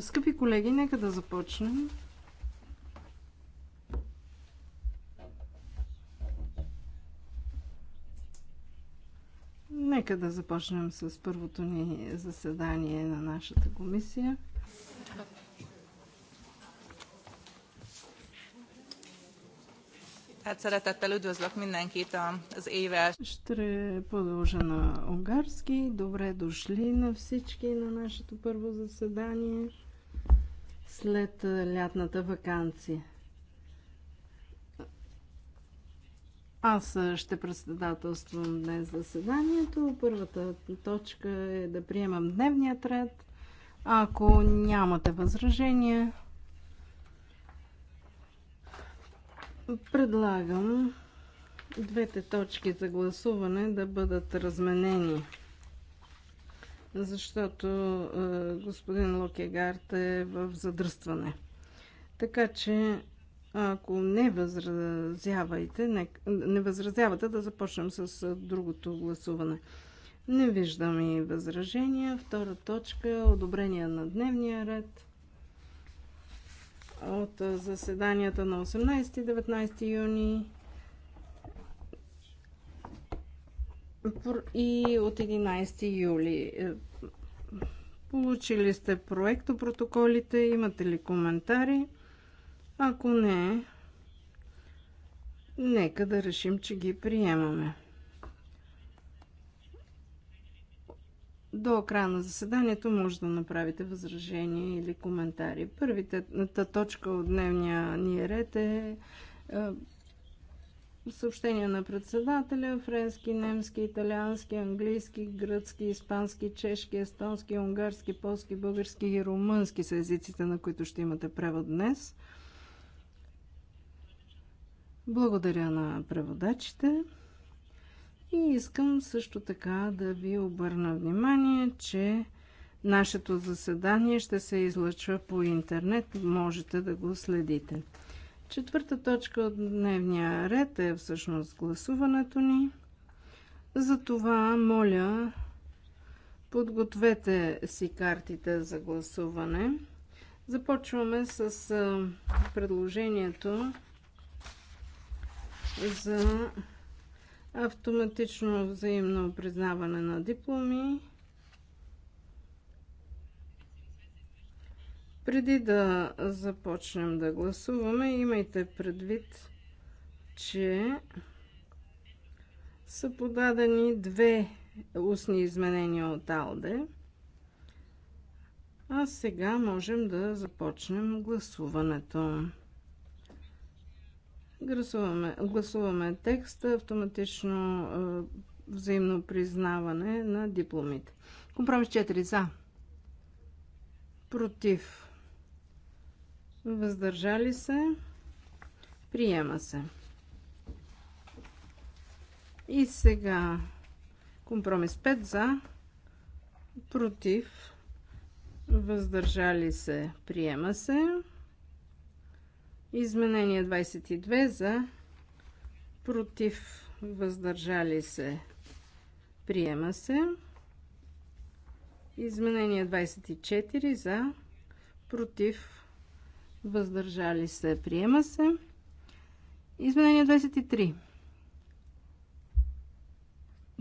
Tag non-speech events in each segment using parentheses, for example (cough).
Скъпи колеги, нека да започнем. Нека да започнем с първото ни заседание на нашата комисия. Hát szeretettel üdvözlök mindenkit az éves. Ще продължа на унгарски. Добре дошли на всички на нашето първо заседание след е, лятната ваканция. Аз е, ще председателствам днес заседанието. Първата точка е да приемам дневният ред. Ако нямате възражения, Предлагам двете точки за гласуване да бъдат разменени, защото е, господин Локегард е в задръстване. Така че, ако не възразявате, не, не възразявате да започнем с е, другото гласуване. Не виждам и възражения. Втора точка е – одобрение на дневния ред – от заседанията на 18 и 19 юни и от 11 юли. Е, получили сте проекто протоколите, имате ли коментари? Ако не, нека да решим, че ги приемаме. до края на заседанието може да направите възражения или коментари. Първата точка от дневния ни ред е, е съобщения на председателя френски, немски, италиански, английски, гръцки, испански, чешки, естонски, унгарски, полски, български и румънски са езиците, на които ще имате превод днес. Благодаря на преводачите. И искам също така да ви обърна внимание, че нашето заседание ще се излъчва по интернет. Можете да го следите. Четвърта точка от дневния ред е всъщност гласуването ни. Затова моля, подгответе си картите за гласуване. Започваме с предложението за автоматично взаимно признаване на дипломи. Преди да започнем да гласуваме, имайте предвид, че са подадени две устни изменения от АЛДЕ. А сега можем да започнем гласуването. Гласуваме, гласуваме текста автоматично взаимно признаване на дипломите. Компромис 4 за. Против. Въздържали се. Приема се. И сега компромис 5 за. Против. Въздържали се. Приема се. Изменение 22 за против въздържали се приема се. Изменение 24 за против въздържали се приема се. Изменение 23.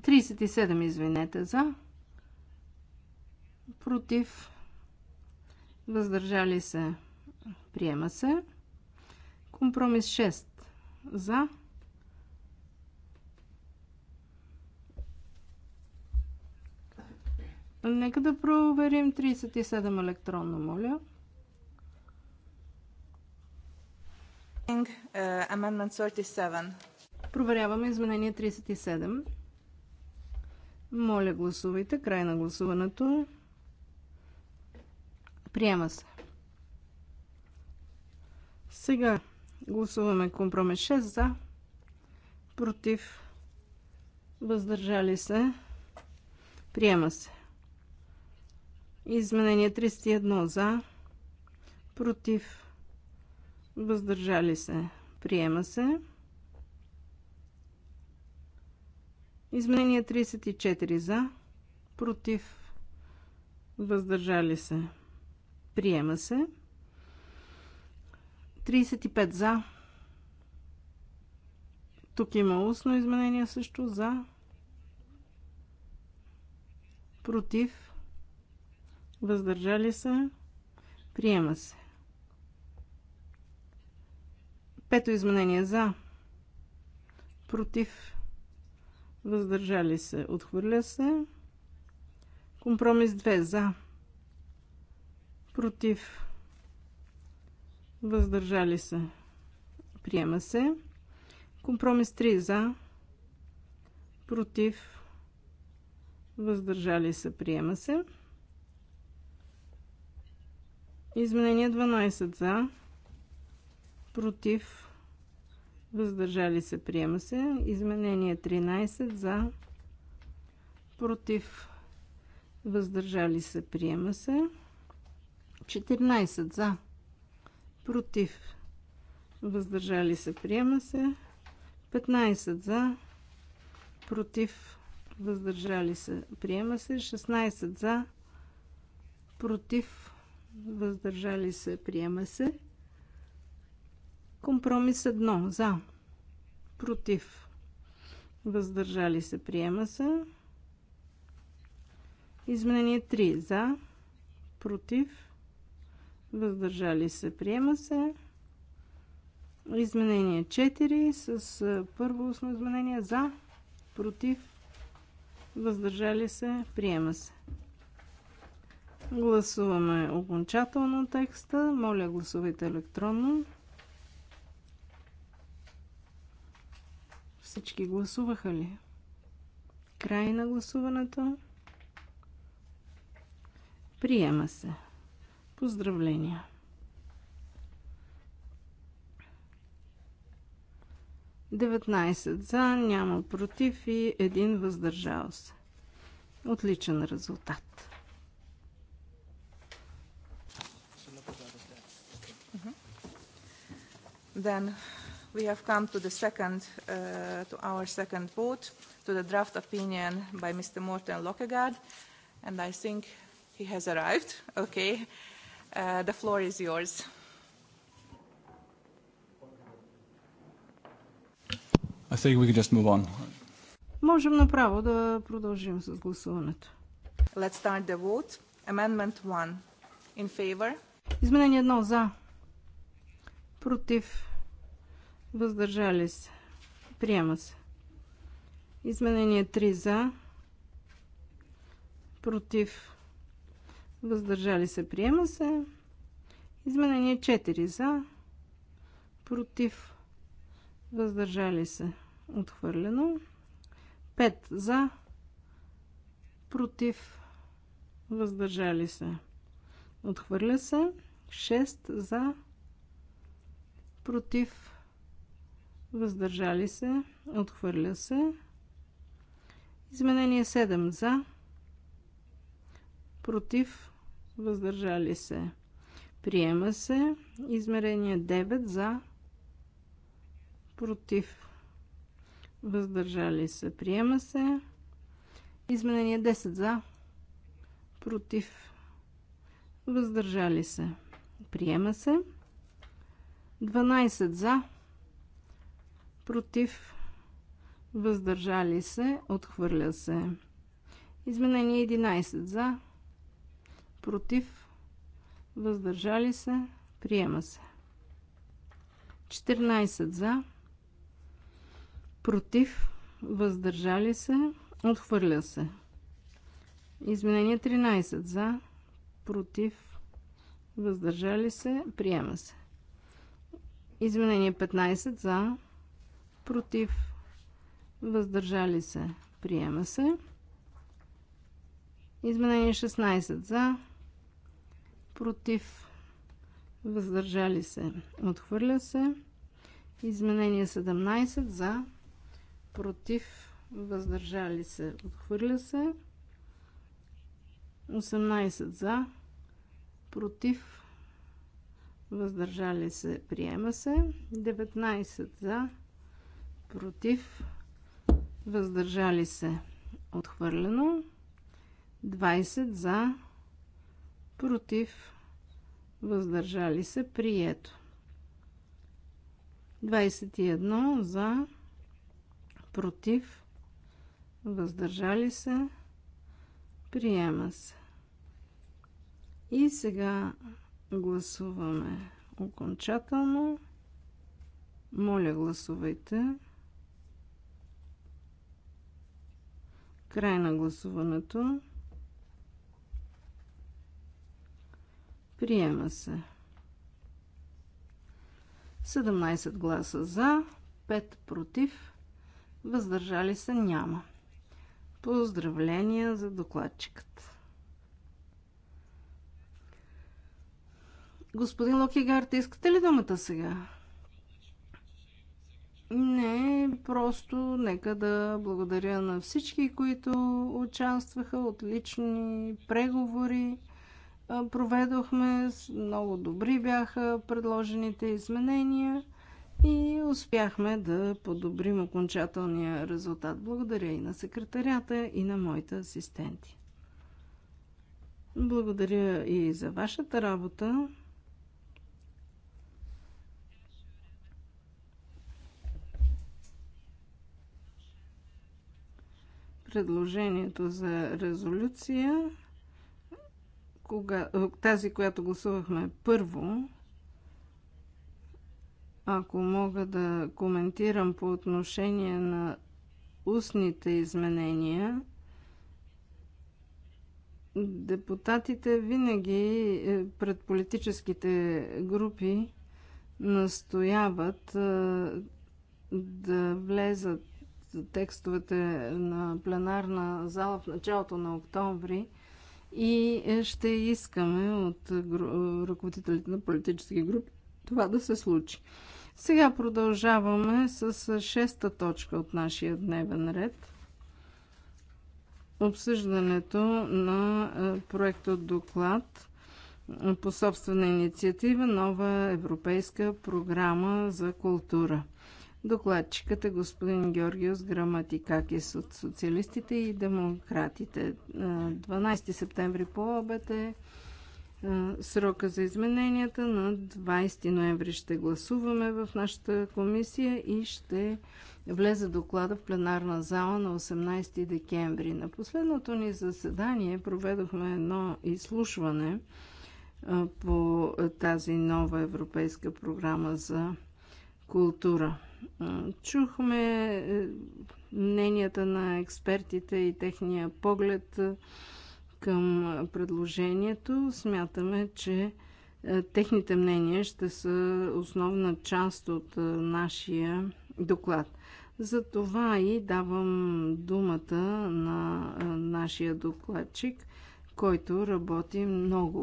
37 извинете за против въздържали се приема се. Компромис 6 за. Нека да проверим 37 електронно, моля. Е, Проверяваме изменение 37. Моля, гласувайте. Край на гласуването. Приема се. Сега Гласуваме компромис 6 за, против, въздържали се, приема се. Изменение 301 за, против, въздържали се, приема се. Изменение 34 за, против, въздържали се, приема се. 35 за. Тук има устно изменение също за. Против. Въздържали се. Приема се. Пето изменение за. Против. Въздържали се. Отхвърля се. Компромис 2 за. Против въздържали се, приема се. Компромис 3 за, против, въздържали се, приема се. Изменение 12 за, против, въздържали се, приема се. Изменение 13 за, против, въздържали се, приема се. 14 за, против, въздържали се, приема се. 15 за, против, въздържали се, приема се. 16 за, против, въздържали се, приема се. Компромис 1 за, против, въздържали се, приема се. Изменение 3 за, против, въздържали се, приема се. Изменение 4 с първо устно изменение за, против, въздържали се, приема се. Гласуваме окончателно текста. Моля, гласувайте електронно. Всички гласуваха ли? Край на гласуването. Приема се. Поздравления! Деветнайсет за, няма против и един въздържал се. Отличен резултат. Then we have come to the second, uh, to our second vote, to the draft opinion by Mr. Morten Lockegaard, and I think he has arrived. Okay. Uh, the floor is yours. I think we can just move on. Можем направо да продължим с гласуването. Let's start the vote. Amendment 1. In favor. Изменение 1 за. Против. Въздържали се. Приема се. Изменение 3 за. Против въздържали се, приема се. Изменение 4 за, против, въздържали се, отхвърлено. 5 за, против, въздържали се, отхвърля се. 6 за, против, въздържали се, отхвърля се. Изменение 7 за, против, въздържали се. Приема се измерение 9 за против въздържали се. Приема се изменение 10 за против въздържали се. Приема се 12 за против въздържали се. Отхвърля се. Изменение 11 за против, въздържали се, приема се. 14 за, против, въздържали се, отхвърля се. Изменение 13 за, против, въздържали се, приема се. Изменение 15 за, против, въздържали се, приема се. Изменение 16 за, против, въздържали се, отхвърля се. Изменение 17 за, против, въздържали се, отхвърля се. 18 за, против, въздържали се, приема се. 19 за, против, въздържали се, отхвърлено. 20 за, против, въздържали се, прието. 21 за, против, въздържали се, приема се. И сега гласуваме окончателно. Моля, гласувайте. Край на гласуването. Приема се. 17 гласа за, 5 против, въздържали се няма. Поздравления за докладчикът. Господин Локигард, искате ли думата сега? Не, просто нека да благодаря на всички, които участваха. Отлични преговори проведохме. Много добри бяха предложените изменения и успяхме да подобрим окончателния резултат. Благодаря и на секретарята, и на моите асистенти. Благодаря и за вашата работа. Предложението за резолюция кога, е, тази, която гласувахме първо, ако мога да коментирам по отношение на устните изменения, депутатите винаги е, пред политическите групи настояват е, да влезат текстовете на пленарна зала в началото на октомври, и е, ще искаме от е, е, ръководителите на политически групи това да се случи. Сега продължаваме с шеста точка от нашия дневен ред. Обсъждането на проекта доклад по собствена инициатива Нова европейска програма за култура – Докладчикът е господин Георгиос Граматикакис от социалистите и демократите. 12 септември по обед е срока за измененията. На 20 ноември ще гласуваме в нашата комисия и ще влезе доклада в пленарна зала на 18 декември. На последното ни заседание проведохме едно изслушване по тази нова европейска програма за култура. Чухме е, мненията на експертите и техния поглед е, към е, предложението. Смятаме, че техните мнения ще са основна част от нашия доклад. Затова и давам думата на нашия докладчик, който работи много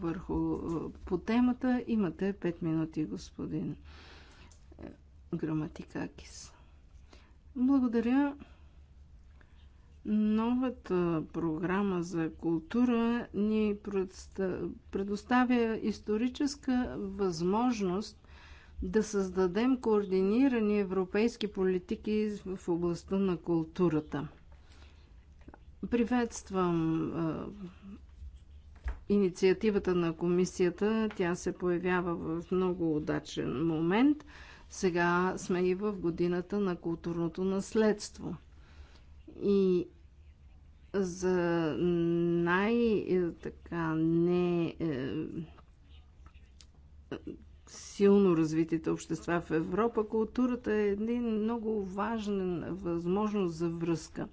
върху по темата. Имате 5 минути, господин Граматикакис. Благодаря. Новата програма за култура ни предоставя историческа възможност да създадем координирани европейски политики в областта на културата. Приветствам инициативата на комисията. Тя се появява в много удачен момент – сега сме и в годината на културното наследство. И за най-така е, не е, силно развитите общества в Европа, културата е един много важен е, възможност за връзка.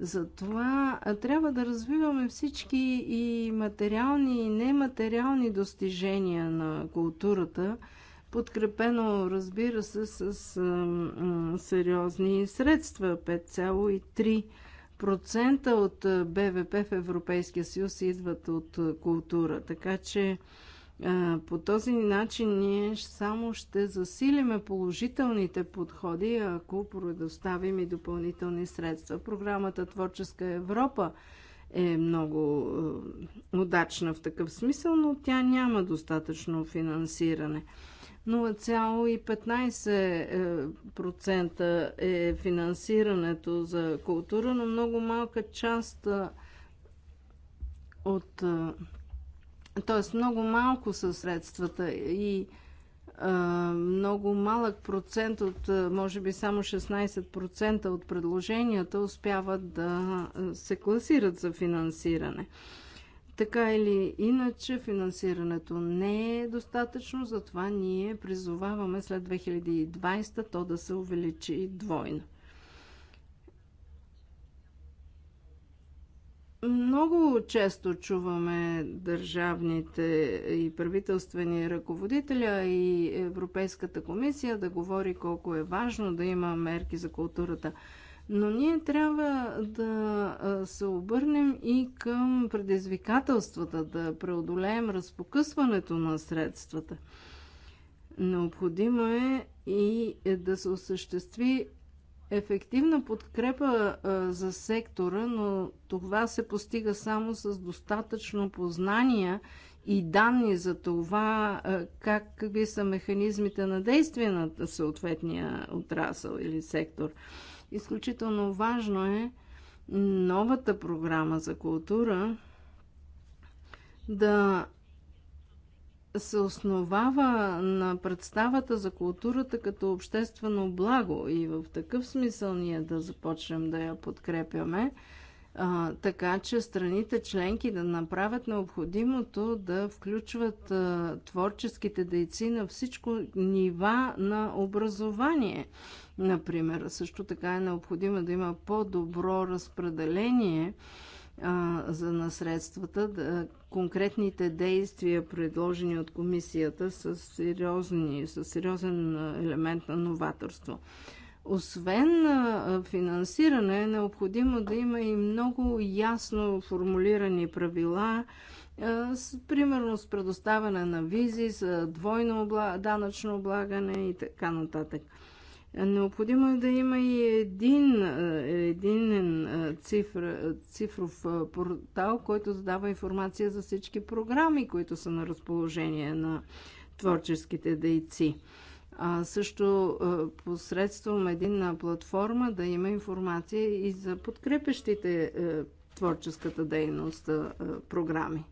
Затова трябва да развиваме всички и материални и нематериални достижения на културата – подкрепено, разбира се, с а, сериозни средства 5,3% от БВП в Европейския съюз идват от култура. Така че а, по този начин ние само ще засилиме положителните подходи, ако предоставим и допълнителни средства. Програмата Творческа Европа е много удачна в такъв смисъл, но тя няма достатъчно финансиране. 0,15% е, е финансирането за култура, но много малка част от. Тоест, много малко са средствата и много малък процент от, може би само 16% от предложенията успяват да се класират за финансиране. Така или иначе финансирането не е достатъчно, затова ние призоваваме след 2020 то да се увеличи двойно. Много често чуваме държавните и правителствени ръководителя и Европейската комисия да говори колко е важно да има мерки за културата – но ние трябва да се обърнем и към предизвикателствата, да преодолеем разпокъсването на средствата. Необходимо е и да се осъществи ефективна подкрепа за сектора, но това се постига само с достатъчно познания и данни за това как, какви са механизмите на действие на съответния отрасъл или сектор. Изключително важно е новата програма за култура да се основава на представата за културата като обществено благо и в такъв смисъл ние да започнем да я подкрепяме, а, така че страните членки да направят необходимото да включват а, творческите дейци на всичко нива на образование – например. Също така е необходимо да има по-добро разпределение а, за на средствата. Да, конкретните действия, предложени от комисията, са сериозни, са сериозен елемент на новаторство. Освен финансиране, е необходимо да има и много ясно формулирани правила, с, примерно с предоставяне на визи, за двойно обла... данъчно облагане и така нататък. Необходимо е да има и един, е, един е, цифр, цифров е, портал, който задава информация за всички програми, които са на разположение на творческите дейци. А също посредством една платформа да има информация и за подкрепещите творческата дейност програми.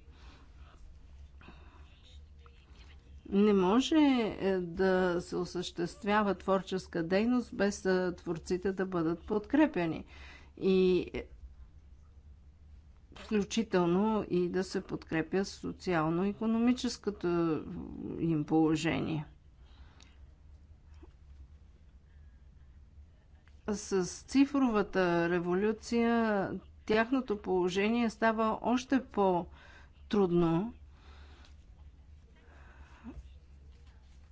Не може е, да се осъществява творческа дейност без е, творците да бъдат подкрепени. И е, включително и да се подкрепя социално-економическото им положение. С цифровата революция тяхното положение става още по-трудно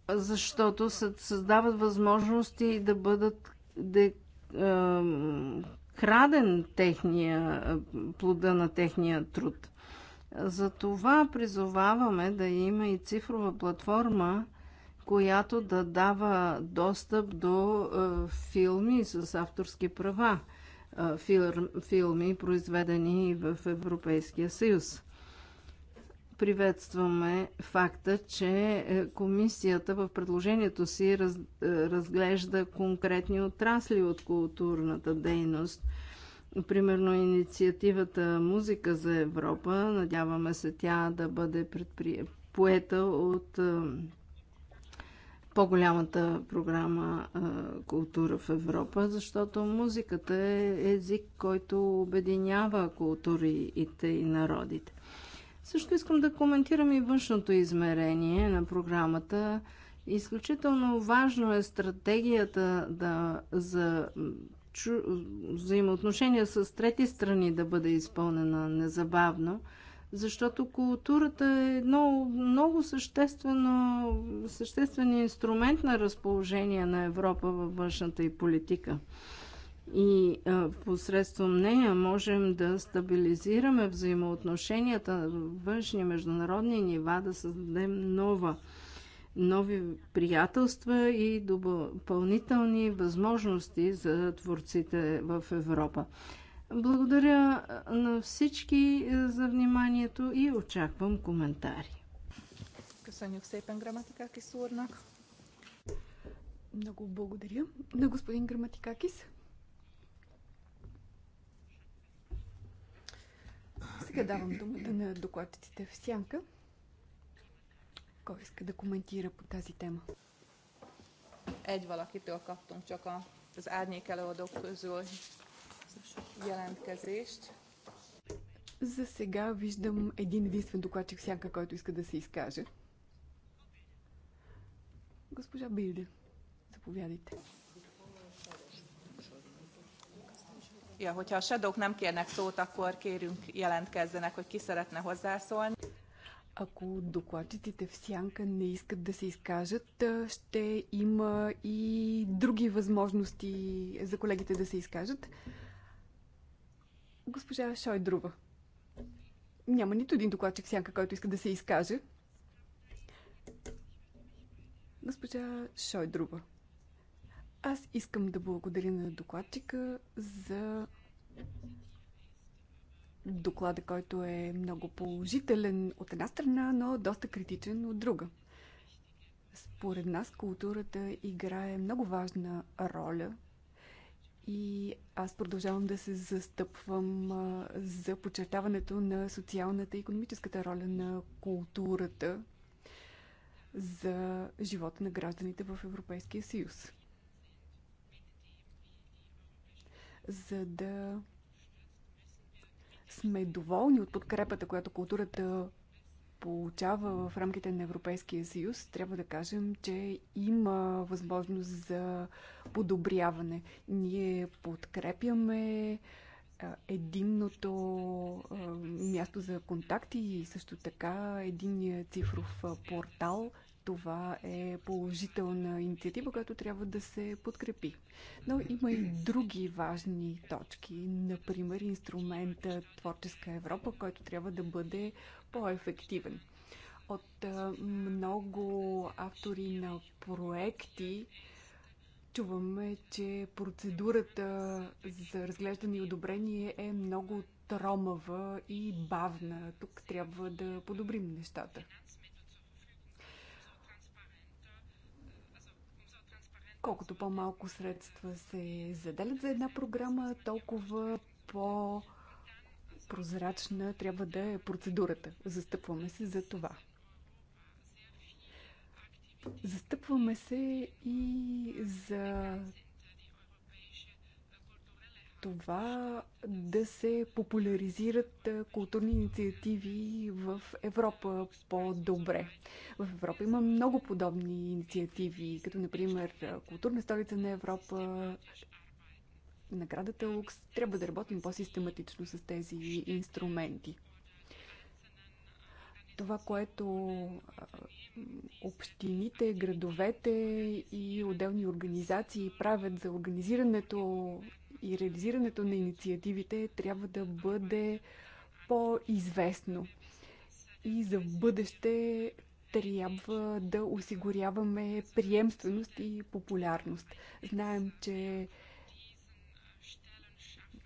защото се създават възможности да бъдат да, краден техния, плода на техния труд. Затова призоваваме да има и цифрова платформа, която да дава достъп до филми с авторски права, филми, произведени в Европейския съюз приветстваме факта, че е, комисията в предложението си раз, е, разглежда конкретни отрасли от културната дейност. Примерно инициативата Музика за Европа, надяваме се тя да бъде предпри... поета от е, по-голямата програма Култура в Европа, защото музиката е език, който обединява културите и народите. Също искам да коментирам и външното измерение на програмата. Изключително важно е стратегията да, за чу, взаимоотношения с трети страни да бъде изпълнена незабавно, защото културата е едно много съществено, съществен инструмент на разположение на Европа във външната и политика и а, посредством нея можем да стабилизираме взаимоотношенията на външни международни нива, да създадем нова, нови приятелства и допълнителни възможности за творците в Европа. Благодаря на всички за вниманието и очаквам коментари. Много благодаря на господин Граматикакис. Сега давам думата на докладчиците в сянка. Кой иска да коментира по тази тема? Egy valakitől kaptunk csak a, az árnyék előadók közül jelentkezést. За сега виждам един единствен докладчик сянка, който иска да се изкаже. Госпожа Билде, заповядайте. Ja, hogyha a shadow nem kérnek szót, akkor kérünk jelentkezzenek, hogy ki szeretne hozzászólni. Ако докладчиците в сянка не искат да се изкажат, ще има и други възможности за колегите да се изкажат. Госпожа Шойдрова. Няма нито един докладчик в сянка, който иска да се изкаже. Госпожа Шойдрова. Аз искам да благодаря на докладчика за доклада, който е много положителен от една страна, но доста критичен от друга. Според нас културата играе много важна роля и аз продължавам да се застъпвам за подчертаването на социалната и економическата роля на културата за живота на гражданите в Европейския съюз. за да сме доволни от подкрепата, която културата получава в рамките на Европейския съюз, трябва да кажем, че има възможност за подобряване. Ние подкрепяме единното място за контакти и също така единния цифров портал това е положителна инициатива, която трябва да се подкрепи. Но има и други важни точки. Например, инструмента Творческа Европа, който трябва да бъде по-ефективен. От много автори на проекти чуваме, че процедурата за разглеждане и одобрение е много тромава и бавна. Тук трябва да подобрим нещата. Колкото по-малко средства се заделят за една програма, толкова по- прозрачна трябва да е процедурата. Застъпваме се за това. Застъпваме се и за това да се популяризират културни инициативи в Европа по-добре. В Европа има много подобни инициативи, като например Културна столица на Европа, наградата Лукс. Трябва да работим по-систематично с тези инструменти. Това, което общините, градовете и отделни организации правят за организирането и реализирането на инициативите трябва да бъде по-известно. И за бъдеще трябва да осигуряваме приемственост и популярност. Знаем, че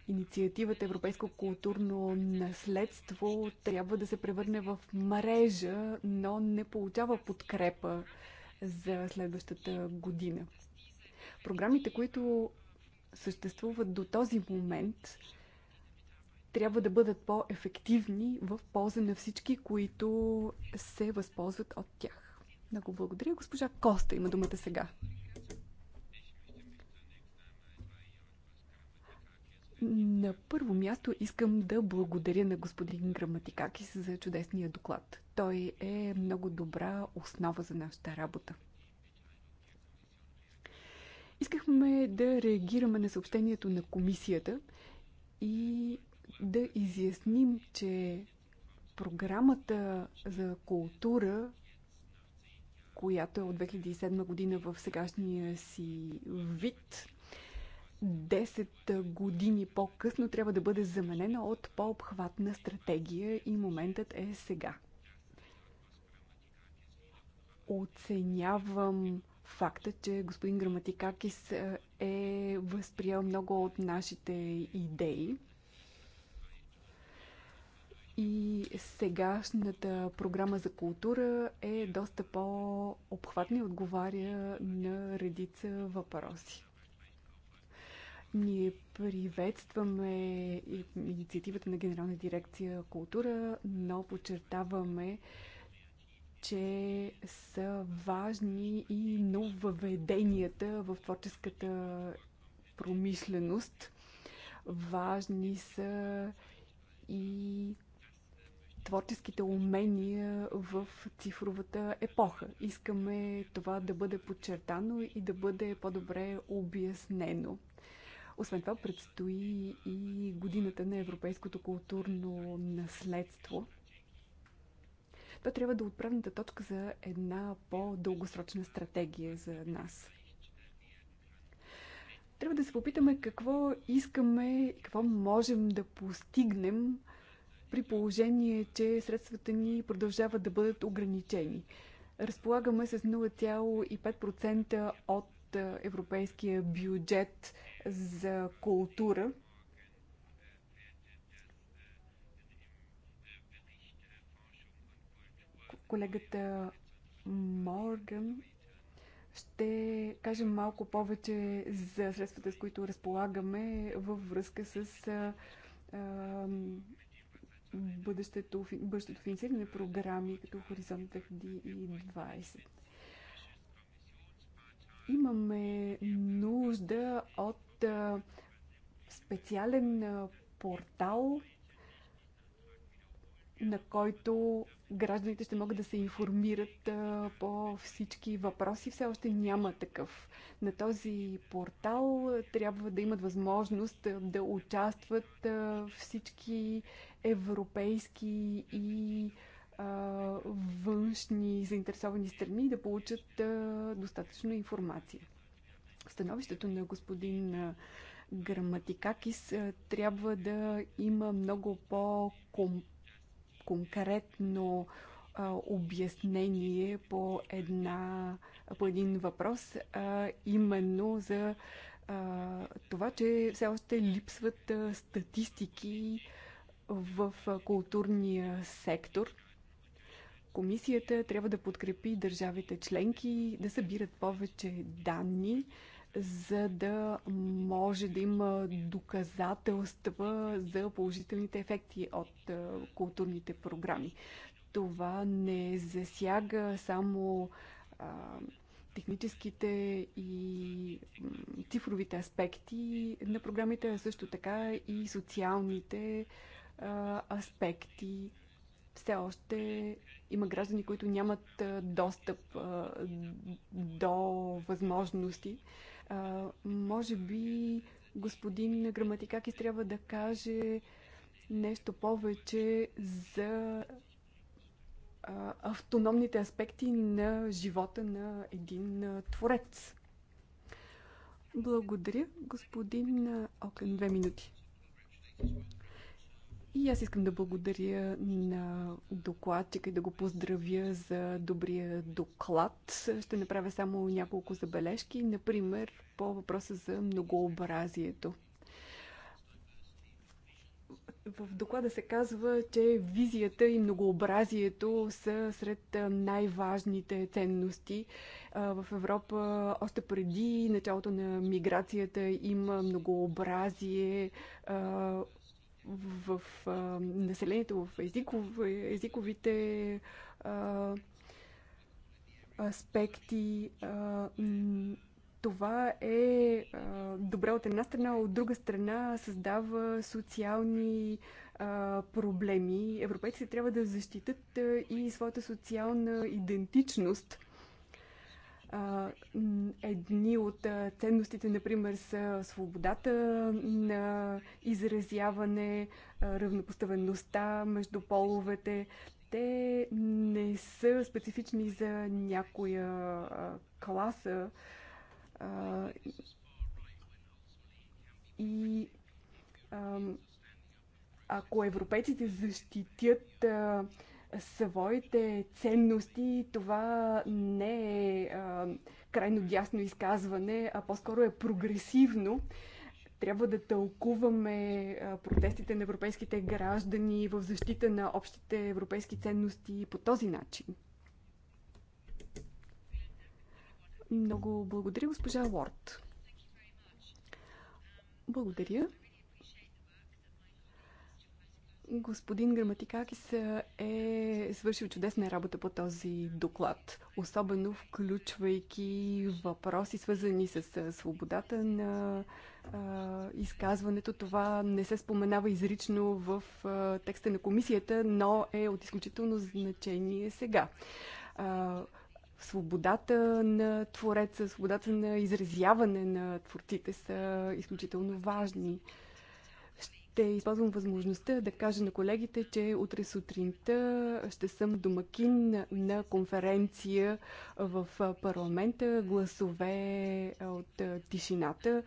инициативата Европейско културно наследство трябва да се превърне в мрежа, но не получава подкрепа за следващата година. Програмите, които съществуват до този момент, трябва да бъдат по-ефективни в полза на всички, които се възползват от тях. Много благодаря. Госпожа Коста има думата сега. На първо място искам да благодаря на господин Граматикакис за чудесния доклад. Той е много добра основа за нашата работа. Искахме да реагираме на съобщението на комисията и да изясним, че програмата за култура, която е от 2007 година в сегашния си вид, 10 години по-късно трябва да бъде заменена от по-обхватна стратегия и моментът е сега. Оценявам факта, че господин Граматикакис е, е възприел много от нашите идеи. И сегашната програма за култура е доста по-обхватна и отговаря на редица въпроси. Ние приветстваме инициативата на Генерална дирекция култура, но подчертаваме, че са важни и нововведенията в творческата промисленост. Важни са и творческите умения в цифровата епоха. Искаме това да бъде подчертано и да бъде по-добре обяснено. Освен това предстои и годината на европейското културно наследство – то трябва да е отправната точка за една по-дългосрочна стратегия за нас. Трябва да се попитаме какво искаме, какво можем да постигнем при положение, че средствата ни продължават да бъдат ограничени. Разполагаме с 0,5% от европейския бюджет за култура колегата Морган ще кажем малко повече за средствата, с които разполагаме във връзка с а, а, бъдещето, бъдещето финансиране програми като Хоризонт 2020. Имаме нужда от а, специален портал, на който гражданите ще могат да се информират по всички въпроси. Все още няма такъв. На този портал трябва да имат възможност да участват всички европейски и външни заинтересовани страни да получат достатъчно информация. Становището на господин Граматикакис трябва да има много по-комплексно конкретно а, обяснение по, една, по един въпрос, а, именно за а, това, че все още липсват а, статистики в а, културния сектор. Комисията трябва да подкрепи държавите членки да събират повече данни, за да може да има доказателства за положителните ефекти от културните програми. Това не засяга само а, техническите и цифровите аспекти на програмите, а също така и социалните а, аспекти. Все още има граждани, които нямат достъп а, до възможности а, може би господин Граматикакис трябва да каже нещо повече за а, автономните аспекти на живота на един а, творец. Благодаря, господин Окен. Две минути. И аз искам да благодаря на докладчика и да го поздравя за добрия доклад. Ще направя само няколко забележки, например по въпроса за многообразието. В доклада се казва, че визията и многообразието са сред най-важните ценности. В Европа още преди началото на миграцията има многообразие в а, населението, в езиков, езиковите а, аспекти. А, това е а, добре от една страна, от друга страна създава социални а, проблеми. Европейците трябва да защитат а, и своята социална идентичност – едни от ценностите, например, са свободата на изразяване, равнопоставеността между половете. Те не са специфични за някоя класа. И ако европейците защитят своите ценности, това не е а, крайно дясно изказване, а по-скоро е прогресивно. Трябва да тълкуваме протестите на европейските граждани в защита на общите европейски ценности по този начин. Много благодаря, госпожа Лорд. Благодаря. Господин Граматикакис е, е свършил чудесна работа по този доклад, особено включвайки въпроси, свързани с е, свободата на а, е, изказването. Това не се споменава изрично в а, текста на комисията, но е от изключително значение сега. А, свободата на твореца, свободата на изразяване на творците са изключително важни ще използвам възможността да кажа на колегите, че утре сутринта ще съм домакин на конференция в парламента Гласове от тишината.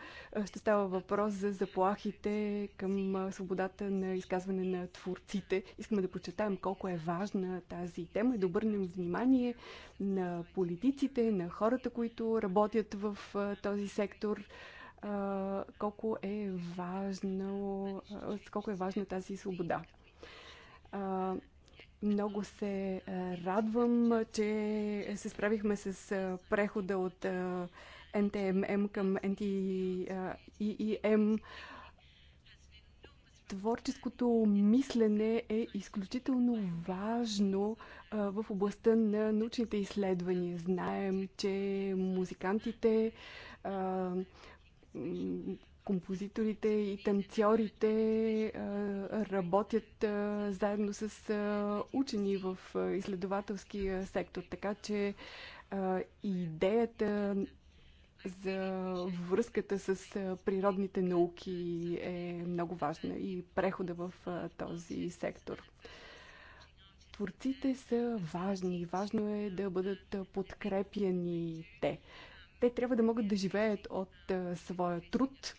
Ще става въпрос за заплахите към свободата на изказване на творците. Искаме да почетаем колко е важна тази тема и да обърнем внимание на политиците, на хората, които работят в този сектор, колко е важно, колко е важна тази свобода. Много се радвам, че се справихме с прехода от НТММ към НТИИМ. Творческото мислене е изключително важно в областта на научните изследвания. Знаем, че музикантите, композиторите и танцорите работят заедно с учени в изследователския сектор. Така че идеята за връзката с природните науки е много важна и прехода в този сектор. Творците са важни. Важно е да бъдат подкрепяни те. Те трябва да могат да живеят от а, своя труд.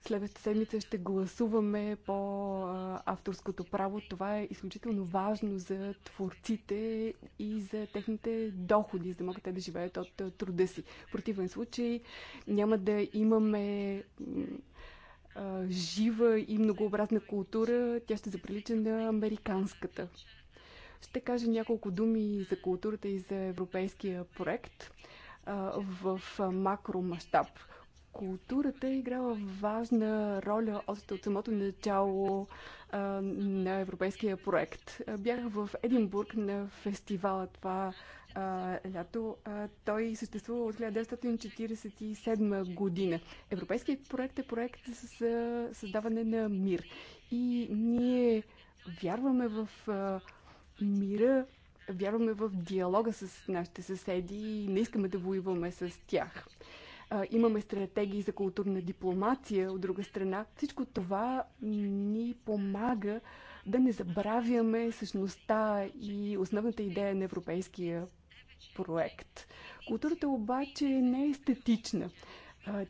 Следващата седмица ще гласуваме по а, авторското право. Това е изключително важно за творците и за техните доходи, за да могат те да живеят от а, труда си. В противен случай няма да имаме жива и многообразна култура. Тя ще заприлича на американската. Ще кажа няколко думи за културата и за европейския проект в макромащаб. Културата е играла важна роля още от самото начало на европейския проект. Бях в Единбург на фестивала това лято. Той съществува от 1947 година. Европейският проект е проект за създаване на мир. И ние вярваме в мира, вярваме в диалога с нашите съседи и не искаме да воюваме с тях. Имаме стратегии за културна дипломация, от друга страна. Всичко това ни помага да не забравяме същността и основната идея на европейския проект. Културата обаче не е естетична.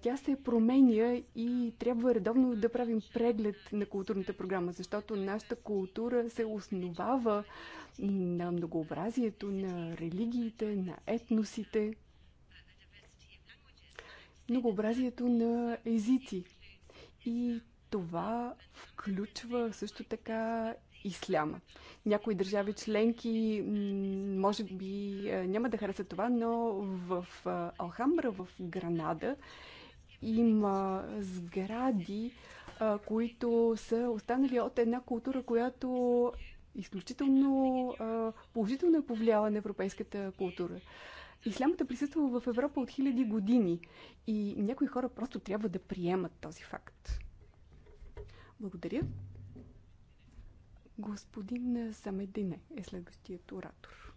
Тя се променя и трябва редовно да правим преглед на културната програма, защото нашата култура се основава на многообразието, на религиите, на етносите, многообразието на езици. И това включва също така исляма. Някои държави членки може би е, няма да харесат това, но в е, Алхамбра, в Гранада има сгради, е, които са останали от една култура, която изключително положително е повлияла на европейската култура. Ислямът присъства в Европа от хиляди години и някои хора просто трябва да приемат този факт. Благодаря. Господин Самедине е следващият оратор.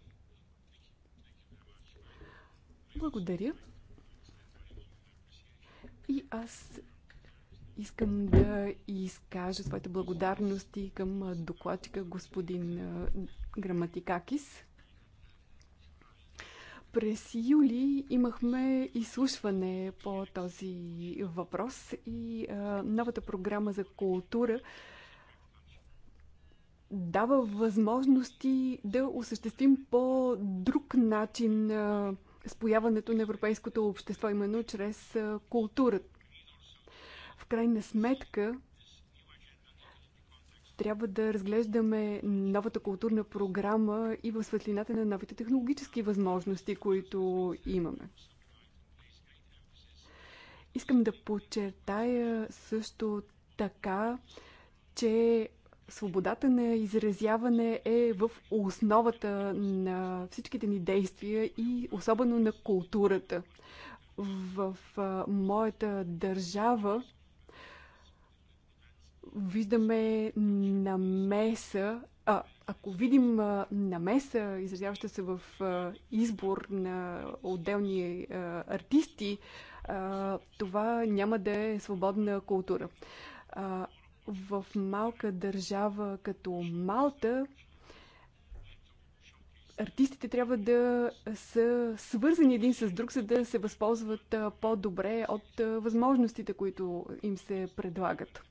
Благодаря. И аз искам да изкажа своите благодарности към докладчика господин Граматикакис. През юли имахме изслушване по този въпрос и а, новата програма за култура дава възможности да осъществим по друг начин спояването на европейското общество, именно чрез културата. В крайна сметка, трябва да разглеждаме новата културна програма и в светлината на новите технологически възможности, които имаме. Искам да подчертая също така, че свободата на изразяване е в основата на всичките ни действия и особено на културата. В моята държава виждаме намеса, а, ако видим а, намеса, изразяваща се в а, избор на отделни а, артисти, а, това няма да е свободна култура. А, в малка държава като Малта, артистите трябва да са свързани един с друг, за да се възползват по-добре от възможностите, които им се предлагат.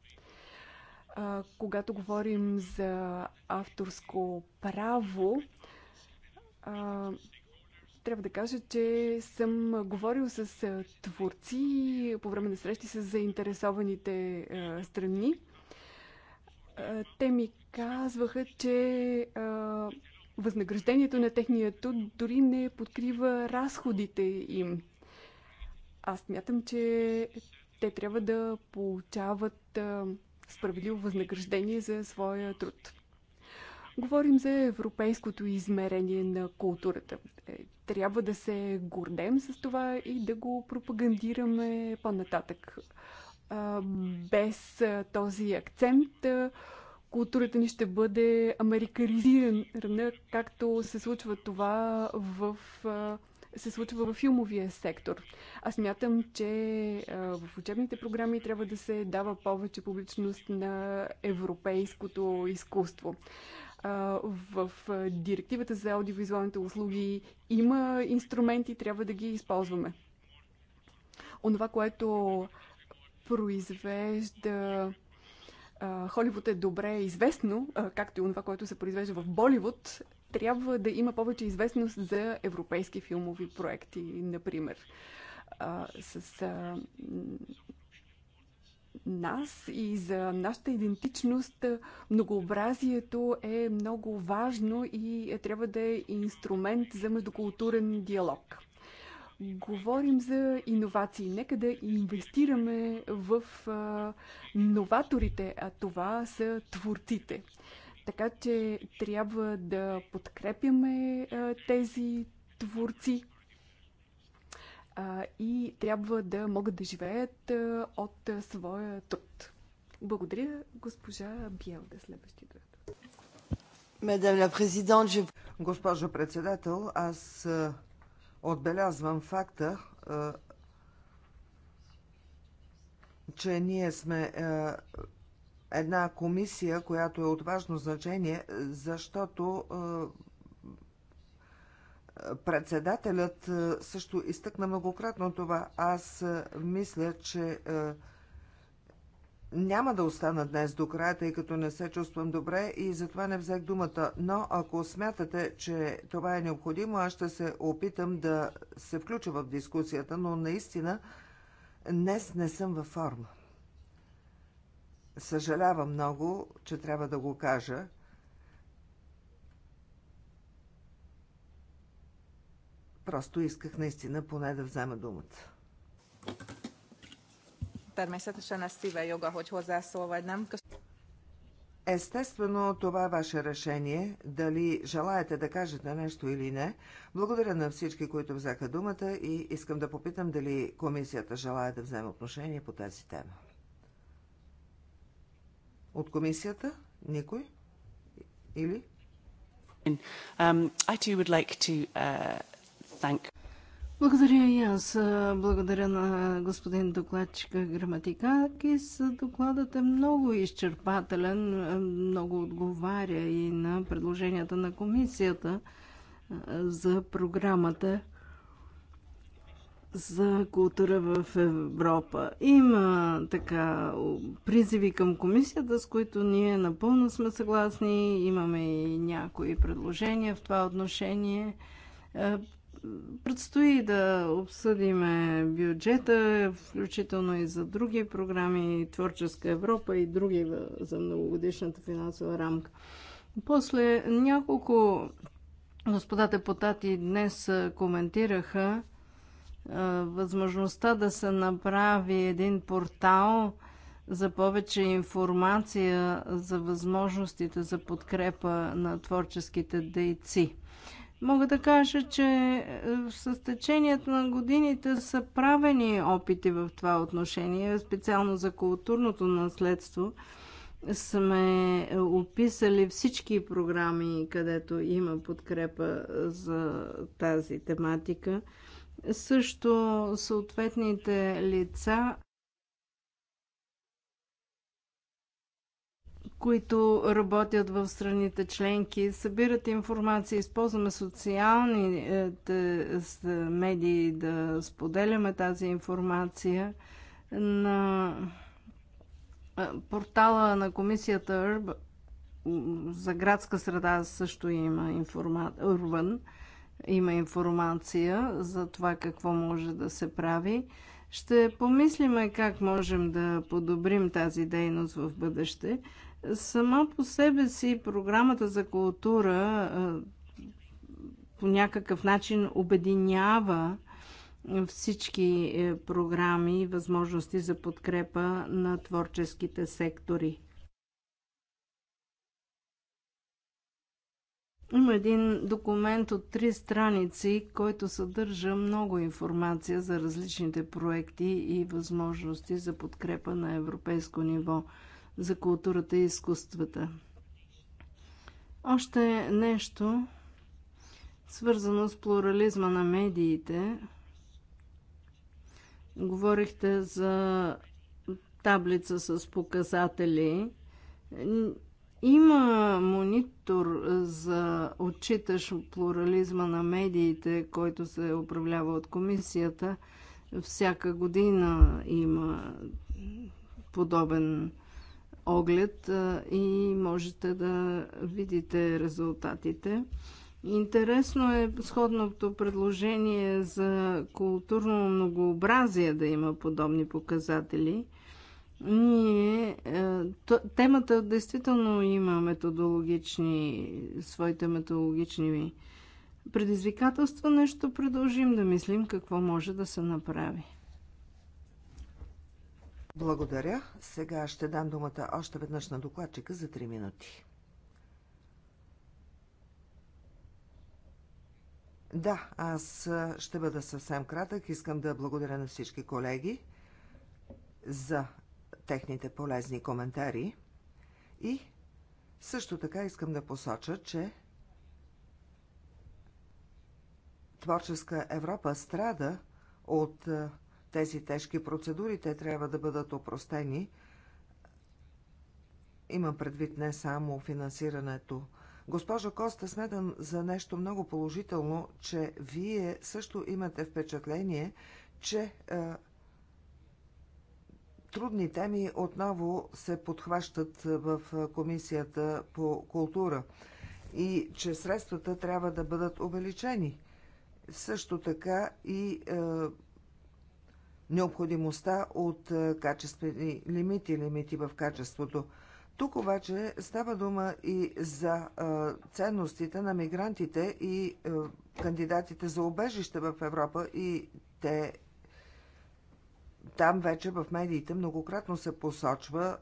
Когато говорим за авторско право, трябва да кажа, че съм говорил с творци по време на срещи с заинтересованите страни те ми казваха, че възнаграждението на техния труд дори не покрива разходите им. Аз мятам, че те трябва да получават справедливо възнаграждение за своя труд. Говорим за европейското измерение на културата. Е, трябва да се гордем с това и да го пропагандираме по-нататък без този акцент културата ни ще бъде американизирана, както се случва това в се случва във филмовия сектор. Аз мятам, че в учебните програми трябва да се дава повече публичност на европейското изкуство. В директивата за аудиовизуалните услуги има инструменти, трябва да ги използваме. Онова, което произвежда Холивуд е добре известно, както и това, което се произвежда в Боливуд, трябва да има повече известност за европейски филмови проекти, например. С нас и за нашата идентичност многообразието е много важно и е, трябва да е инструмент за междукултурен диалог. Говорим за иновации. Нека да инвестираме в а, новаторите, а това са творците. Така че трябва да подкрепяме а, тези творци а, и трябва да могат да живеят а, от а, своя труд. Благодаря, госпожа Биелда, следващия Мадам президент, Госпожо председател, аз Отбелязвам факта, че ние сме една комисия, която е от важно значение, защото председателят също изтъкна многократно това. Аз мисля, че няма да остана днес до края, тъй като не се чувствам добре и затова не взех думата. Но ако смятате, че това е необходимо, аз ще се опитам да се включа в дискусията, но наистина днес не съм във форма. Съжалявам много, че трябва да го кажа. Просто исках наистина поне да взема думата. Természetesen ez szíve joga, hogy hozzászól, vagy nem. Естествено, това е ваше решение, дали желаете да кажете нещо или не. Благодаря на всички, които взеха думата и искам да попитам дали комисията желая да вземе отношение по тази тема. От комисията? Никой? Или? Um, I too would like to uh, thank благодаря и аз. Благодаря на господин докладчика Граматикакис. Докладът е много изчерпателен, много отговаря и на предложенията на комисията за програмата за култура в Европа. Има така призиви към комисията, с които ние напълно сме съгласни. Имаме и някои предложения в това отношение. Предстои да обсъдиме бюджета, включително и за други програми, Творческа Европа и други за многогодишната финансова рамка. После няколко господа депутати днес коментираха а, възможността да се направи един портал за повече информация за възможностите за подкрепа на творческите дейци. Мога да кажа, че е, с течението на годините са правени опити в това отношение, специално за културното наследство. Сме е, описали всички програми, където има подкрепа е, за тази тематика. Също съответните лица които работят в страните членки, събират информация, използваме социалните е, е, медии да споделяме тази информация на е, портала на комисията за градска среда също има информация, Urban, има информация за това какво може да се прави. Ще помислиме как можем да подобрим тази дейност в бъдеще. Сама по себе си програмата за култура по някакъв начин обединява всички е, програми и възможности за подкрепа на творческите сектори. Има един документ от три страници, който съдържа много информация за различните проекти и възможности за подкрепа на европейско ниво – за културата и изкуствата. Още нещо, свързано с плурализма на медиите. Говорихте за таблица с показатели. Има монитор за отчиташ плурализма на медиите, който се управлява от комисията. Всяка година има подобен оглед и можете да видите резултатите. Интересно е сходното предложение за културно многообразие да има подобни показатели. Ние, е, темата действително има методологични, своите методологични предизвикателства. Нещо продължим да мислим какво може да се направи. Благодаря. Сега ще дам думата още веднъж на докладчика за 3 минути. Да, аз ще бъда съвсем кратък. Искам да благодаря на всички колеги за техните полезни коментари. И също така искам да посоча, че Творческа Европа страда от тези тежки процедури. Те трябва да бъдат опростени. Има предвид не само финансирането. Госпожо Коста, сметам за нещо много положително, че вие също имате впечатление, че е, трудни теми отново се подхващат в Комисията по култура и че средствата трябва да бъдат увеличени. Също така и е, необходимостта от е, качествени лимити, лимити в качеството. Тук обаче става дума и за е, ценностите на мигрантите и е, кандидатите за обежище в Европа и те там вече в медиите многократно се посочва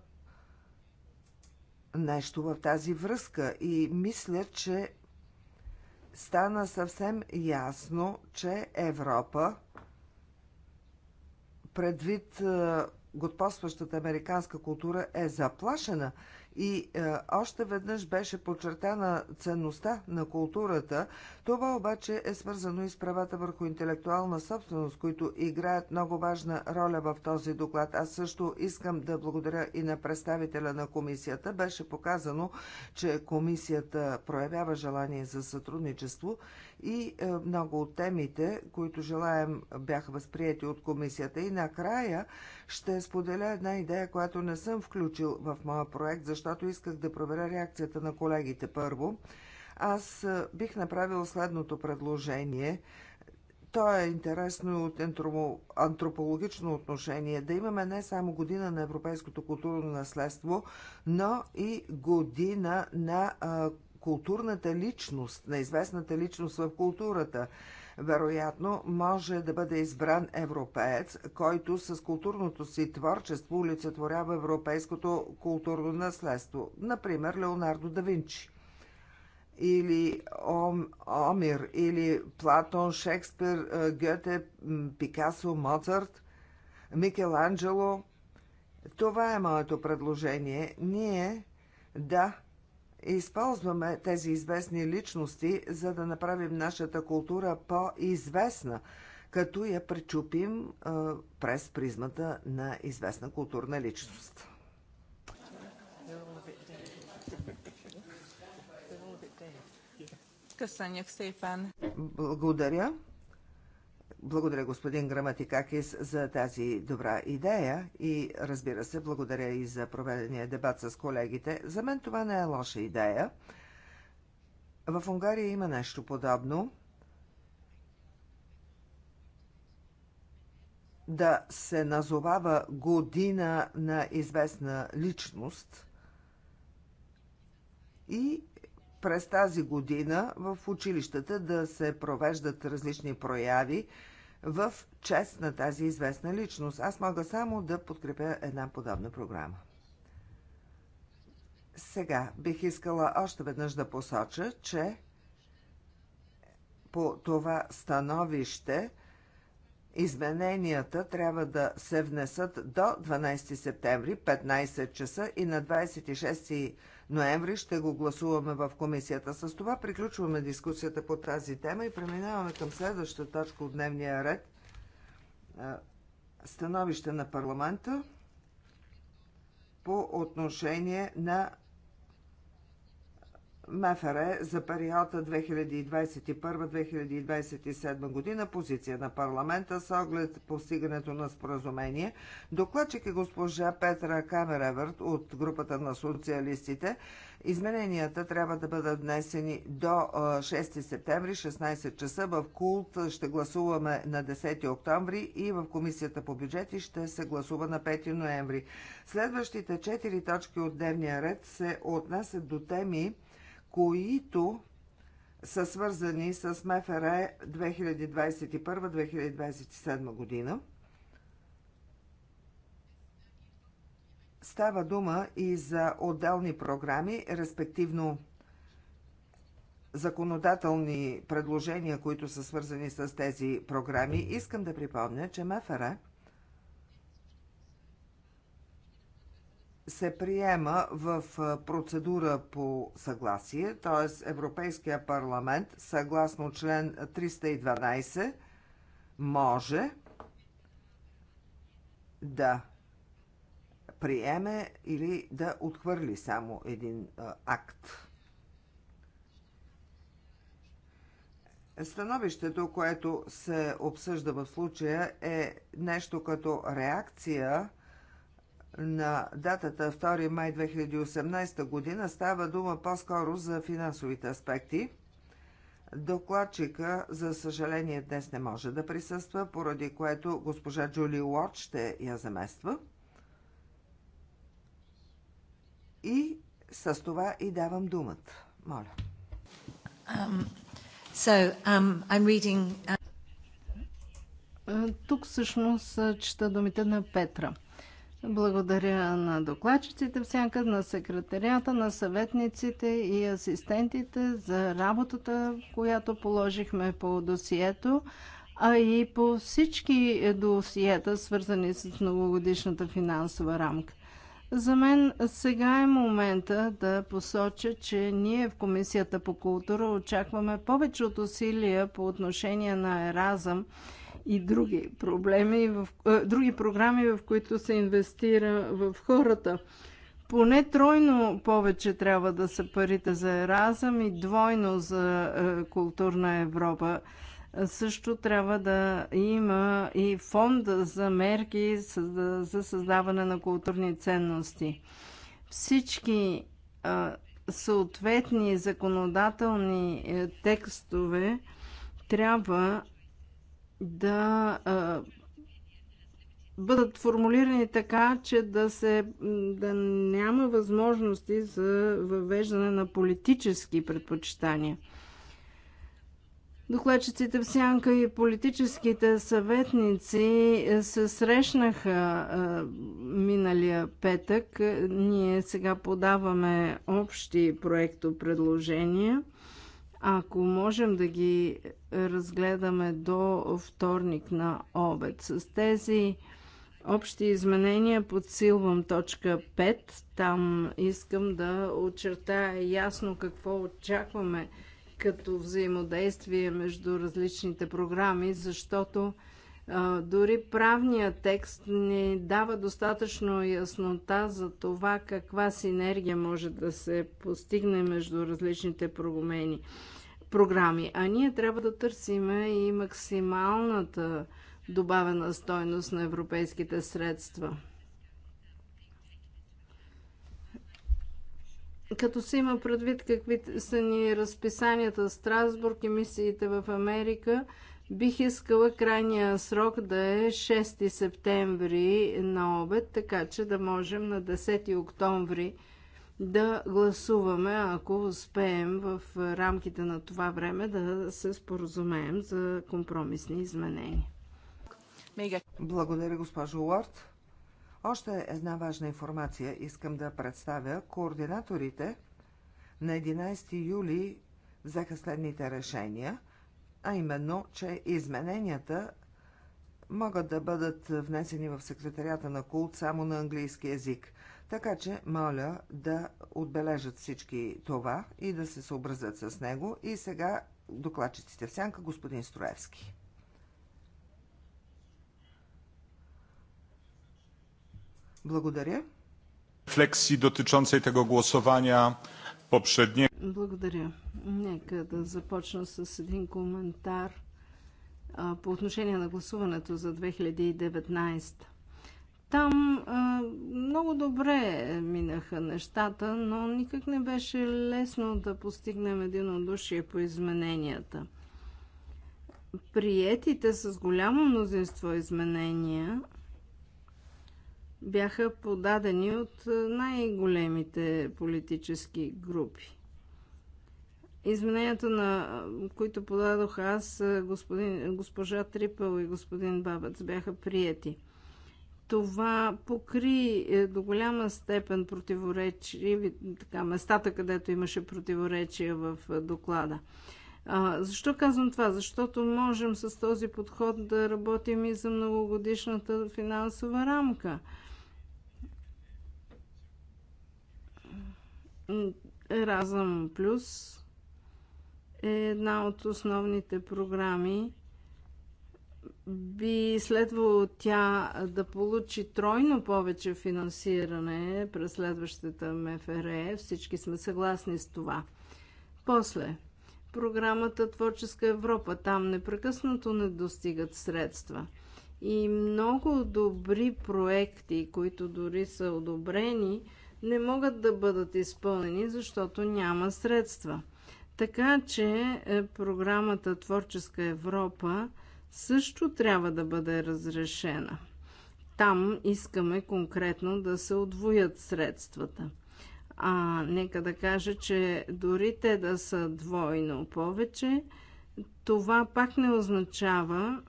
нещо в тази връзка и мисля, че стана съвсем ясно, че Европа предвид е, господстващата американска култура е заплашена и е, още веднъж беше подчертана ценността на културата. Това обаче е свързано и с правата върху интелектуална собственост, които играят много важна роля в този доклад. Аз също искам да благодаря и на представителя на комисията. Беше показано, че комисията проявява желание за сътрудничество и е, много от темите, които желаем бяха възприяти от комисията. И накрая ще споделя една идея, която не съм включил в моя проект, защото исках да проверя реакцията на колегите първо. Аз е, бих направил следното предложение. То е интересно от антропологично отношение да имаме не само година на европейското културно наследство, но и година на е, културната личност, на известната личност в културата. Вероятно, може да бъде избран европеец, който с културното си творчество олицетворява европейското културно наследство. Например, Леонардо да Винчи или Ом, Омир, или Платон, Шекспир, е, Гете, Пикасо, Моцарт, Микеланджело. Това е моето предложение. Ние да използваме тези известни личности, за да направим нашата култура по-известна, като я пречупим а, през призмата на известна културна личност. Благодаря. Благодаря господин Граматикакис за тази добра идея и разбира се, благодаря и за проведения дебат с колегите. За мен това не е лоша идея. В Унгария има нещо подобно. Да се назовава година на известна личност и през тази година в училищата да се провеждат различни прояви, в чест на тази известна личност. Аз мога само да подкрепя една подобна програма. Сега бих искала още веднъж да посоча, че по това становище измененията трябва да се внесат до 12 септември, 15 часа и на 26 ноември. Ще го гласуваме в комисията. С това приключваме дискусията по тази тема и преминаваме към следващата точка от дневния ред. Становище на парламента по отношение на МФР е за периода 2021-2027 година позиция на парламента с оглед постигането на споразумение. Докладчик е госпожа Петра Камереверт от групата на социалистите. Измененията трябва да бъдат внесени до 6 септември, 16 часа. В Култ ще гласуваме на 10 октомври и в Комисията по бюджети ще се гласува на 5 ноември. Следващите 4 точки от дневния ред се отнасят до теми, които са свързани с МФР 2021-2027 година. Става дума и за отделни програми, респективно законодателни предложения, които са свързани с тези програми. Искам да припомня, че МФР – се приема в процедура по съгласие, т.е. Европейския парламент, съгласно член 312, може да приеме или да отхвърли само един акт. Становището, което се обсъжда в случая, е нещо като реакция – на датата 2 май 2018 година става дума по-скоро за финансовите аспекти. Докладчика, за съжаление, днес не може да присъства, поради което госпожа Джули Уорд ще я замества. И с това и давам думата. Моля. Um, so, um, I'm reading... Uh, Тук всъщност чета думите на Петра – благодаря на докладчиците в сянка, на секретарията, на съветниците и асистентите за работата, която положихме по досието, а и по всички досиета, свързани с многогодишната финансова рамка. За мен сега е момента да посоча, че ние в Комисията по култура очакваме повече от усилия по отношение на Еразъм и други проблеми, в, а, други програми, в които се инвестира в хората. Поне тройно повече трябва да са парите за Еразъм и двойно за а, културна Европа. Също трябва да има и фонд за мерки за създаване на културни ценности. Всички а, съответни законодателни е, текстове трябва да бъдат формулирани така, че да, се, да няма възможности за въвеждане на политически предпочитания. Докладчиците в Сянка и политическите съветници се срещнаха миналия петък. Ние сега подаваме общи проекто предложения – ако можем да ги разгледаме до вторник на обед с тези общи изменения подсилвам точка 5. Там искам да очертая ясно какво очакваме като взаимодействие между различните програми, защото а, дори правният текст не дава достатъчно яснота за това каква синергия може да се постигне между различните промени програми. А ние трябва да търсиме и максималната добавена стойност на европейските средства. Като се има предвид какви са ни разписанията в Страсбург и мисиите в Америка, бих искала крайния срок да е 6 септември на обед, така че да можем на 10 октомври да гласуваме, ако успеем в рамките на това време да се споразумеем за компромисни изменения. Благодаря, госпожо Уорд. Още една важна информация искам да представя. Координаторите на 11 юли взеха следните решения, а именно, че измененията могат да бъдат внесени в секретарията на култ само на английски язик. Така че моля да отбележат всички това и да се съобразят с него. И сега докладчиците в сянка, господин Строевски. Благодаря. Флексии dotyczącej tego głosowania poprzedniego. Благодаря. Нека да започна с един коментар по отношение на гласуването за 2019. Там а, много добре минаха нещата, но никак не беше лесно да постигнем единодушие по измененията. Приетите с голямо мнозинство изменения бяха подадени от най-големите политически групи. Измененията, на които подадох аз, господин, госпожа Трипъл и господин Бабец, бяха приети. Това покри е, до голяма степен противоречи, така, местата, където имаше противоречия в е, доклада. А, защо казвам това? Защото можем с този подход да работим и за многогодишната финансова рамка. Разъм Плюс е една от основните програми, би следвало тя да получи тройно повече финансиране през следващата МФР. Всички сме съгласни с това. После, програмата Творческа Европа. Там непрекъснато не достигат средства. И много добри проекти, които дори са одобрени, не могат да бъдат изпълнени, защото няма средства. Така че е, програмата Творческа Европа също трябва да бъде разрешена. Там искаме конкретно да се отвоят средствата. А нека да кажа, че дори те да са двойно повече, това пак не означава,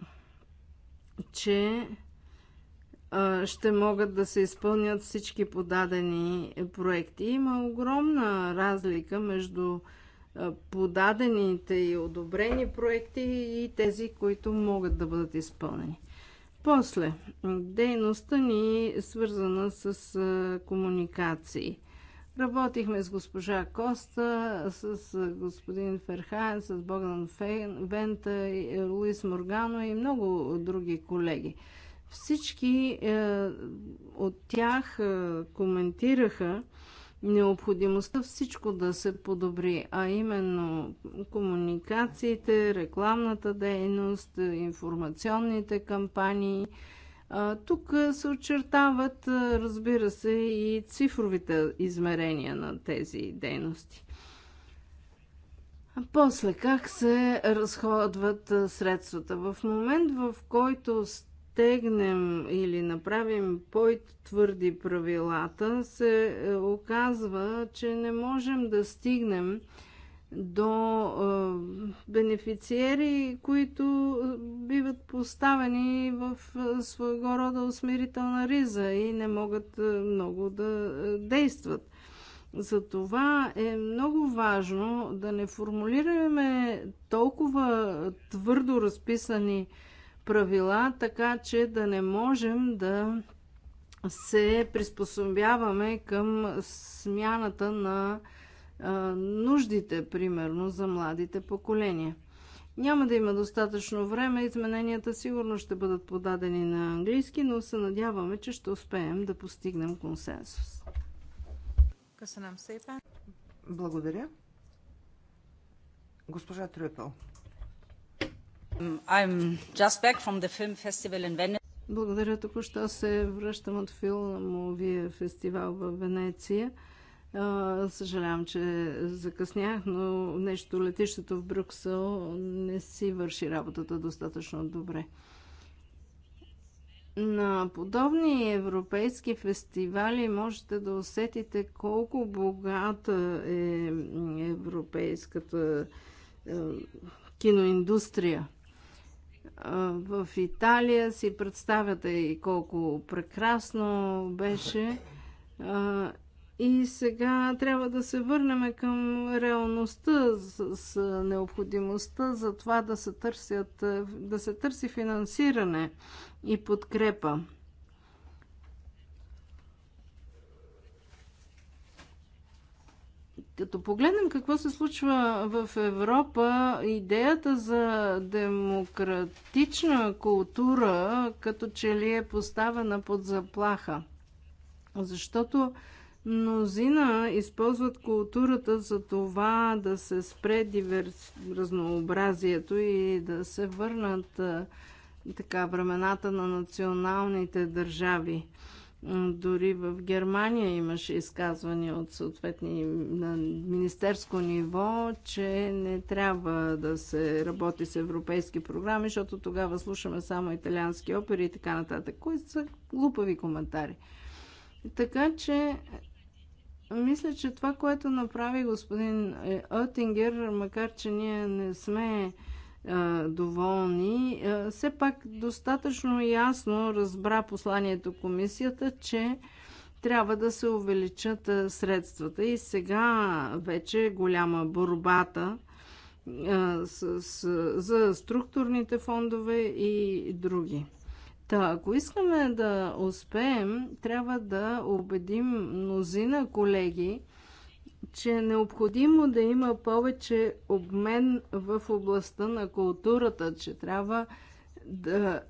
че ще могат да се изпълнят всички подадени проекти. Има огромна разлика между подадените и одобрени проекти и тези, които могат да бъдат изпълнени. После, дейността ни е свързана с комуникации. Работихме с госпожа Коста, с господин Ферхайн, с Богдан Вента, е, Луис Моргано и много други колеги. Всички е, от тях е, коментираха необходимостта всичко да се подобри, а именно комуникациите, рекламната дейност, информационните кампании. Тук се очертават, разбира се, и цифровите измерения на тези дейности. после как се разходват средствата? В момент, в който стегнем или направим по-твърди правилата, се е, оказва, че не можем да стигнем до е, бенефициери, които е, биват поставени в своего рода усмирителна риза и не могат много да действат. Затова е много важно да не формулираме толкова твърдо разписани правила, така че да не можем да се приспособяваме към смяната на а, нуждите, примерно, за младите поколения. Няма да има достатъчно време, измененията сигурно ще бъдат подадени на английски, но се надяваме, че ще успеем да постигнем консенсус. Благодаря. Госпожа Трюпел. Благодаря, току-що се връщам от филмовия фестивал в Венеция. Съжалявам, че закъснях, но нещо летището в Брюксел не си върши работата достатъчно добре. На подобни европейски фестивали можете да усетите колко богата е европейската е, киноиндустрия. В Италия си представяте и колко прекрасно беше. И сега трябва да се върнем към реалността с, с необходимостта за това да се, търсят, да се търси финансиране и подкрепа. Като погледнем какво се случва в Европа, идеята за демократична култура като че ли е поставена под заплаха. Защото мнозина използват културата за това да се спре диверс... разнообразието и да се върнат така времената на националните държави. Дори в Германия имаше изказвания от съответни на министерско ниво, че не трябва да се работи с европейски програми, защото тогава слушаме само италиански опери и така нататък, които са глупави коментари. Така че мисля, че това, което направи господин е, Отингер, макар че ние не сме доволни, все пак достатъчно ясно разбра посланието комисията, че трябва да се увеличат средствата. И сега вече голяма борбата с, с, за структурните фондове и други. Та, ако искаме да успеем, трябва да убедим мнозина колеги, че е необходимо да има повече обмен в областта на културата, че трябва да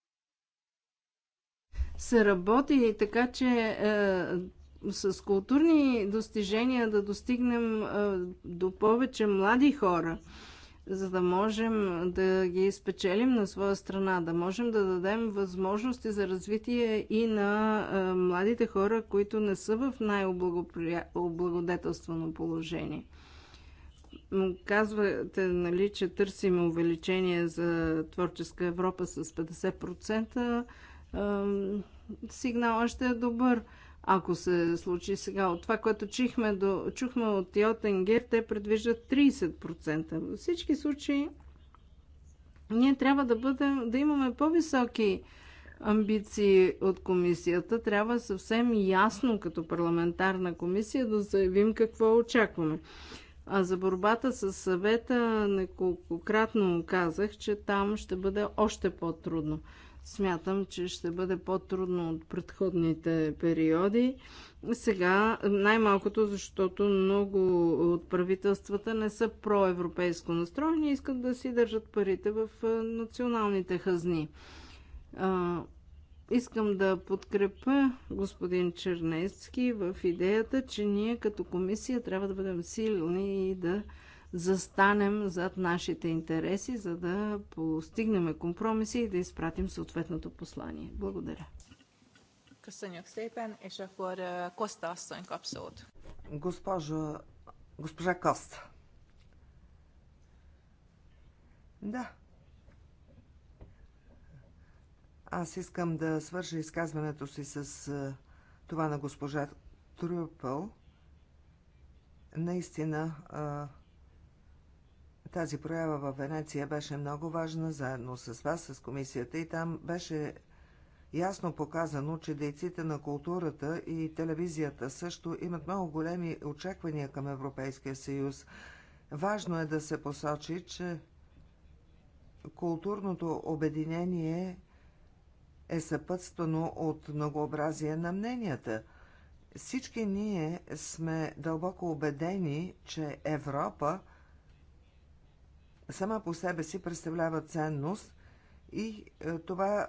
(coughs) се работи така, че е, с културни достижения да достигнем е, до повече млади хора за да можем да ги спечелим на своя страна, да можем да дадем възможности за развитие и на младите хора, които не са в най-облагодетелствено положение. Казвате, нали, че търсим увеличение за творческа Европа с 50%. Сигналът ще е добър ако се случи сега. От това, което чихме до, чухме от Йотенгер, те предвиждат 30%. Във всички случаи ние трябва да, бъдем, да имаме по-високи амбиции от комисията. Трябва съвсем ясно като парламентарна комисия да заявим какво очакваме. А за борбата с съвета неколкократно казах, че там ще бъде още по-трудно смятам, че ще бъде по-трудно от предходните периоди. Сега, най-малкото, защото много от правителствата не са проевропейско настроени и искат да си държат парите в националните хазни. Искам да подкрепя господин Чернецки в идеята, че ние като комисия трябва да бъдем силни и да застанем зад нашите интереси, за да постигнем компромиси и да изпратим съответното послание. Благодаря. Köszönjük степен и ще Kosta коста kap szót. Госпожа, госпожа Коста. Да. Аз искам да свържа изказването си с е, това на госпожа Трюпъл. Наистина, е, тази проява в Венеция беше много важна, заедно с вас, с комисията и там беше ясно показано, че дейците на културата и телевизията също имат много големи очаквания към Европейския съюз. Важно е да се посочи, че културното обединение е съпътствано от многообразие на мненията. Всички ние сме дълбоко убедени, че Европа – сама по себе си представлява ценност и е, това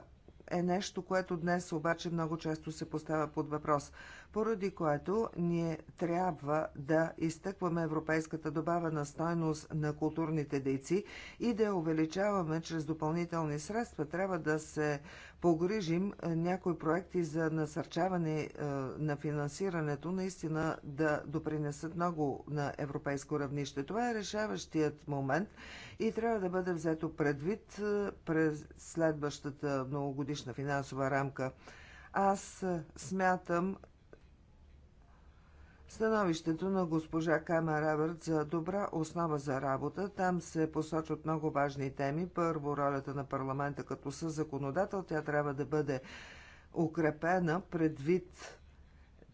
е нещо, което днес обаче много често се поставя под въпрос, поради което ние трябва да изтъкваме европейската добавена стойност на културните дейци и да я увеличаваме чрез допълнителни средства. Трябва да се погрижим някои проекти за насърчаване на финансирането наистина да допринесат много на европейско равнище. Това е решаващият момент и трябва да бъде взето предвид през следващата многогодишна финансова рамка. Аз смятам, Становището на госпожа Кама Рабърт за добра основа за работа. Там се посочват много важни теми. Първо, ролята на парламента като съзаконодател. Тя трябва да бъде укрепена предвид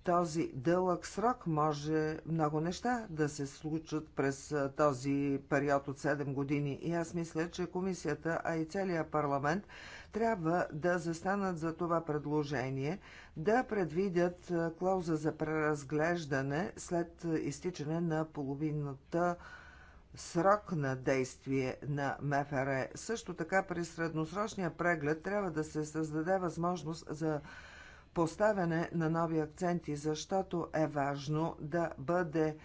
този дълъг срок може много неща да се случат през този период от 7 години. И аз мисля, че комисията, а и целият парламент трябва да застанат за това предложение, да предвидят клауза за преразглеждане след изтичане на половината срок на действие на МФР. Също така при средносрочния преглед трябва да се създаде възможност за поставяне на нови акценти, защото е важно да бъде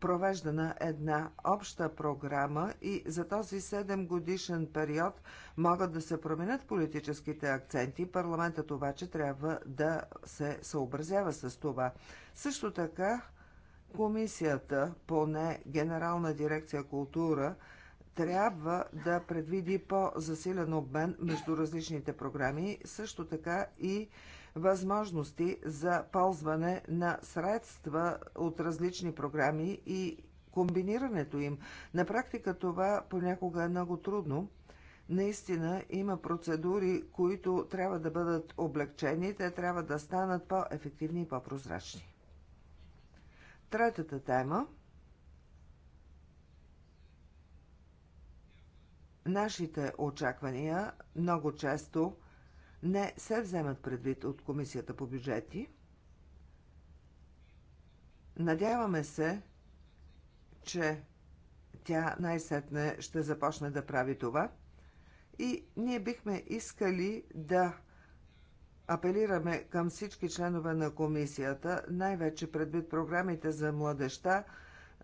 провеждана една обща програма и за този 7 годишен период могат да се променят политическите акценти. Парламентът обаче трябва да се съобразява с това. Също така, комисията, поне Генерална дирекция култура, трябва да предвиди по-засилен обмен между различните програми, също така и възможности за ползване на средства от различни програми и комбинирането им. На практика това понякога е много трудно. Наистина има процедури, които трябва да бъдат облегчени, те трябва да станат по-ефективни и по-прозрачни. Третата тема Нашите очаквания много често – не се вземат предвид от Комисията по бюджети. Надяваме се, че тя най-сетне ще започне да прави това и ние бихме искали да апелираме към всички членове на комисията, най-вече предвид програмите за младеща,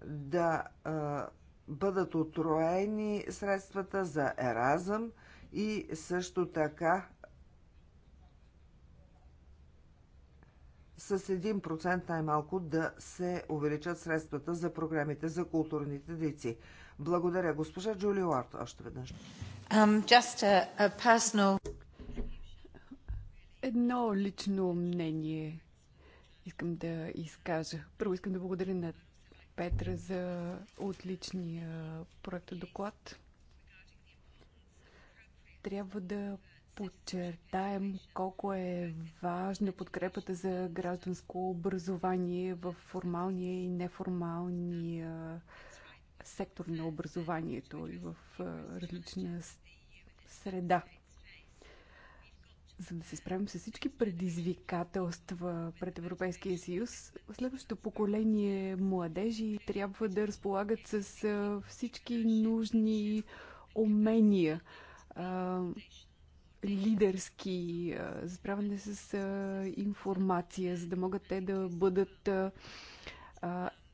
да а, бъдат отроени средствата за еразъм и също така с 1% най-малко да се увеличат средствата за програмите за културните дейци. Благодаря, госпожа Джули Уарт, още веднъж. Um, a, a personal... Едно лично мнение искам да изкажа. Първо искам да благодаря на Петра за отличния проект доклад. Трябва да подчертаем колко е важна подкрепата за гражданско образование в формалния и неформалния сектор на образованието и в различна среда. За да се справим с всички предизвикателства пред Европейския съюз, следващото поколение младежи трябва да разполагат с всички нужни умения лидерски, справяне с информация, за да могат те да бъдат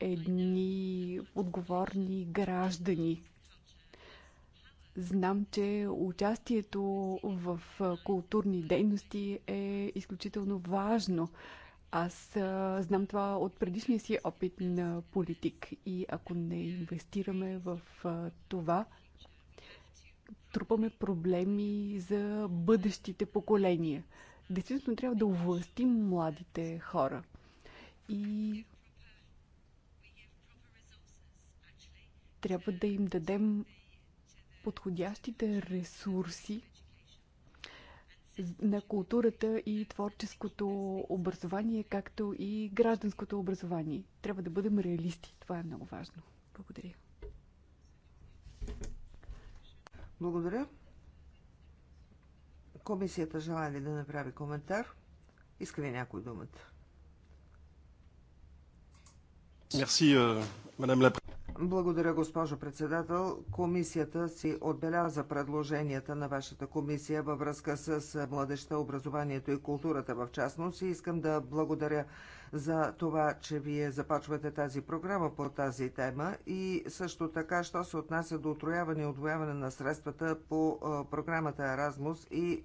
едни отговорни граждани. Знам, че участието в културни дейности е изключително важно. Аз а, знам това от предишния си опит на политик и ако не инвестираме в а, това, трупаме проблеми за бъдещите поколения. Действително трябва да увластим младите хора. И трябва да им дадем подходящите ресурси на културата и творческото образование, както и гражданското образование. Трябва да бъдем реалисти. Това е много важно. Благодаря. Благодаря. Комисията желая ли да направи коментар? Иска ли някой думата? Мерси, мадам Лепре. Благодаря, госпожо председател. Комисията си отбеляза предложенията на вашата комисия във връзка с младеща, образованието и културата в частност и искам да благодаря за това, че вие започвате тази програма по тази тема и също така, що се отнася до отрояване и отвояване на средствата по програмата Еразмус и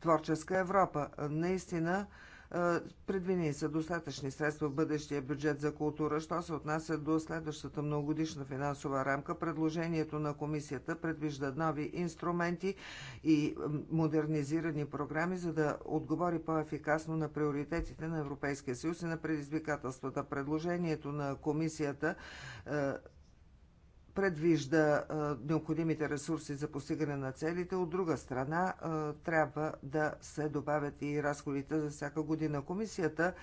Творческа Европа. Наистина, Предвини са достатъчни средства в бъдещия бюджет за култура. Що се отнася до следващата многогодишна финансова рамка, предложението на комисията предвижда нови инструменти и модернизирани програми, за да отговори по-ефикасно на приоритетите на Европейския съюз и на предизвикателствата. Предложението на комисията предвижда необходимите ресурси за постигане на целите, от друга страна трябва да се добавят и разходите за всяка година. Комисията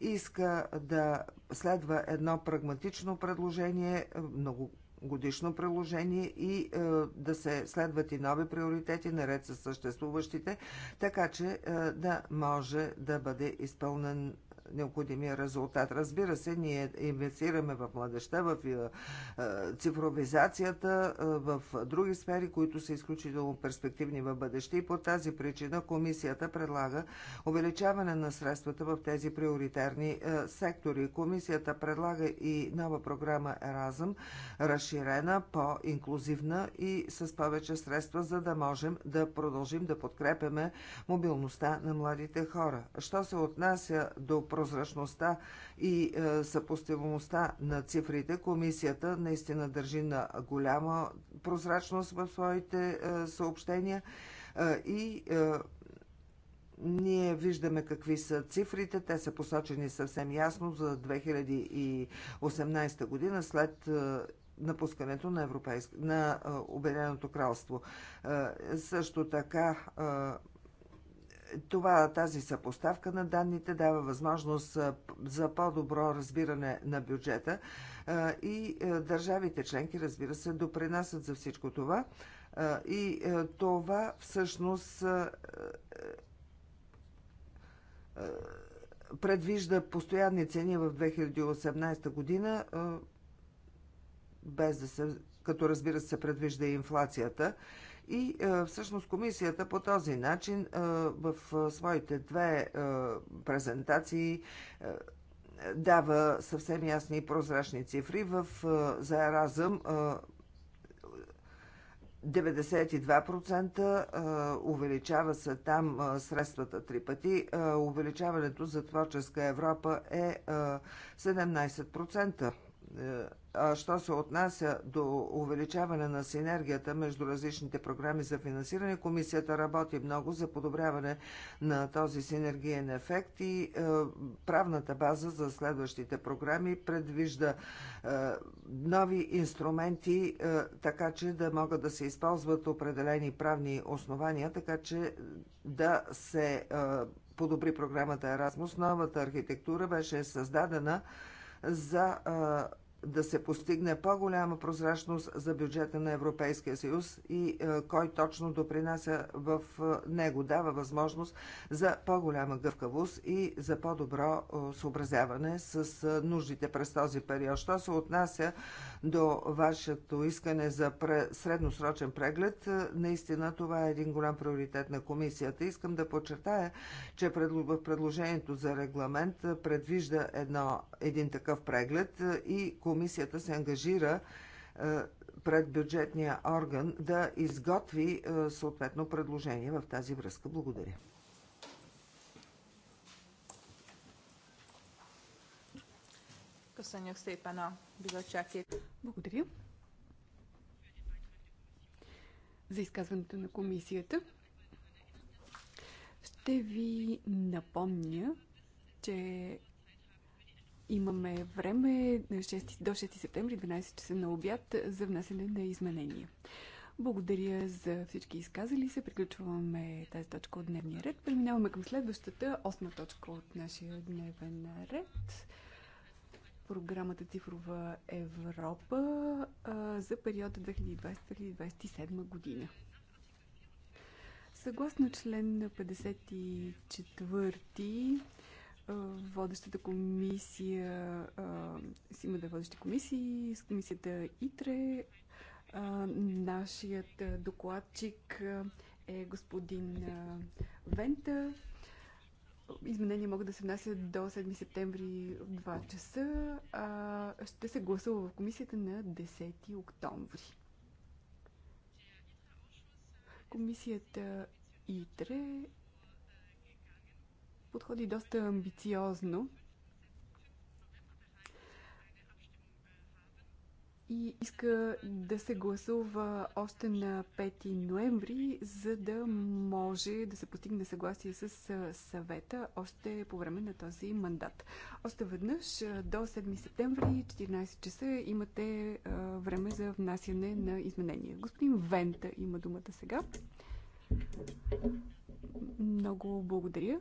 иска да следва едно прагматично предложение, много годишно приложение и е, да се следват и нови приоритети наред с съществуващите, така че е, да може да бъде изпълнен необходимия резултат. Разбира се, ние инвестираме в младеща, в е, е, цифровизацията, е, в други сфери, които са изключително перспективни в бъдеще. И по тази причина комисията предлага увеличаване на средствата в тези приоритарни сектори. Комисията предлага и нова програма Еразъм, разширена, по-инклюзивна и с повече средства, за да можем да продължим да подкрепяме мобилността на младите хора. Що се отнася до прозрачността и е, съпоставимостта на цифрите, комисията наистина държи на голяма прозрачност в своите е, съобщения е, и ние виждаме какви са цифрите. Те са посочени съвсем ясно за 2018 година след напускането на, Европейск... на Обединеното кралство. Също така това, тази съпоставка на данните дава възможност за по-добро разбиране на бюджета и държавите членки, разбира се, допринасят за всичко това. И това всъщност предвижда постоянни цени в 2018 година, без да се, като разбира се, предвижда и инфлацията. И е, всъщност комисията по този начин е, в е, своите две презентации дава съвсем ясни и прозрачни цифри. В, за 92% увеличава се там средствата три пъти. Увеличаването за творческа Европа е 17%. Е, а що се отнася до увеличаване на синергията между различните програми за финансиране, комисията работи много за подобряване на този синергиен ефект и е, правната база за следващите програми предвижда е, нови инструменти, така че да могат да се използват определени правни основания, така че да се подобри програмата Erasmus. Новата архитектура беше създадена за да се постигне по-голяма прозрачност за бюджета на Европейския съюз и е, кой точно допринася в е, него, дава възможност за по-голяма гъвкавост и за по-добро е, съобразяване с нуждите през този период. Що се отнася до вашето искане за средносрочен преглед, наистина това е един голям приоритет на комисията. Искам да подчертая, че в предложението за регламент предвижда едно, един такъв преглед и комисията комисията се ангажира е, пред бюджетния орган да изготви е, съответно предложение в тази връзка. Благодаря. Благодаря. За изказването на комисията ще ви напомня, че Имаме време до 6 септември, 12 часа на обяд, за внасене на изменения. Благодаря за всички изказали се. Приключваме тази точка от дневния ред. Преминаваме към следващата, осма точка от нашия дневен ред. Програмата Цифрова Европа а, за периода 2020-2027 година. Съгласно член 54 Водещата комисия си има две водещи комисии с комисията ИТРЕ. Нашият докладчик е господин Вента. Изменения могат да се внасят до 7 септември в 2 часа. А ще се гласува в комисията на 10 октомври. Комисията ИТРЕ подходи доста амбициозно. и иска да се гласува още на 5 ноември, за да може да се постигне съгласие с съвета още по време на този мандат. Още веднъж до 7 септември, 14 часа, имате време за внасяне на изменения. Господин Вента има думата сега. Много благодаря.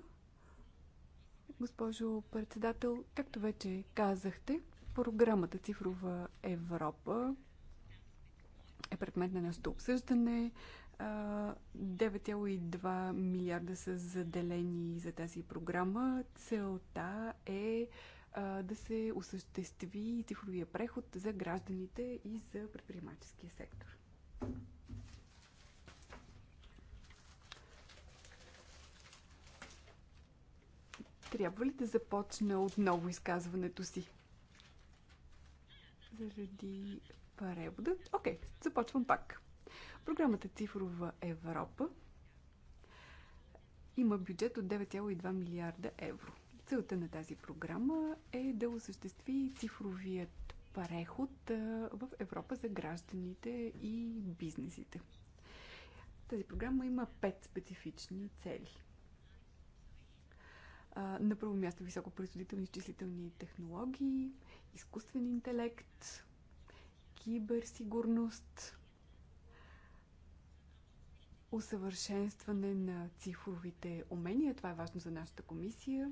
Госпожо председател, както вече казахте, програмата Цифрова Европа е предмет на нашето обсъждане. 9,2 милиарда са заделени за тази програма. Целта е да се осъществи цифровия преход за гражданите и за предприемаческия сектор. Трябва ли да започна отново изказването си? Заради превода. Окей, okay, започвам пак. Програмата Цифрова Европа има бюджет от 9,2 милиарда евро. Целта на тази програма е да осъществи цифровият преход в Европа за гражданите и бизнесите. Тази програма има пет специфични цели на първо място високопроизводителни изчислителни технологии, изкуствен интелект, киберсигурност, усъвършенстване на цифровите умения. Това е важно за нашата комисия.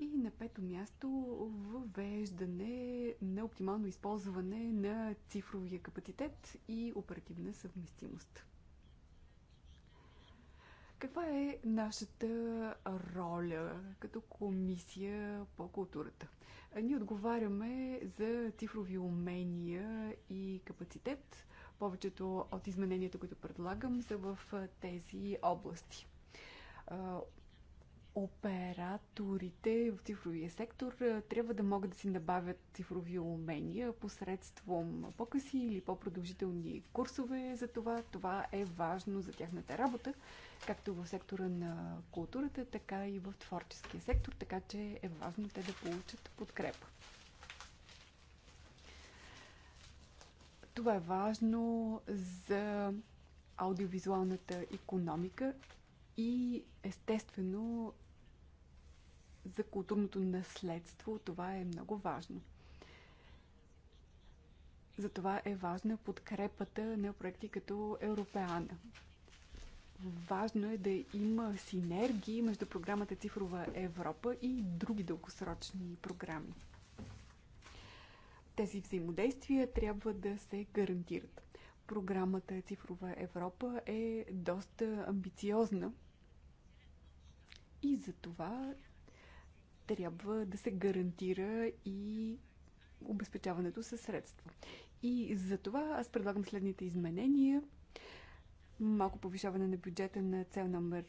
И на пето място въвеждане на оптимално използване на цифровия капацитет и оперативна съвместимост. Каква е нашата роля като комисия по културата? Ние отговаряме за цифрови умения и капацитет. Повечето от измененията, които предлагам, са в тези области. Операторите в цифровия сектор трябва да могат да си набавят цифрови умения посредством по-къси или по-продължителни курсове за това. Това е важно за тяхната работа както в сектора на културата, така и в творческия сектор, така че е важно те да получат подкрепа. Това е важно за аудиовизуалната економика и естествено за културното наследство. Това е много важно. Затова е важна подкрепата на проекти като Европеана. Важно е да има синергии между програмата Цифрова Европа и други дългосрочни програми. Тези взаимодействия трябва да се гарантират. Програмата Цифрова Европа е доста амбициозна и за това трябва да се гарантира и обезпечаването със средства. И за това аз предлагам следните изменения – малко повишаване на бюджета на цел номер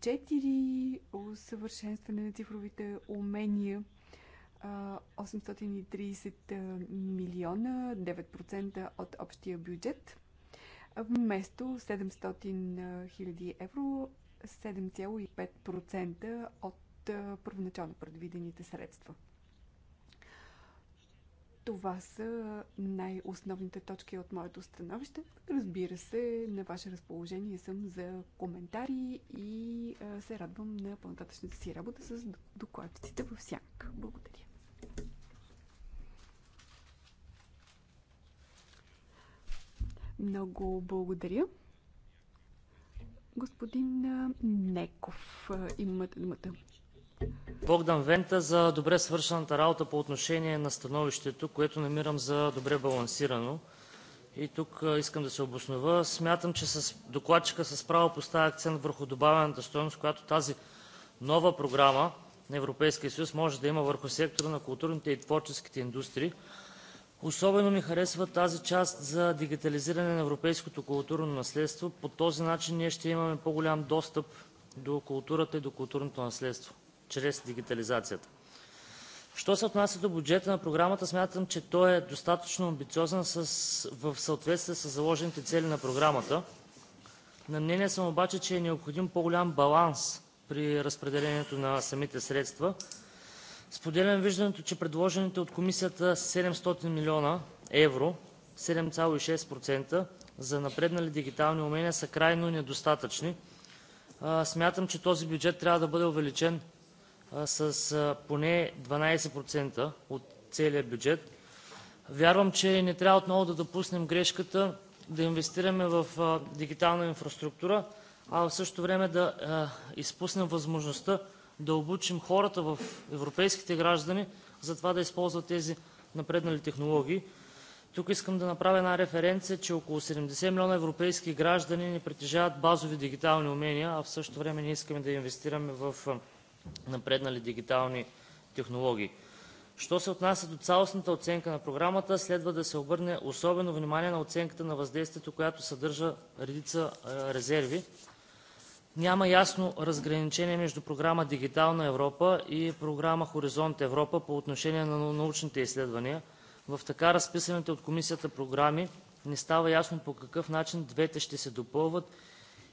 4, усъвършенстване на цифровите умения, 830 милиона, 9% от общия бюджет, вместо 700 хиляди евро, 7,5% от първоначално предвидените средства. Това са най-основните точки от моето становище. Разбира се, на ваше разположение съм за коментари и се радвам на по-нататъчната си работа с докладчиците в всяк. Благодаря. Много благодаря. Господин Неков, имате думата. Богдан Вента за добре свършената работа по отношение на становището, което намирам за добре балансирано. И тук искам да се обоснова. Смятам, че с докладчика с право поставя акцент върху добавената стоеност, която тази нова програма на Европейския съюз може да има върху сектора на културните и творческите индустрии. Особено ми харесва тази част за дигитализиране на европейското културно наследство. По този начин ние ще имаме по-голям достъп до културата и до културното наследство чрез дигитализацията. Що се отнася до бюджета на програмата, смятам, че той е достатъчно амбициозен в съответствие с заложените цели на програмата. На мнение съм обаче, че е необходим по-голям баланс при разпределението на самите средства. Споделям виждането, че предложените от комисията 700 милиона евро 7,6% за напреднали дигитални умения са крайно недостатъчни. Смятам, че този бюджет трябва да бъде увеличен с поне 12% от целия бюджет. Вярвам, че не трябва отново да допуснем грешката да инвестираме в дигитална инфраструктура, а в същото време да изпуснем възможността да обучим хората, в европейските граждани, за това да използват тези напреднали технологии. Тук искам да направя една референция, че около 70 милиона европейски граждани не притежават базови дигитални умения, а в същото време ние искаме да инвестираме в напреднали дигитални технологии. Що се отнася до цялостната оценка на програмата, следва да се обърне особено внимание на оценката на въздействието, която съдържа редица е, резерви. Няма ясно разграничение между Програма „Дигитална Европа“ и Програма „Хоризонт Европа“ по отношение на научните изследвания. В така разписаните от Комисията програми не става ясно по какъв начин двете ще се допълват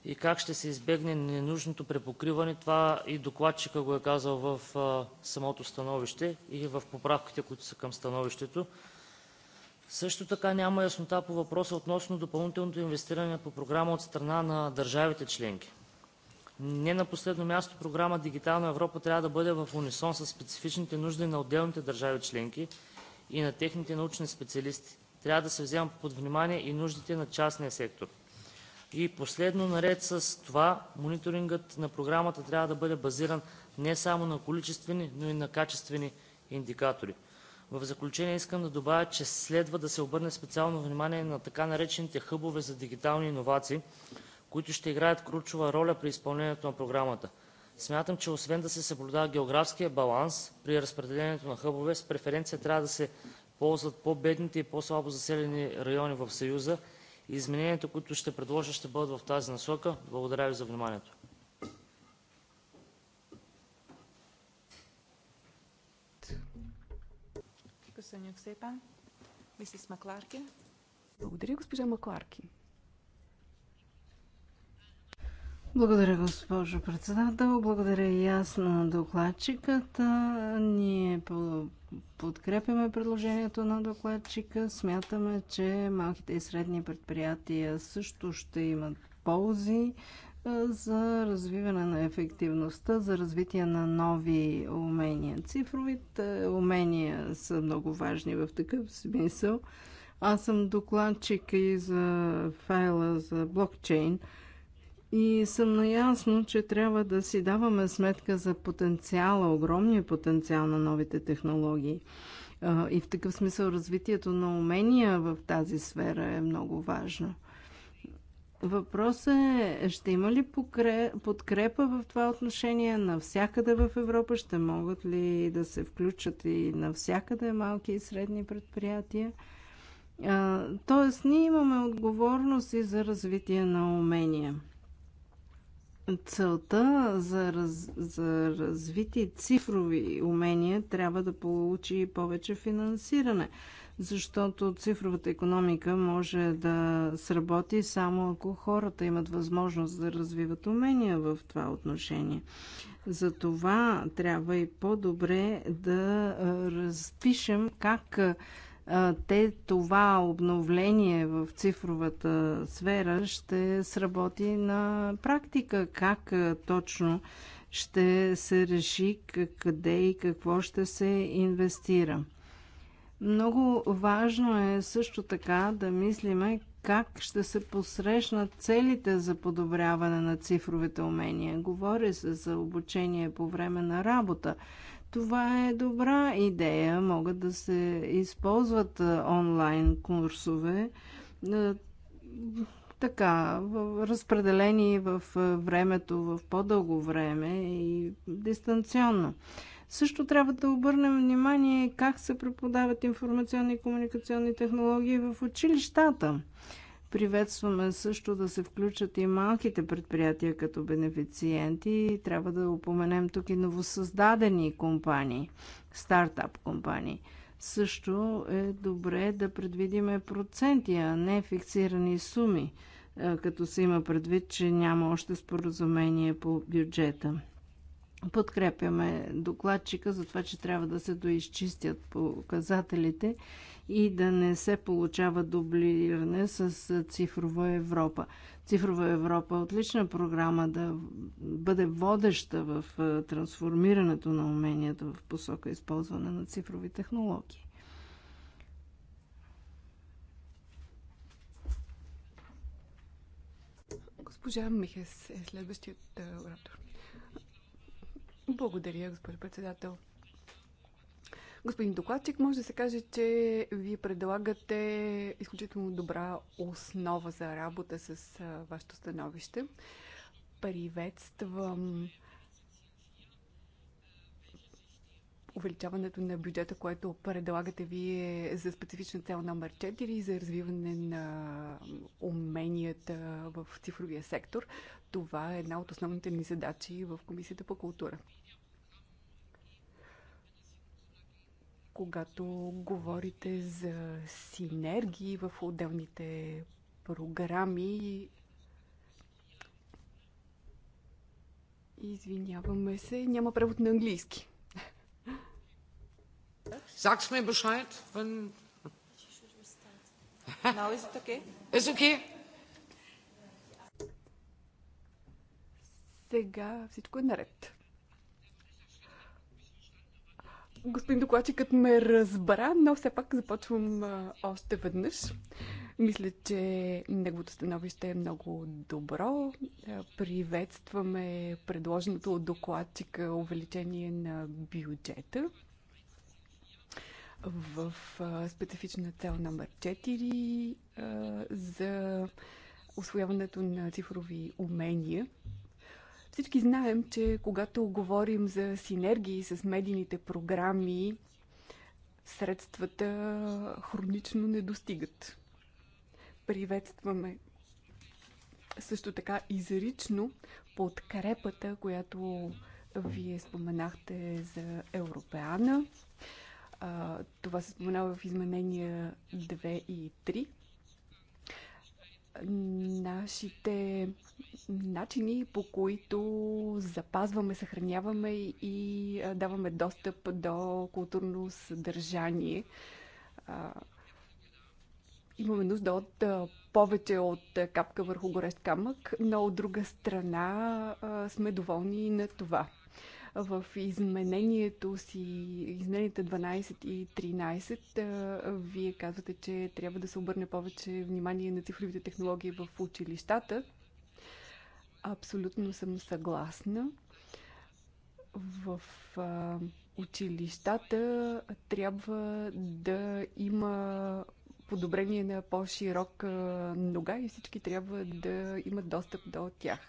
и как ще се избегне ненужното препокриване. Това и докладчика го е казал в самото становище и в поправките, които са към становището. Също така няма яснота по въпроса относно допълнителното инвестиране по програма от страна на държавите членки. Не на последно място, програма „Дигитална Европа” трябва да бъде в унисон с специфичните нужди на отделните държави членки и на техните научни специалисти. Трябва да се вземат под внимание и нуждите на частния сектор. И последно, наред с това мониторингът на програмата трябва да бъде базиран не само на количествени, но и на качествени индикатори. В заключение искам да добавя, че следва да се обърне специално внимание на така наречените хъбове за дигитални иновации, които ще играят ключова роля при изпълнението на програмата. Смятам, че освен да се съблюдава географския баланс при разпределението на хъбове, с преференция трябва да се ползват по-бедните и по-слабо заселени райони в Съюза Измененията, които ще предложа, ще бъдат в тази насока. Благодаря Ви за вниманието. Благодаря, госпожа Макларки. Благодаря, госпожо председател. Благодаря и аз на докладчиката. Ние подкрепяме предложението на докладчика. Смятаме, че малките и средни предприятия също ще имат ползи за развиване на ефективността, за развитие на нови умения. Цифровите умения са много важни в такъв смисъл. Аз съм докладчик и за файла за блокчейн – и съм наясно, че трябва да си даваме сметка за потенциала, огромния потенциал на новите технологии. И в такъв смисъл развитието на умения в тази сфера е много важно. Въпросът е, ще има ли подкрепа в това отношение навсякъде в Европа? Ще могат ли да се включат и навсякъде малки и средни предприятия? Тоест, ние имаме отговорност и за развитие на умения. Целта за, раз, за развити цифрови умения трябва да получи повече финансиране, защото цифровата економика може да сработи само ако хората имат възможност да развиват умения в това отношение. За това трябва и по-добре да разпишем как те това обновление в цифровата сфера ще сработи на практика. Как точно ще се реши къде и какво ще се инвестира. Много важно е също така да мислиме как ще се посрещнат целите за подобряване на цифровите умения. Говори се за обучение по време на работа. Това е добра идея. Могат да се използват онлайн курсове, така, разпределени в времето, в по-дълго време и дистанционно. Също трябва да обърнем внимание как се преподават информационни и комуникационни технологии в училищата. Приветстваме също да се включат и малките предприятия като бенефициенти. Трябва да упоменем тук и новосъздадени компании, стартап компании. Също е добре да предвидиме проценти, а не фиксирани суми, е, като се има предвид, че няма още споразумение по бюджета. Подкрепяме докладчика за това, че трябва да се доизчистят показателите и да не се получава дублиране с Цифрова Европа. Цифрова Европа е отлична програма да бъде водеща в е, трансформирането на уменията в посока използване на цифрови технологии. Госпожа Михес е следващият е, оратор. Благодаря, господин председател. Господин докладчик, може да се каже, че ви предлагате изключително добра основа за работа с вашето становище. Приветствам увеличаването на бюджета, което предлагате вие за специфична цел номер 4 за развиване на уменията в цифровия сектор. Това е една от основните ни задачи в Комисията по култура. когато говорите за синергии в отделните програми. Извиняваме се, няма превод на английски. Sag's mir Bescheid, wenn... Now is it okay? It's okay. Сега всичко е наред. Господин докладчикът ме разбра, но все пак започвам още веднъж. Мисля, че неговото становище е много добро. Приветстваме предложеното от докладчика увеличение на бюджета в специфична цел номер 4 за освояването на цифрови умения всички знаем, че когато говорим за синергии с медийните програми, средствата хронично не достигат. Приветстваме също така изрично подкрепата, която вие споменахте за Европеана. Това се споменава в изменения 2 и 3. Нашите начини, по които запазваме, съхраняваме и даваме достъп до културно съдържание. Имаме нужда от повече от капка върху горещ камък, но от друга страна сме доволни на това. В изменението си, измененията 12 и 13, вие казвате, че трябва да се обърне повече внимание на цифровите технологии в училищата Абсолютно съм съгласна. В а, училищата трябва да има подобрение на по-широка нога и всички трябва да имат достъп до тях.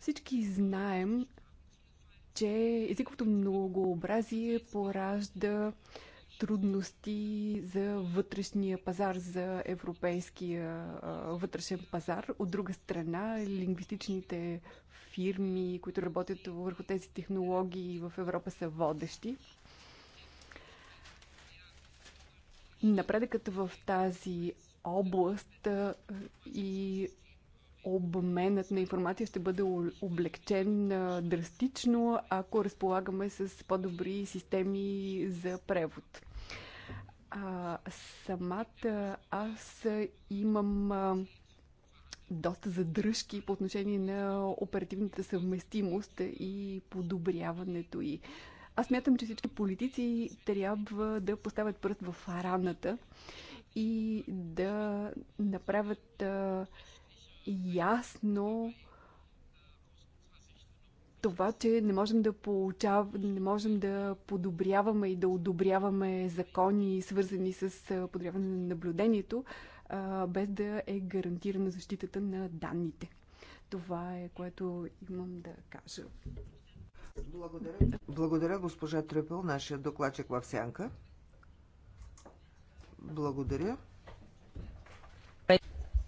Всички знаем, че езиковото многообразие поражда трудности за вътрешния пазар, за европейския вътрешен пазар. От друга страна, лингвистичните фирми, които работят върху тези технологии в Европа са водещи. Напредъкът в тази област и обменът на информация ще бъде облегчен драстично, ако разполагаме с по-добри системи за превод. А, самата аз имам а, доста задръжки по отношение на оперативната съвместимост и подобряването й. Аз мятам, че всички политици трябва да поставят пръст в раната и да направят а, ясно това, че не можем да получав... не можем да подобряваме и да одобряваме закони, свързани с подобряване на наблюдението, без да е гарантирана защитата на данните. Това е което имам да кажа. Благодаря. Благодаря, госпожа Трепел, нашия докладчик в Сянка. Благодаря.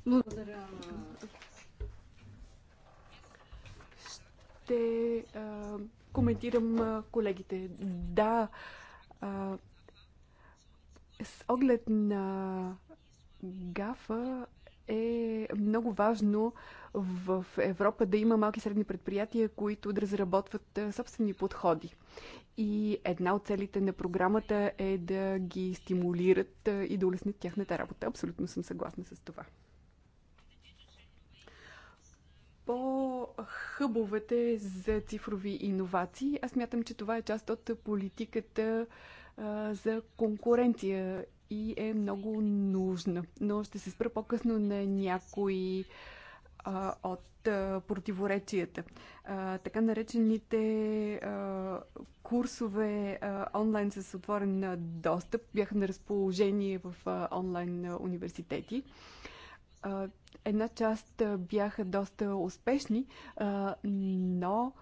Благодаря. Ще а, коментирам а, колегите. Да, а, с оглед на ГАФа е много важно в Европа да има малки и средни предприятия, които да разработват собствени подходи. И една от целите на програмата е да ги стимулират и да улеснят тяхната работа. Абсолютно съм съгласна с това по хъбовете за цифрови иновации. Аз мятам, че това е част от политиката а, за конкуренция и е много нужна. Но ще се спра по-късно на някои а, от а, противоречията. А, така наречените а, курсове а, онлайн с отворен достъп бяха на разположение в а, онлайн университети. А, Една част бяха доста успешни, но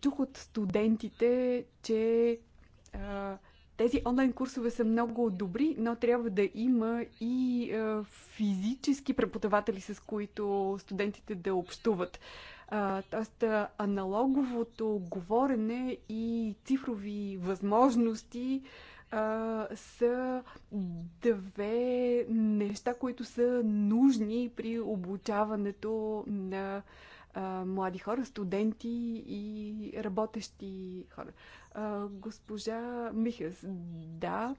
чух от студентите, че тези онлайн курсове са много добри, но трябва да има и физически преподаватели, с които студентите да общуват. Тоест, аналоговото говорене и цифрови възможности а, са две неща, които са нужни при обучаването на а, млади хора, студенти и работещи хора. А, госпожа Михас, да,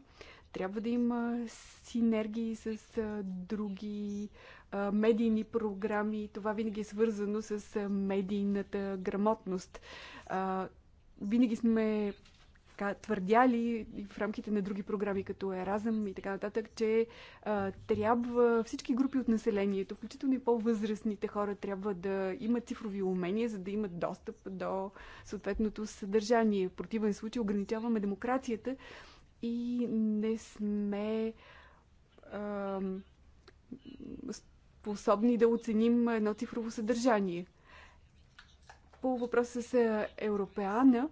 трябва да има синергии с а, други а, медийни програми. Това винаги е свързано с а, медийната грамотност. А, винаги сме така, твърдяли в рамките на други програми, като Еразъм и така нататък, че а, трябва всички групи от населението, включително и по-възрастните хора, трябва да имат цифрови умения, за да имат достъп до съответното съдържание. В противен случай ограничаваме демокрацията и не сме а, способни да оценим едно цифрово съдържание. По въпроса с Европеана,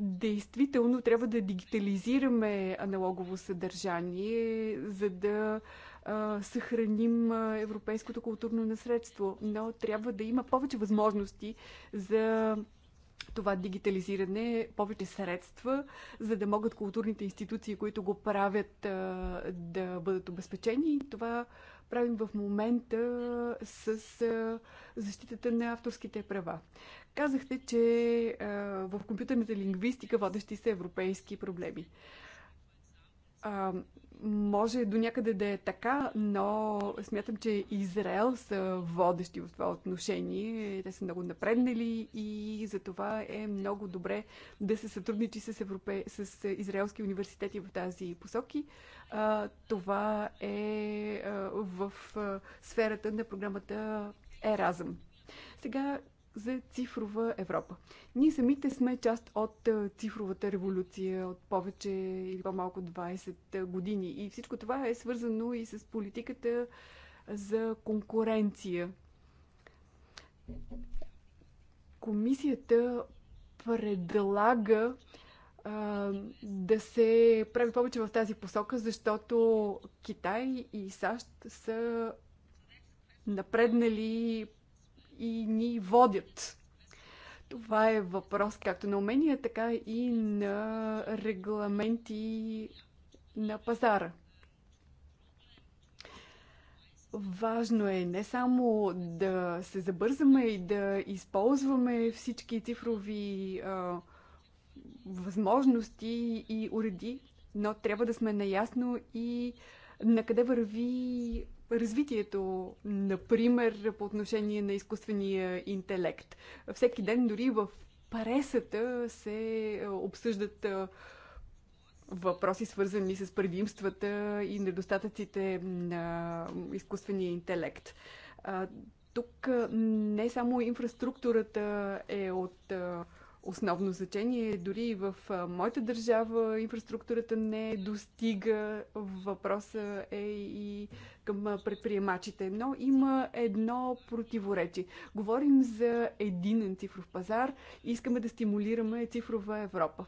Действително трябва да дигитализираме аналогово съдържание, за да съхраним европейското културно наследство, но трябва да има повече възможности за това дигитализиране, повече средства, за да могат културните институции, които го правят, да бъдат обезпечени. И това правим в момента с защитата на авторските права. Казахте, че а, в компютърната лингвистика водещи са европейски проблеми. А, може до някъде да е така, но смятам, че Израел са водещи в това отношение. Те са много напреднали и за това е много добре да се сътрудничи с, европе... с израелски университети в тази посоки. А, това е в сферата на програмата Еразъм. Сега за цифрова Европа. Ние самите сме част от е, цифровата революция от повече или по-малко 20 е, години. И всичко това е свързано и с политиката е, за конкуренция. Комисията предлага а, да се прави повече в тази посока, защото Китай и САЩ са напреднали и ни водят. Това е въпрос както на умения, така и на регламенти на пазара. Важно е не само да се забързаме и да използваме всички цифрови а, възможности и уреди, но трябва да сме наясно и на къде върви развитието, например, по отношение на изкуствения интелект. Всеки ден дори в пресата се е, обсъждат е, въпроси, свързани с предимствата и недостатъците на изкуствения интелект. Тук е, не само инфраструктурата е от основно значение. Дори и в моята държава инфраструктурата не достига. Въпроса е и към предприемачите. Но има едно противоречие. Говорим за единен цифров пазар и искаме да стимулираме цифрова Европа.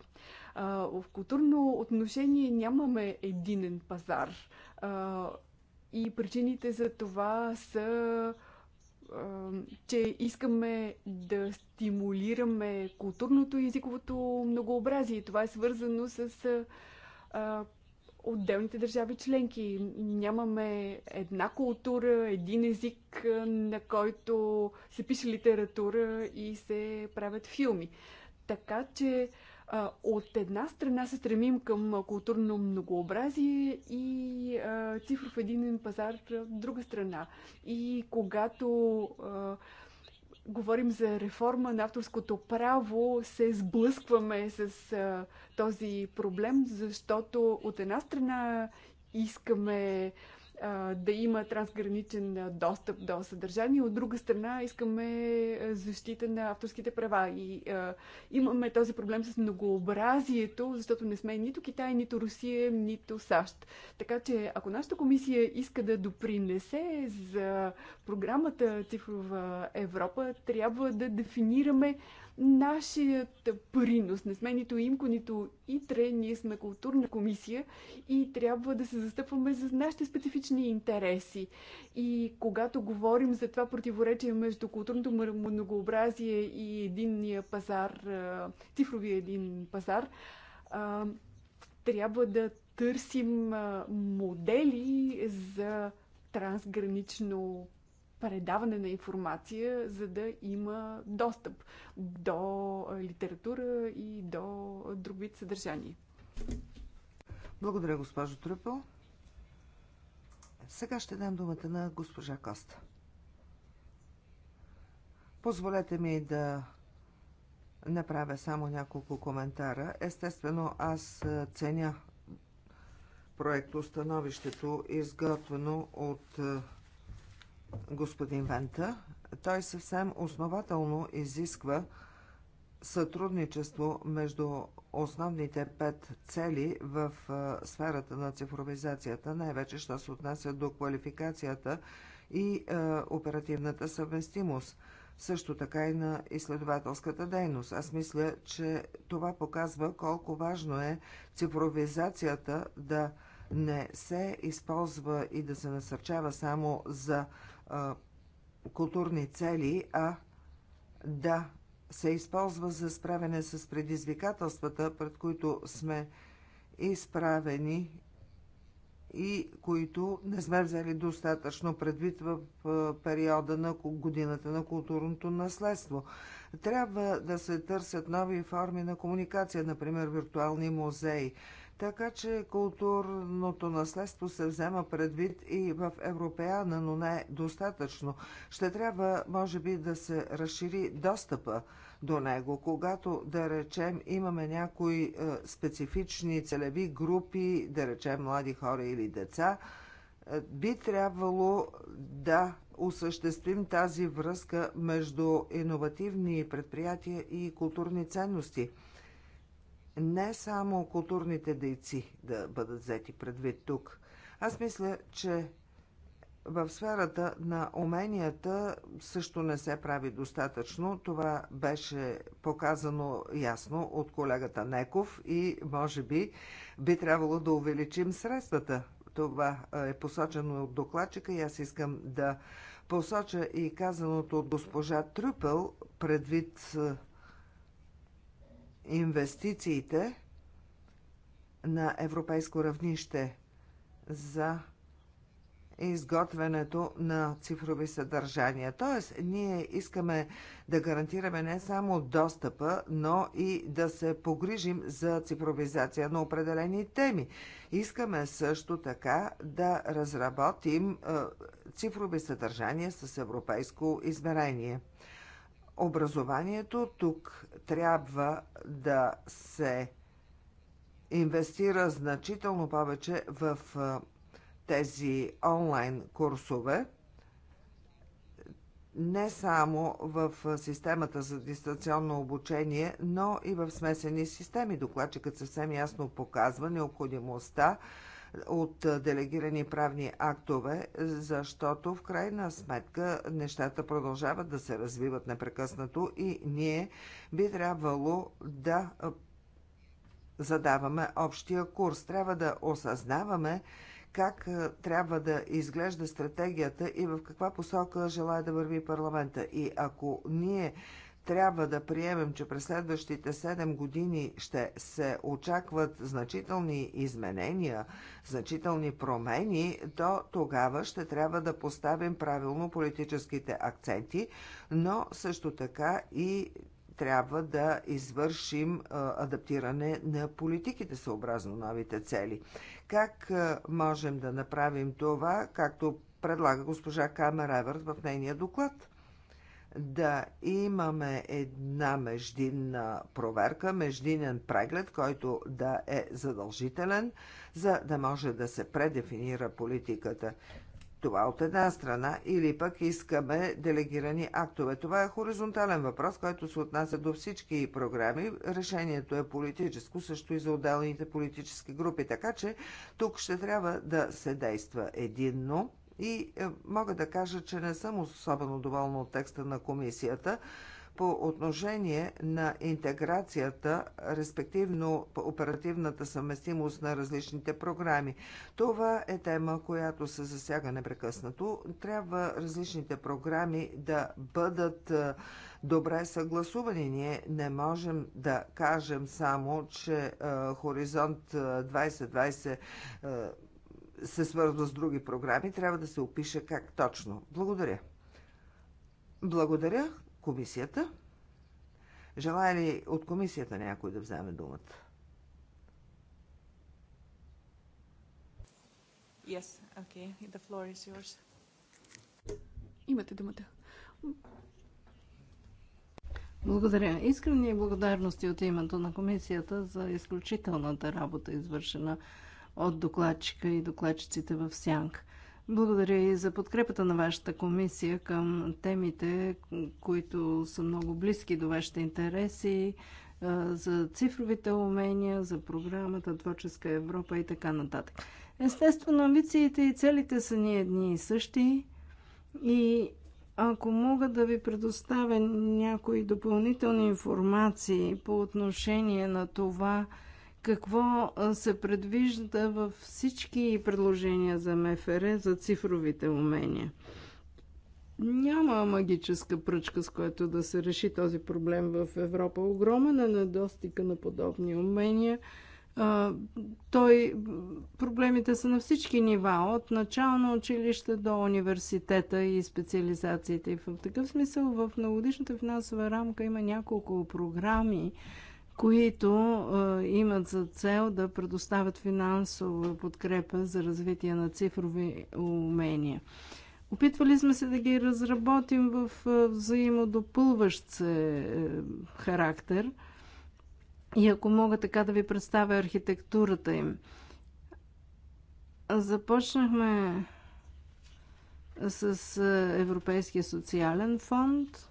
В културно отношение нямаме единен пазар. И причините за това са че искаме да стимулираме културното и езиковото многообразие. Това е свързано с отделните държави членки. Нямаме една култура, един език, на който се пише литература и се правят филми. Така че от една страна се стремим към културно многообразие и цифров единен пазар от друга страна. И когато говорим за реформа на авторското право, се сблъскваме с този проблем, защото от една страна искаме да има трансграничен достъп до съдържание. От друга страна, искаме защита на авторските права. И а, имаме този проблем с многообразието, защото не сме нито Китай, нито Русия, нито САЩ. Така че, ако нашата комисия иска да допринесе за програмата Цифрова Европа, трябва да дефинираме нашият принос. Не сме нито имко, нито итре. Ние сме културна комисия и трябва да се застъпваме за нашите специфични интереси. И когато говорим за това противоречие между културното многообразие и единния пазар, цифровия един пазар, трябва да търсим модели за трансгранично предаване на информация, за да има достъп до литература и до друг вид съдържание. Благодаря, госпожо Тръпо. Сега ще дам думата на госпожа Коста. Позволете ми да направя само няколко коментара. Естествено, аз ценя проекто становището, изготвено от господин Вента. Той съвсем основателно изисква сътрудничество между основните пет цели в сферата на цифровизацията, най-вече що се отнася до квалификацията и е, оперативната съвместимост, също така и на изследователската дейност. Аз мисля, че това показва колко важно е цифровизацията да не се използва и да се насърчава само за културни цели, а да се използва за справяне с предизвикателствата, пред които сме изправени и които не сме взели достатъчно предвид в периода на годината на културното наследство. Трябва да се търсят нови форми на комуникация, например виртуални музеи. Така че културното наследство се взема предвид и в Европеана, но не достатъчно. Ще трябва, може би, да се разшири достъпа до него. Когато, да речем, имаме някои е, специфични целеви групи, да речем млади хора или деца, е, би трябвало да осъществим тази връзка между иновативни предприятия и културни ценности – не само културните дейци да бъдат взети предвид тук. Аз мисля, че в сферата на уменията също не се прави достатъчно. Това беше показано ясно от колегата Неков и може би би трябвало да увеличим средствата. Това е посочено от докладчика и аз искам да посоча и казаното от госпожа Трюпел предвид инвестициите на европейско равнище за изготвянето на цифрови съдържания. Тоест, ние искаме да гарантираме не само достъпа, но и да се погрижим за цифровизация на определени теми. Искаме също така да разработим е, цифрови съдържания с европейско измерение образованието. Тук трябва да се инвестира значително повече в тези онлайн курсове, не само в системата за дистанционно обучение, но и в смесени системи. Докладчикът съвсем ясно показва необходимостта от делегирани правни актове, защото в крайна сметка нещата продължават да се развиват непрекъснато и ние би трябвало да задаваме общия курс. Трябва да осъзнаваме как е, трябва да изглежда стратегията и в каква посока желая да върви парламента. И ако ние трябва да приемем, че през следващите 7 години ще се очакват значителни изменения, значителни промени, то тогава ще трябва да поставим правилно политическите акценти, но също така и трябва да извършим адаптиране на политиките съобразно новите цели. Как можем да направим това, както предлага госпожа Камер Еверт в нейния доклад? да имаме една междинна проверка, междинен преглед, който да е задължителен, за да може да се предефинира политиката. Това от една страна, или пък искаме делегирани актове. Това е хоризонтален въпрос, който се отнася до всички програми. Решението е политическо, също и за отделните политически групи, така че тук ще трябва да се действа единно и е, мога да кажа, че не съм особено доволна от текста на комисията по отношение на интеграцията, респективно оперативната съвместимост на различните програми. Това е тема, която се засяга непрекъснато. Трябва различните програми да бъдат е, добре съгласувани. Ние не можем да кажем само, че е, Хоризонт 2020 се свързва с други програми, трябва да се опише как точно. Благодаря. Благодаря комисията. Желая ли от комисията някой да вземе думата? Yes, okay. The floor is yours. Имате думата. Благодаря. Искрени благодарности от името на комисията за изключителната работа, извършена от докладчика и докладчиците в Сянг. Благодаря и за подкрепата на вашата комисия към темите, които са много близки до вашите интереси, за цифровите умения, за програмата Творческа Европа и така нататък. Естествено, амбициите и целите са ни едни и същи. И ако мога да ви предоставя някои допълнителни информации по отношение на това, какво се предвижда във всички предложения за МФР за цифровите умения. Няма магическа пръчка, с която да се реши този проблем в Европа. Огромен е недостига на подобни умения. Той, проблемите са на всички нива, от начално училище до университета и специализациите. И в такъв смисъл в новодишната финансова рамка има няколко програми, които имат за цел да предоставят финансова подкрепа за развитие на цифрови умения. Опитвали сме се да ги разработим в взаимодопълващ се е, характер. И ако мога така да ви представя архитектурата им. Започнахме с е, Европейския социален фонд.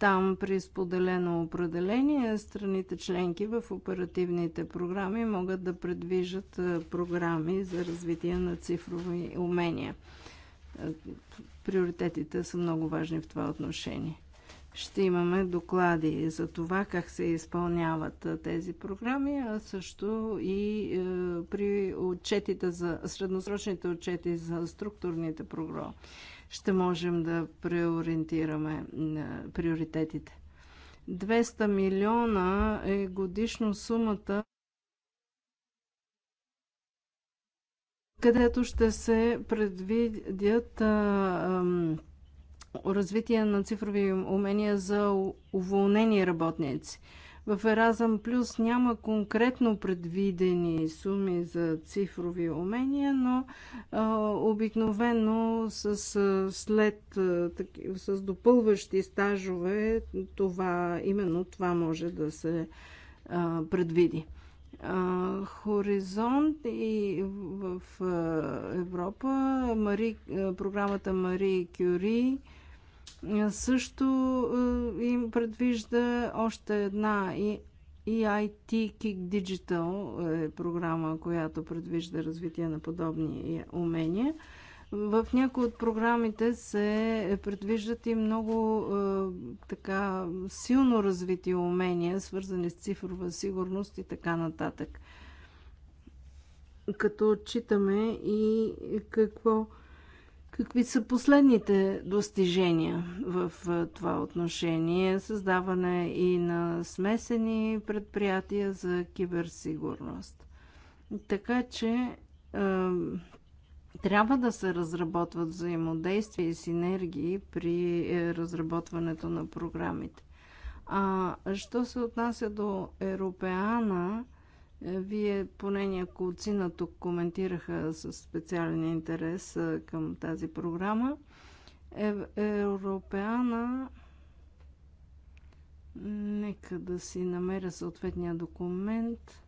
Там при споделено определение страните членки в оперативните програми могат да предвижат програми за развитие на цифрови умения. Приоритетите са много важни в това отношение. Ще имаме доклади за това как се изпълняват тези програми, а също и при отчетите за средносрочните отчети за структурните програми ще можем да приориентираме приоритетите. 200 милиона е годишно сумата, където ще се предвидят а, а, развитие на цифрови умения за уволнени работници. В Еразъм Плюс няма конкретно предвидени суми за цифрови умения, но а, обикновено с, а, след, а, таки, с допълващи стажове това, именно това може да се а, предвиди. А, хоризонт и в, в а, Европа Мари, а, програмата Мари Кюри също е, им предвижда още една и EIT Kick Digital е програма, която предвижда развитие на подобни умения. В някои от програмите се предвиждат и много е, така силно развити умения, свързани с цифрова сигурност и така нататък. Като отчитаме и какво Какви са последните достижения в това отношение? Създаване и на смесени предприятия за киберсигурност. Така че е, трябва да се разработват взаимодействия и синергии при е, разработването на програмите. А що се отнася до Еропеана, е, вие, поне няколко сина тук коментираха с специален интерес е, към тази програма. Е, Европеана нека да си намеря съответния документ.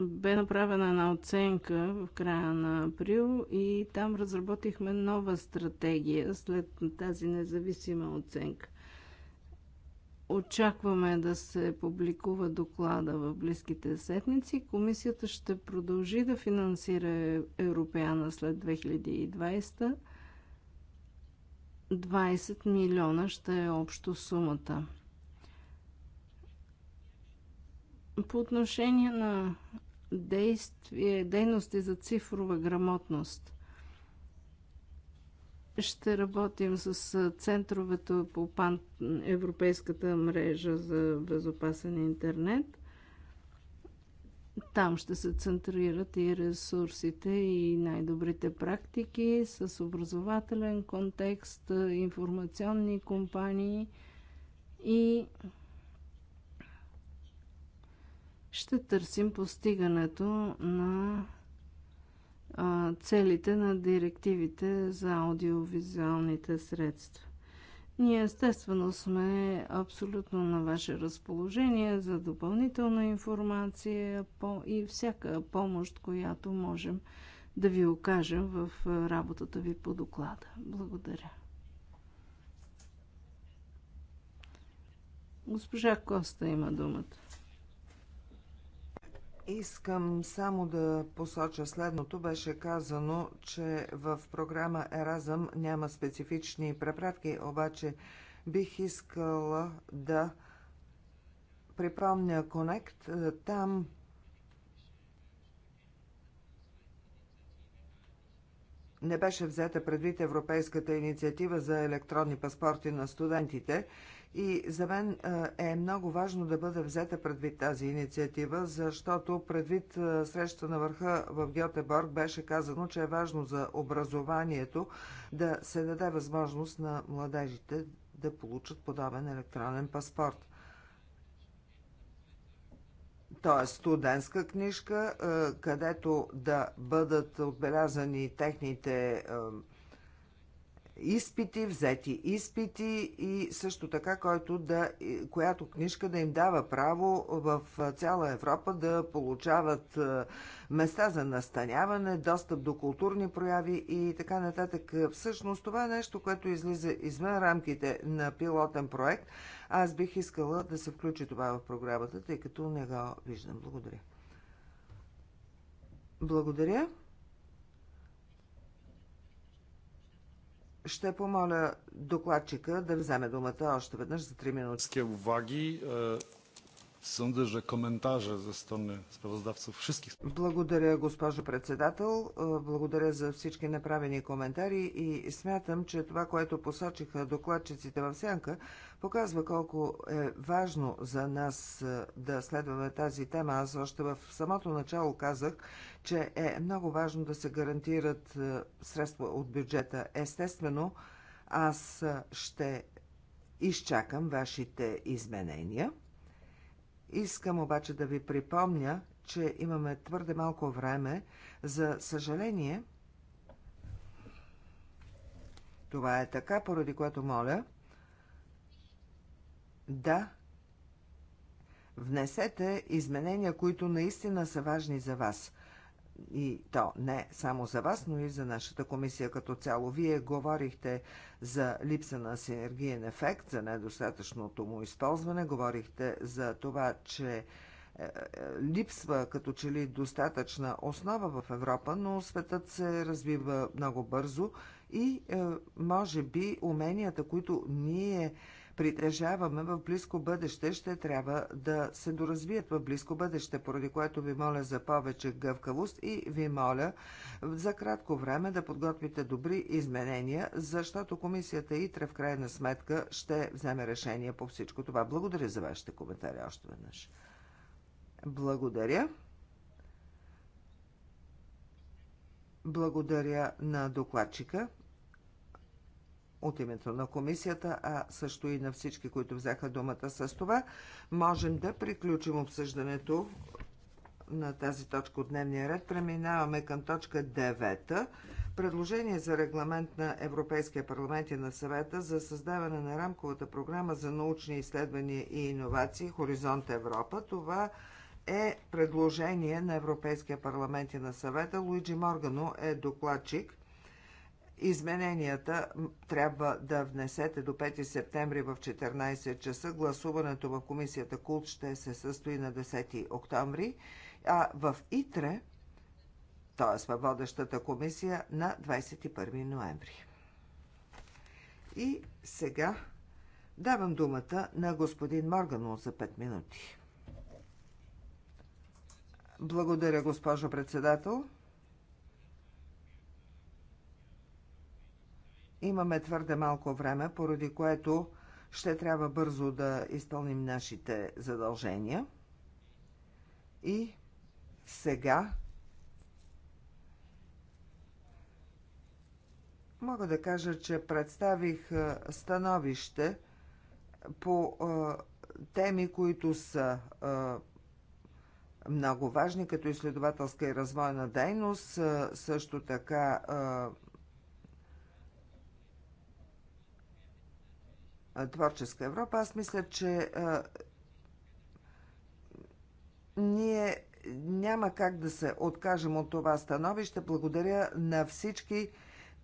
бе направена една оценка в края на април и там разработихме нова стратегия след тази независима оценка. Очакваме да се публикува доклада в близките седмици. Комисията ще продължи да финансира Европеана след 2020. 20 милиона ще е общо сумата. По отношение на действие, дейности е за цифрова грамотност. Ще работим с центровете по пан Европейската мрежа за безопасен интернет. Там ще се центрират и ресурсите и най-добрите практики с образователен контекст, информационни компании и ще търсим постигането на целите на директивите за аудиовизуалните средства. Ние естествено сме абсолютно на ваше разположение за допълнителна информация и всяка помощ, която можем да ви окажем в работата ви по доклада. Благодаря. Госпожа Коста има думата. Искам само да посоча следното. Беше казано, че в програма Еразъм няма специфични препратки, обаче бих искала да припомня Конект. Там не беше взета предвид Европейската инициатива за електронни паспорти на студентите – и за мен е, е много важно да бъде взета предвид тази инициатива, защото предвид е, среща на върха в Гьотеборг беше казано, че е важно за образованието да се даде възможност на младежите да получат подобен електронен паспорт. Т.е. студентска книжка, е, където да бъдат отбелязани техните изпити, взети изпити и също така, който да, която книжка да им дава право в цяла Европа да получават места за настаняване, достъп до културни прояви и така нататък. Всъщност това е нещо, което излиза извън рамките на пилотен проект. Аз бих искала да се включи това в програмата, тъй като не го виждам. Благодаря. Благодаря. Ще помоля докладчика да вземе думата още веднъж за три минути. Sądzę, że komentarze ze strony sprawozdawców wszystkich. Благодаря, госпожо председател. Е, благодаря за всички направени коментари и смятам, че това, което посочиха докладчиците в сянка, показва колко е важно за нас е, да следваме тази тема. Аз още в самото начало казах, че е много важно да се гарантират е, средства от бюджета. Естествено, аз ще изчакам вашите изменения. Искам обаче да ви припомня, че имаме твърде малко време. За съжаление, това е така, поради което моля да внесете изменения, които наистина са важни за вас и то не само за вас, но и за нашата комисия като цяло. Вие говорихте за липса на синергиен ефект, за недостатъчното му използване, говорихте за това, че е, е, липсва като че ли достатъчна основа в Европа, но светът се развива много бързо и е, може би уменията, които ние притежаваме в близко бъдеще, ще трябва да се доразвият в близко бъдеще, поради което ви моля за повече гъвкавост и ви моля за кратко време да подготвите добри изменения, защото комисията ИТРА в крайна сметка ще вземе решение по всичко това. Благодаря за вашите коментари още веднъж. Благодаря. Благодаря на докладчика от името на комисията, а също и на всички, които взеха думата с това, можем да приключим обсъждането на тази точка от дневния ред. Преминаваме към точка 9. Предложение за регламент на Европейския парламент и на съвета за създаване на рамковата програма за научни изследвания и иновации Хоризонт Европа. Това е предложение на Европейския парламент и на съвета. Луиджи Моргано е докладчик. Измененията трябва да внесете до 5 септември в 14 часа. Гласуването в комисията Култ ще се състои на 10 октомври, а в ИТРЕ, т.е. във водещата комисия, на 21 ноември. И сега давам думата на господин Морганул за 5 минути. Благодаря, госпожо председател. Имаме твърде малко време, поради което ще трябва бързо да изпълним нашите задължения. И сега мога да кажа, че представих становище по теми, които са много важни, като изследователска и развойна дейност, също така Творческа Европа, аз мисля, че ние няма как да се откажем от това становище. Благодаря на всички,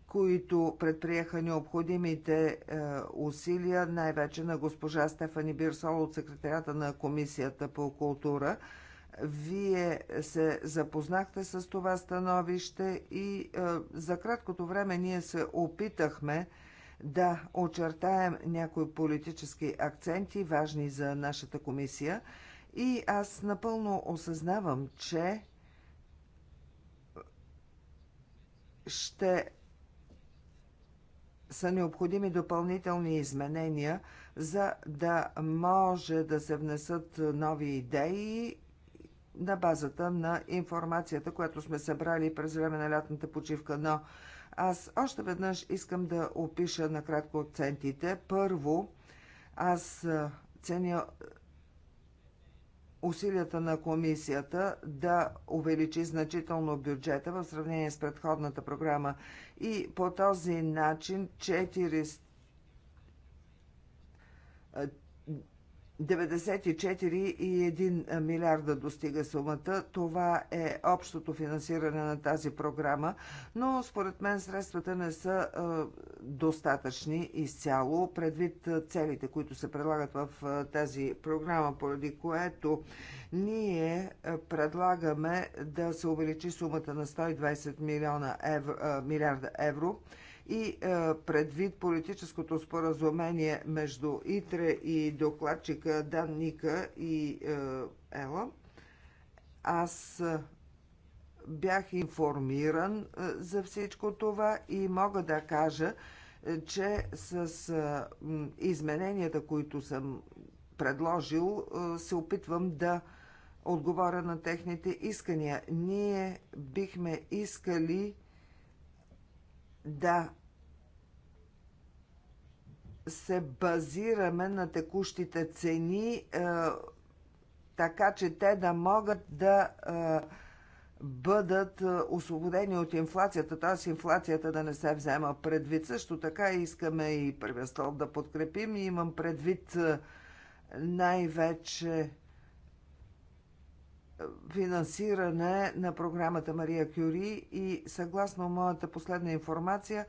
които предприеха необходимите усилия, най-вече на госпожа Стефани Бирсол от секретарята на Комисията по култура. Вие се запознахте с това становище и за краткото време ние се опитахме да очертаем някои политически акценти, важни за нашата комисия. И аз напълно осъзнавам, че ще са необходими допълнителни изменения, за да може да се внесат нови идеи на базата на информацията, която сме събрали през време на лятната почивка. Но аз още веднъж искам да опиша накратко акцентите. Първо, аз ценя усилията на комисията да увеличи значително бюджета в сравнение с предходната програма и по този начин 400 94,1 милиарда достига сумата. Това е общото финансиране на тази програма, но според мен средствата не са е, достатъчни изцяло, предвид е, целите, които се предлагат в е, тази програма, поради което ние предлагаме да се увеличи сумата на 120 милиарда евро – и е, предвид политическото споразумение между ИТРЕ и докладчика Дан Ника и е, Ела, аз е, бях информиран за всичко това и мога да кажа, че с измененията, които съм предложил, се опитвам да отговоря на техните искания. Ние бихме искали да се базираме на текущите цени, е, така че те да могат да е, бъдат е, освободени от инфлацията, т.е. инфлацията да не се взема предвид. Също така искаме и първия стол да подкрепим и имам предвид най-вече финансиране на програмата Мария Кюри и съгласно моята последна информация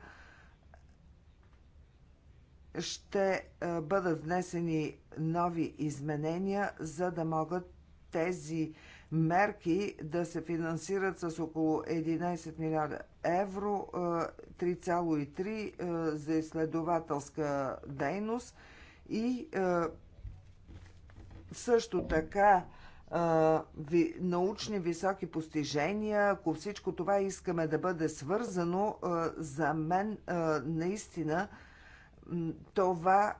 ще бъдат внесени нови изменения, за да могат тези мерки да се финансират с около 11 милиарда евро, 3,3 за изследователска дейност и също така ви, научни високи постижения, ако всичко това искаме да бъде свързано, за мен наистина това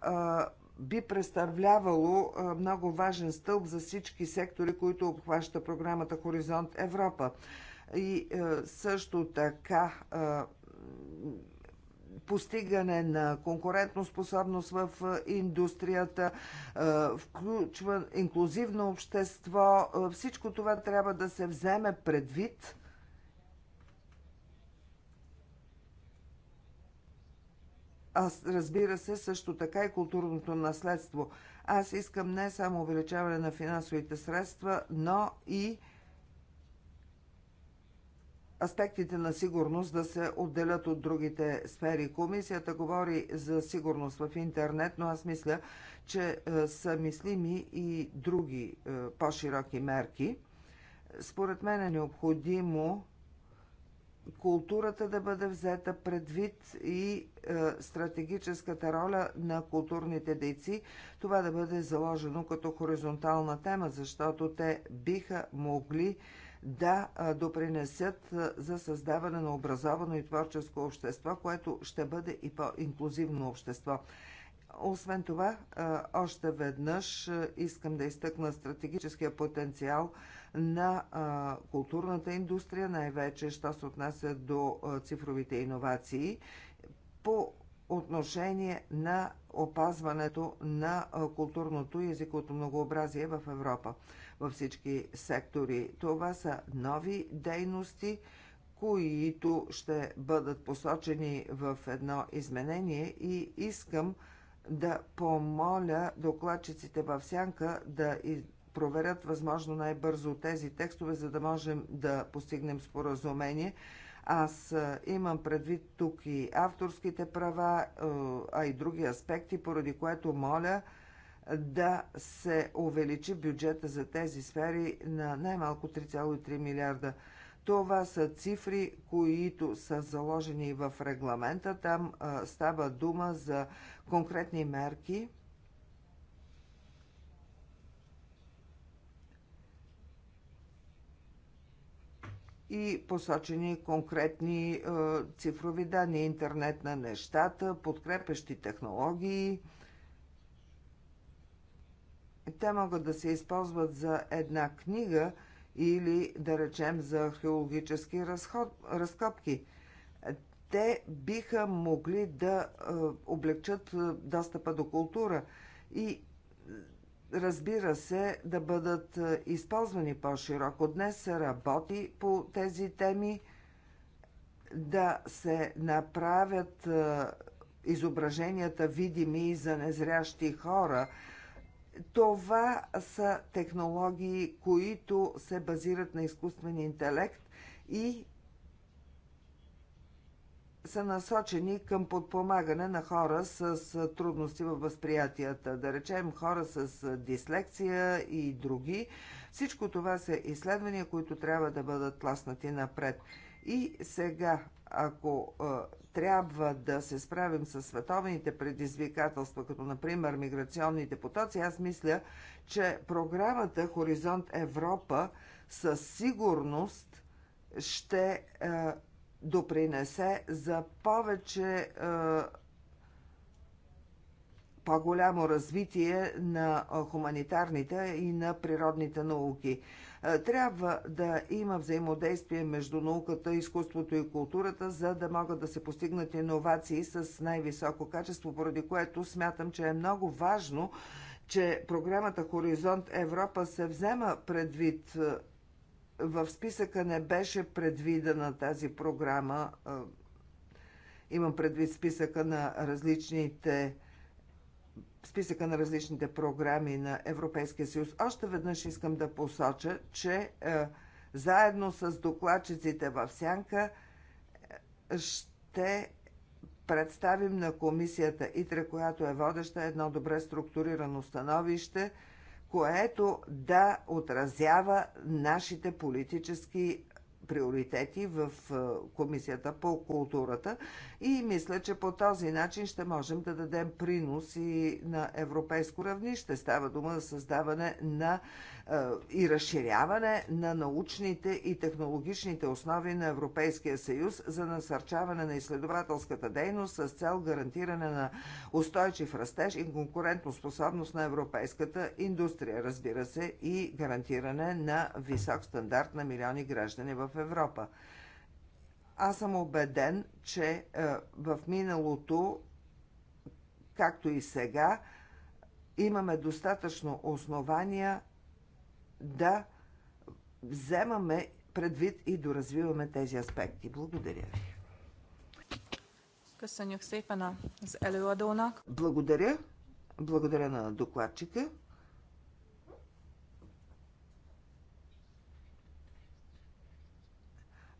би представлявало много важен стълб за всички сектори, които обхваща програмата Хоризонт Европа. И също така постигане на конкурентоспособност в индустрията, включва инклюзивно общество. Всичко това трябва да се вземе предвид. Аз разбира се също така и културното наследство. Аз искам не само увеличаване на финансовите средства, но и аспектите на сигурност да се отделят от другите сфери. Комисията говори за сигурност в интернет, но аз мисля, че е, са мислими и други е, по-широки мерки. Според мен е необходимо културата да бъде взета предвид и е, стратегическата роля на културните дейци, това да бъде заложено като хоризонтална тема, защото те биха могли да допринесат за създаване на образовано и творческо общество, което ще бъде и по-инклюзивно общество. Освен това, още веднъж искам да изтъкна стратегическия потенциал на културната индустрия, най-вече, що се отнася до цифровите иновации, по отношение на опазването на културното и езиковото многообразие в Европа във всички сектори. Това са нови дейности, които ще бъдат посочени в едно изменение и искам да помоля докладчиците в сянка да проверят възможно най-бързо тези текстове, за да можем да постигнем споразумение. Аз имам предвид тук и авторските права, а и други аспекти, поради което моля да се увеличи бюджета за тези сфери на най-малко 3,3 милиарда. Това са цифри, които са заложени в регламента. Там а, става дума за конкретни мерки. и посочени конкретни е, цифрови данни, интернет на нещата, подкрепещи технологии – те могат да се използват за една книга или, да речем, за археологически разход, разкопки. Те биха могли да е, облегчат е, достъпа до култура и, разбира се, да бъдат е, използвани по-широко. Днес се работи по тези теми да се направят изображенията видими за незрящи хора – това са технологии, които се базират на изкуствен интелект и са насочени към подпомагане на хора с трудности във възприятията, да речем хора с дислекция и други. Всичко това са изследвания, които трябва да бъдат тласнати напред. И сега, ако трябва да се справим с световните предизвикателства, като например миграционните потоци, аз мисля, че програмата Хоризонт Европа със сигурност ще е, допринесе за повече е, по-голямо развитие на е, хуманитарните и на природните науки. Е, трябва да има взаимодействие между науката, изкуството и културата, за да могат да се постигнат иновации с най-високо качество, поради което смятам, че е много важно, че програмата Хоризонт Европа се взема предвид е, в списъка не беше предвидена тази програма. Е, имам предвид списъка на различните списъка на различните програми на Европейския съюз. Още веднъж искам да посоча, че е, заедно с докладчиците в Сянка е, ще представим на комисията ИТРА, която е водеща, едно добре структурирано становище, което да отразява нашите политически приоритети в Комисията по културата и мисля, че по този начин ще можем да дадем принос и на европейско равнище. Става дума за създаване на и разширяване на научните и технологичните основи на Европейския съюз за насърчаване на изследователската дейност с цел гарантиране на устойчив растеж и конкурентоспособност на европейската индустрия, разбира се, и гарантиране на висок стандарт на милиони граждани в Европа. Аз съм убеден, че е, в миналото, както и сега, имаме достатъчно основания да вземаме предвид и доразвиваме тези аспекти. Благодаря ви. Благодаря. Благодаря на докладчика.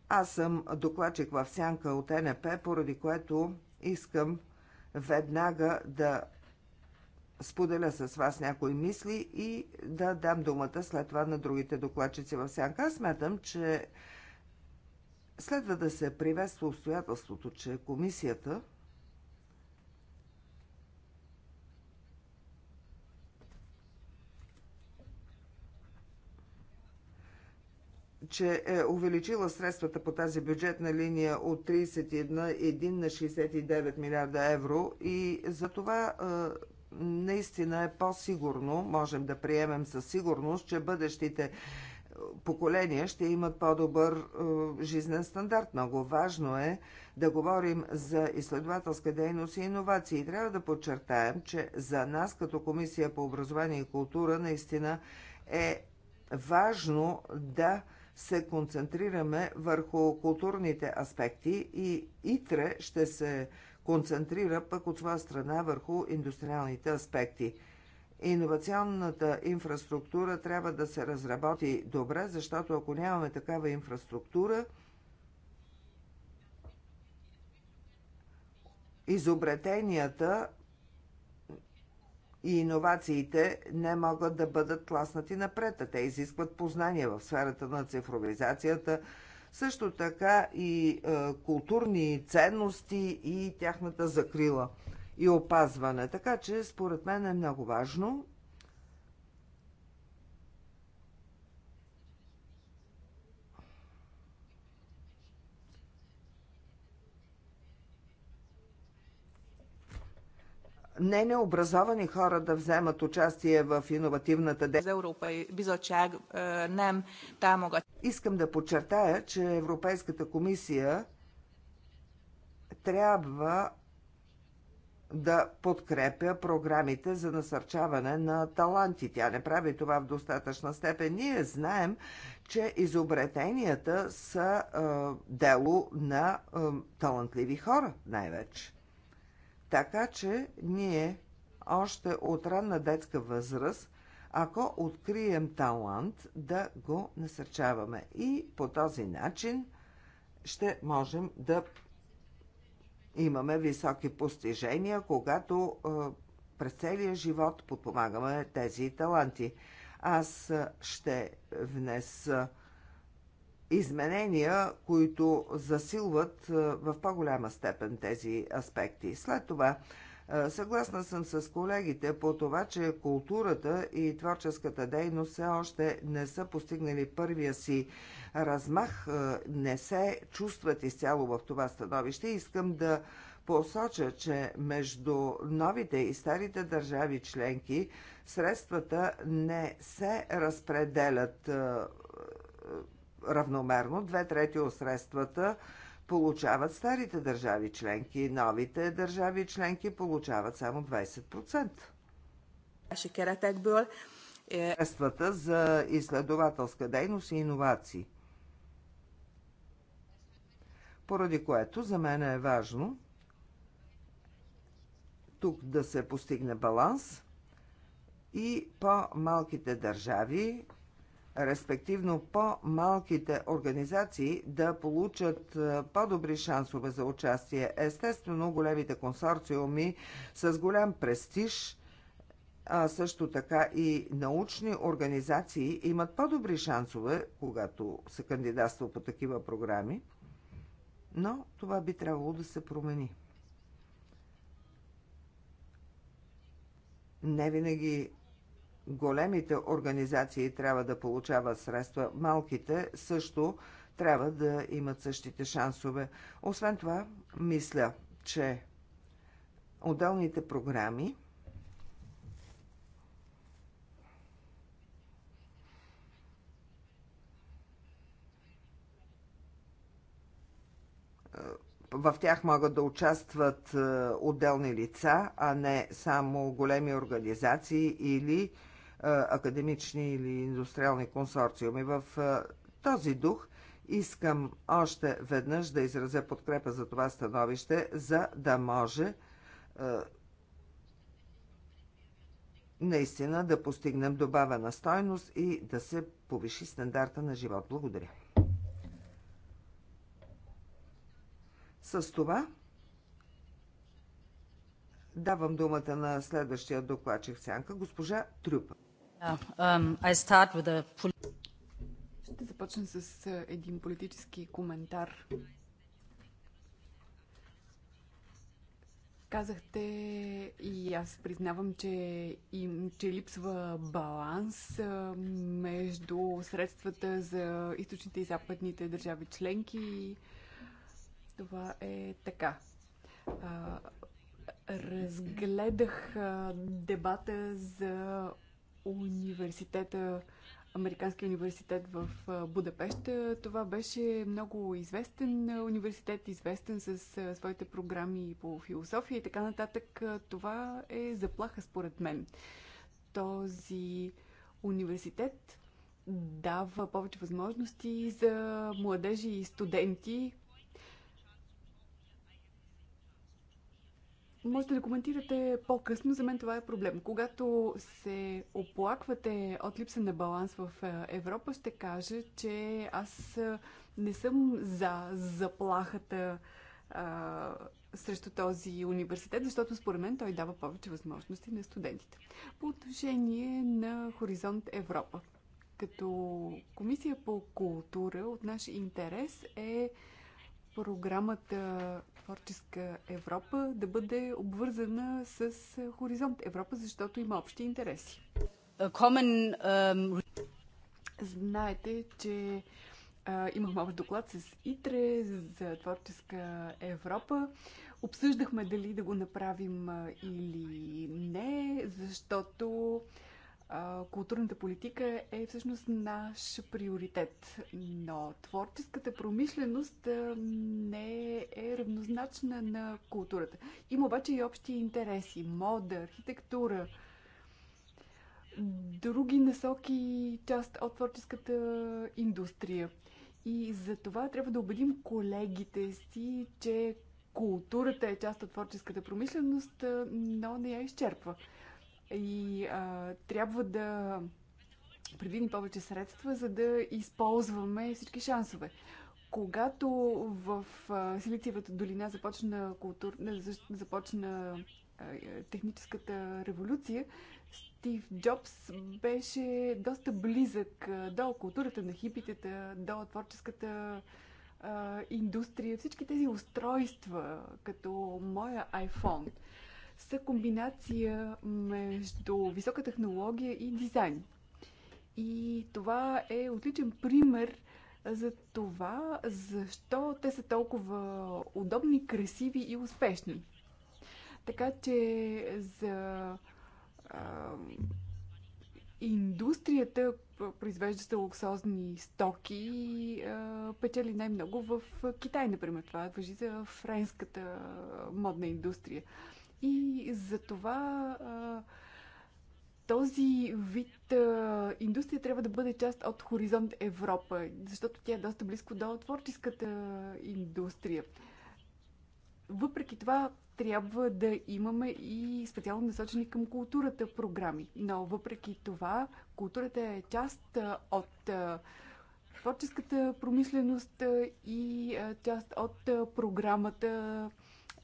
Аз съм докладчик в сянка от НП, поради което искам веднага да споделя с вас някои мисли и да дам думата след това на другите докладчици в сянка. Аз смятам, че следва да се приветства обстоятелството, че комисията – че е увеличила средствата по тази бюджетна линия от 31 на 69 милиарда евро и за това е, наистина е по-сигурно, можем да приемем със сигурност, че бъдещите е, поколения ще имат по-добър е, жизнен стандарт. Много важно е да говорим за изследователска дейност и иновации. Трябва да подчертаем, че за нас като Комисия по образование и култура наистина е важно да се концентрираме върху културните аспекти и ИТРЕ ще се концентрира пък от своя страна върху индустриалните аспекти. Иновационната инфраструктура трябва да се разработи добре, защото ако нямаме такава инфраструктура, изобретенията и иновациите не могат да бъдат тласнати напред, а те изискват познания в сферата на цифровизацията, също така и е, културни ценности и тяхната закрила и опазване. Така че, според мен е много важно не необразовани хора да вземат участие в иновативната дейност. Е, Искам да подчертая, че Европейската комисия трябва да подкрепя програмите за насърчаване на таланти. Тя не прави това в достатъчна степен. Ние знаем, че изобретенията са е, дело на е, талантливи хора най-вече. Така че ние още от ранна детска възраст, ако открием талант, да го насърчаваме. И по този начин ще можем да имаме високи постижения, когато през целия живот подпомагаме тези таланти. Аз ще внеса изменения, които засилват в по-голяма степен тези аспекти. След това, съгласна съм с колегите по това, че културата и творческата дейност все още не са постигнали първия си размах, не се чувстват изцяло в това становище. Искам да посоча, че между новите и старите държави членки средствата не се разпределят равномерно. Две трети от средствата получават старите държави членки, новите държави членки получават само 20%. Е, средствата за изследователска дейност и иновации. Поради което за мен е важно тук да се постигне баланс и по-малките държави респективно по-малките организации да получат е, по-добри шансове за участие. Естествено, големите консорциуми с голям престиж, а също така и научни организации имат по-добри шансове, когато се кандидатства по такива програми, но това би трябвало да се промени. Не винаги големите организации трябва да получават средства, малките също трябва да имат същите шансове. Освен това, мисля, че отделните програми в тях могат да участват е, отделни лица, а не само големи организации или академични или индустриални консорциуми. В този дух искам още веднъж да изразя подкрепа за това становище, за да може наистина да постигнем добавена стойност и да се повиши стандарта на живот. Благодаря. С това давам думата на следващия докладчик сянка, госпожа Трюпа. Ще започна с един политически коментар. Казахте и аз признавам, че, им, че липсва баланс между средствата за източните и западните държави членки. Това е така. Разгледах дебата за университета, Американския университет в Будапеща. Това беше много известен университет, известен с своите програми по философия и така нататък. Това е заплаха според мен. Този университет дава повече възможности за младежи и студенти, Можете да коментирате по-късно. За мен това е проблем. Когато се оплаквате от липса на баланс в е, Европа, ще кажа, че аз е, не съм за заплахата а, е, срещу този университет, защото според мен той дава повече възможности на студентите. По отношение на Хоризонт Европа, като комисия по култура от наш интерес е програмата Творческа Европа да бъде обвързана с е, Хоризонт Европа, защото има общи интереси. Common, um... Знаете, че а, имахме общ доклад с ИТРЕ за Творческа Европа. Обсъждахме дали да го направим или не, защото културната политика е всъщност наш приоритет. Но творческата промишленост не е равнозначна на културата. Има обаче и общи интереси. Мода, архитектура, други насоки, част от творческата индустрия. И за това трябва да убедим колегите си, че културата е част от творческата промишленост, но не я изчерпва. И а, трябва да предвидим повече средства, за да използваме всички шансове. Когато в Силициевата долина започна, култур... започна техническата революция, Стив Джобс беше доста близък до културата на хипитета, до творческата индустрия, всички тези устройства, като моя iPhone – са комбинация между висока технология и дизайн. И това е отличен пример за това, защо те са толкова удобни, красиви и успешни. Така че за а, индустрията, произвеждаща луксозни стоки, а, печели най-много в Китай, например. Това въжи за френската модна индустрия. И за това този вид а, индустрия трябва да бъде част от Хоризонт Европа, защото тя е доста близко до творческата индустрия. Въпреки това, трябва да имаме и специално насочени към културата програми. Но въпреки това, културата е част от творческата промишленост и част от програмата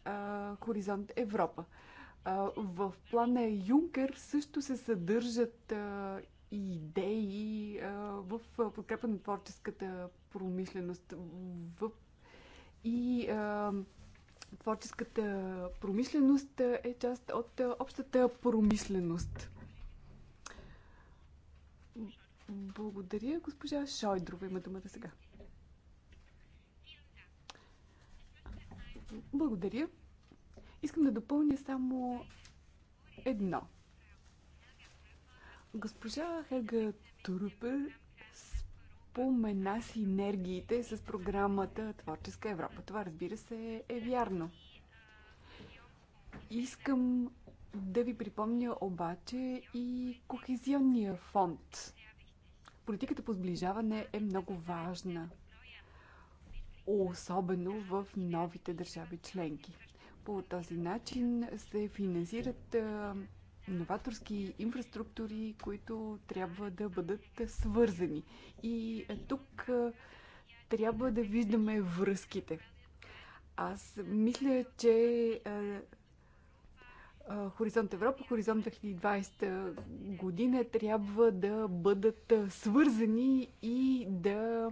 а, Хоризонт Европа. А, в плана Юнкер също се съдържат а, идеи а, в подкрепа на творческата промишленост. В... И а, творческата промишленост е част от общата промишленост. Благодаря, госпожа Шойдрова има думата сега. Благодаря. Искам да допълня само едно. Госпожа Хега Турупер спомена синергиите с програмата Творческа Европа. Това, разбира се, е вярно. Искам да ви припомня обаче и Кохезионния фонд. Политиката по сближаване е много важна особено в новите държави членки. По този начин се финансират новаторски инфраструктури, които трябва да бъдат свързани. И тук трябва да виждаме връзките. Аз мисля, че Хоризонт Европа, Хоризонт 2020 година трябва да бъдат свързани и да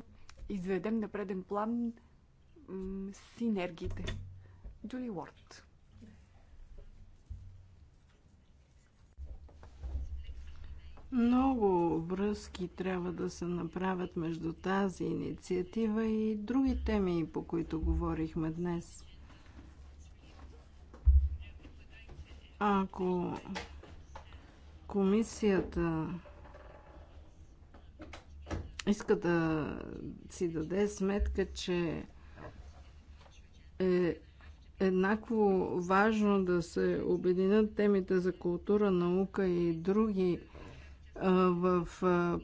изведем на преден план синергиите. Джули Уорд. Много връзки трябва да се направят между тази инициатива и други теми, по които говорихме днес. Ако комисията иска да си даде сметка, че е еднакво важно да се обединят темите за култура, наука и други в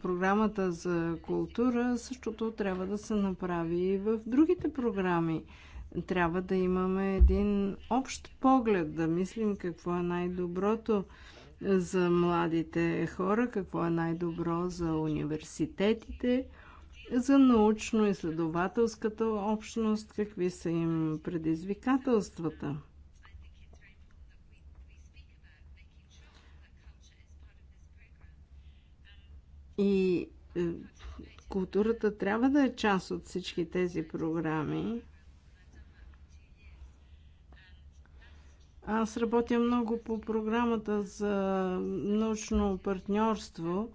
програмата за култура, същото трябва да се направи и в другите програми. Трябва да имаме един общ поглед, да мислим какво е най-доброто за младите хора, какво е най-добро за университетите, за научно-изследователската общност, какви са им предизвикателствата. И е, културата трябва да е част от всички тези програми. Аз работя много по програмата за научно партньорство.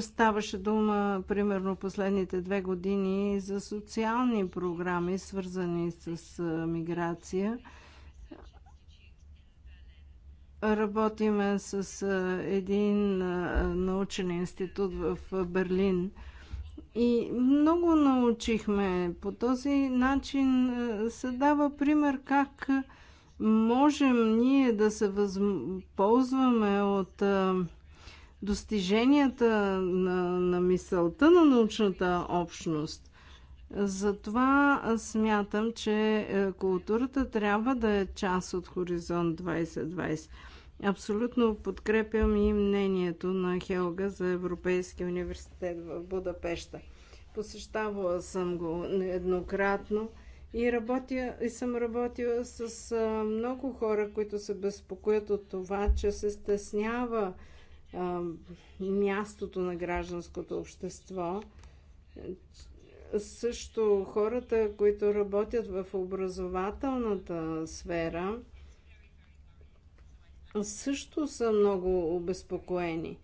Ставаше дума, примерно, последните две години за социални програми, свързани с миграция. Работиме с един научен институт в Берлин. И много научихме. По този начин се дава пример как можем ние да се възползваме от достиженията на, на мисълта на научната общност. Затова смятам, че е, културата трябва да е част от Хоризонт 2020. Абсолютно подкрепям и мнението на Хелга за Европейския университет в Будапешта. Посещавала съм го нееднократно и, работя, и съм работила с а, много хора, които се безпокоят от това, че се стеснява а, мястото на гражданското общество. Също хората, които работят в образователната сфера, също са много обезпокоени.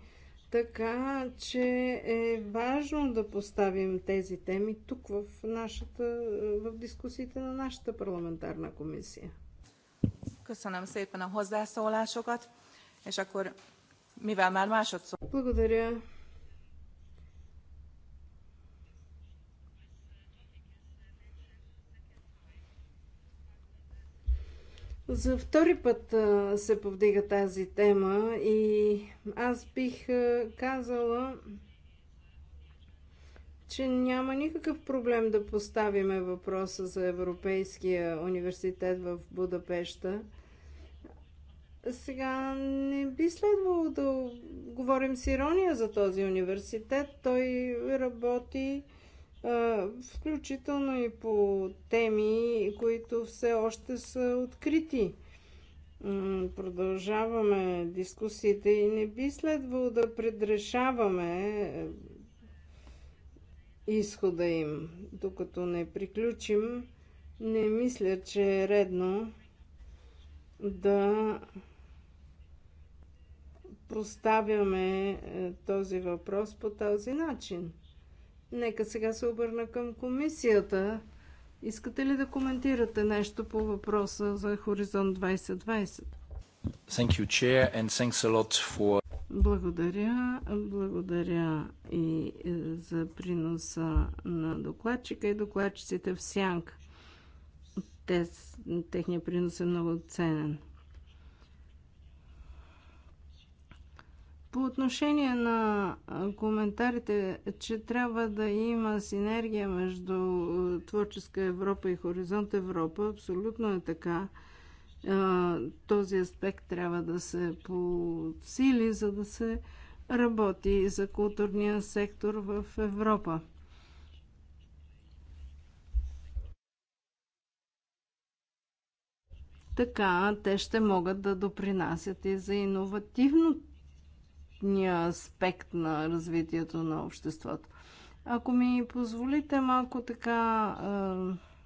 Така че е важно да поставим тези теми тук в, нашата, в дискусиите на нашата парламентарна комисия. Köszönöm szépen a hozzászólásokat, és akkor mivel már másodszor... Благодаря. За втори път се повдига тази тема и аз бих казала, че няма никакъв проблем да поставиме въпроса за Европейския университет в Будапешта. Сега не би следвало да говорим с ирония за този университет. Той работи включително и по теми, които все още са открити. Продължаваме дискусиите и не би следвало да предрешаваме е, изхода им. Докато не приключим, не мисля, че е редно да поставяме е, този въпрос по този начин. Нека сега се обърна към комисията. Искате ли да коментирате нещо по въпроса за Хоризонт 2020? Thank you, Chair, and thanks a lot for... Благодаря. Благодаря и е, за приноса на докладчика и докладчиците в Сянг. Те, техният принос е много ценен. По отношение на коментарите, че трябва да има синергия между Творческа Европа и Хоризонт Европа, абсолютно е така. Този аспект трябва да се подсили, за да се работи за културния сектор в Европа. Така те ще могат да допринасят и за иновативното конкретния аспект на развитието на обществото. Ако ми позволите малко така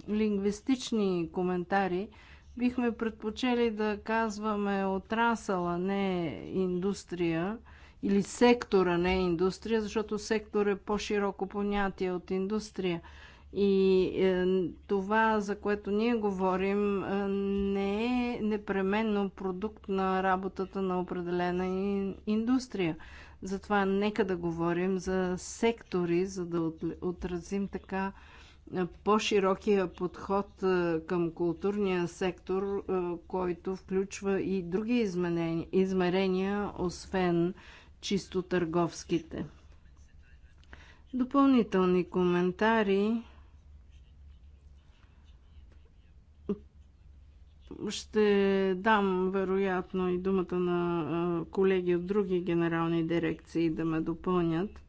е, лингвистични коментари, бихме предпочели да казваме отрасъл, а не индустрия или сектора, не индустрия, защото сектор е по-широко понятие от индустрия. И е, това, за което ние говорим, е, не е непременно продукт на работата на определена индустрия. Затова нека да говорим за сектори, за да отразим така е, по-широкия подход е, към културния сектор, е, който включва и други измерения, освен чисто търговските. Допълнителни коментари Ще дам, вероятно, и думата на колеги от други генерални дирекции да ме допълнят.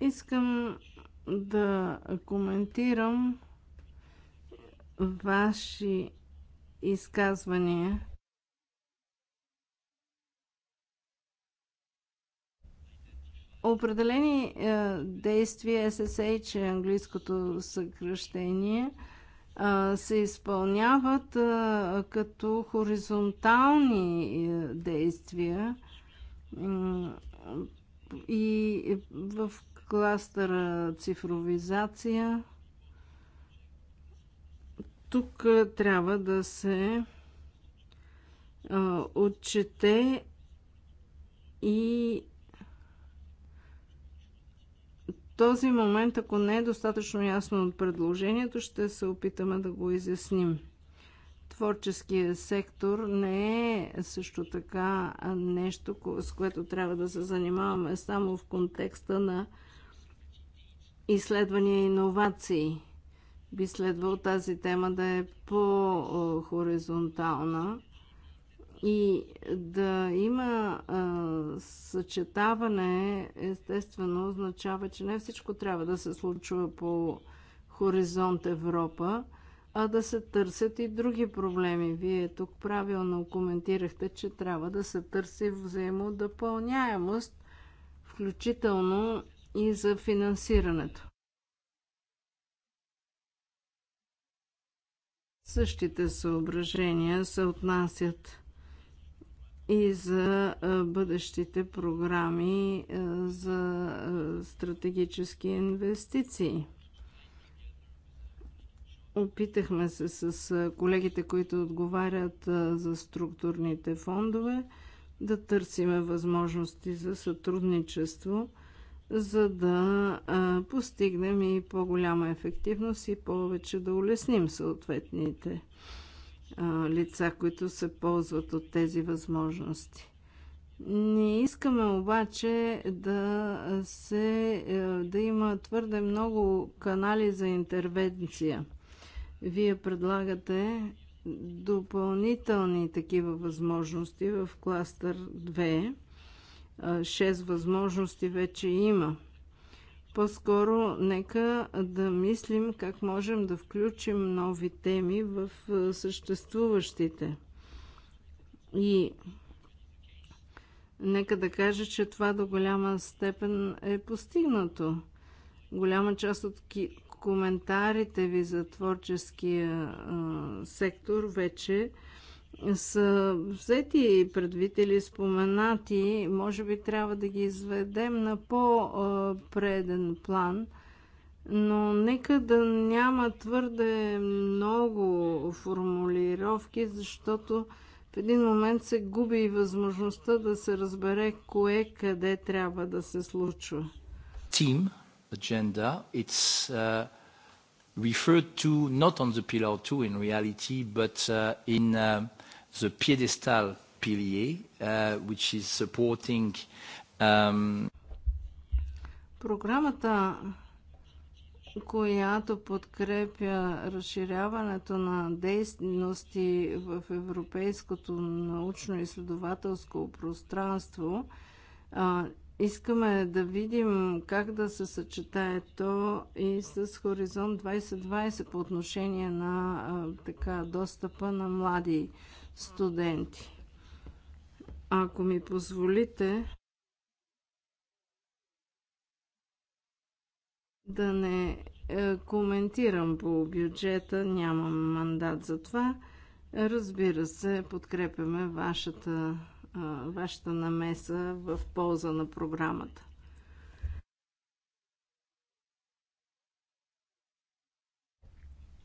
Искам да коментирам ваши изказвания. Определени е, действия SSH е английското съкръщение – се изпълняват като хоризонтални е, действия и в кластъра цифровизация тук трябва да се отчете и този момент, ако не е достатъчно ясно от предложението, ще се опитаме да го изясним. Творческия сектор не е също така нещо, с което трябва да се занимаваме само в контекста на изследвания и иновации. Би следвал тази тема да е по-хоризонтална и да има а, съчетаване, естествено, означава, че не всичко трябва да се случва по хоризонт Европа, а да се търсят и други проблеми. Вие тук правилно коментирахте, че трябва да се търси взаимодопълняемост, включително и за финансирането. Същите съображения се отнасят и за бъдещите програми за стратегически инвестиции. Опитахме се с колегите, които отговарят за структурните фондове, да търсиме възможности за сътрудничество, за да постигнем и по-голяма ефективност и повече да улесним съответните лица, които се ползват от тези възможности. Не искаме обаче да, се, е, да има твърде много канали за интервенция. Вие предлагате допълнителни такива възможности в кластър 2. Шест възможности вече има. По-скоро нека да мислим как можем да включим нови теми в съществуващите. И нека да кажа, че това до голяма степен е постигнато. Голяма част от коментарите ви за творческия сектор вече са взети предвид или споменати, може би трябва да ги изведем на по-преден план, но нека да няма твърде много формулировки, защото в един момент се губи и възможността да се разбере кое къде трябва да се случва. Team agenda, it's uh, referred to not on the pillar two in reality, but uh, in uh, the pedestal pilier, uh, which is supporting um, Програмата, която подкрепя разширяването на дейности в европейското научно-изследователско пространство, искаме да видим как да се съчетае то и с Хоризонт 2020 по отношение на така, достъпа на млади студенти. Ако ми позволите да не е, коментирам по бюджета, нямам мандат за това. Разбира се, подкрепяме вашата, е, вашата намеса в полза на програмата.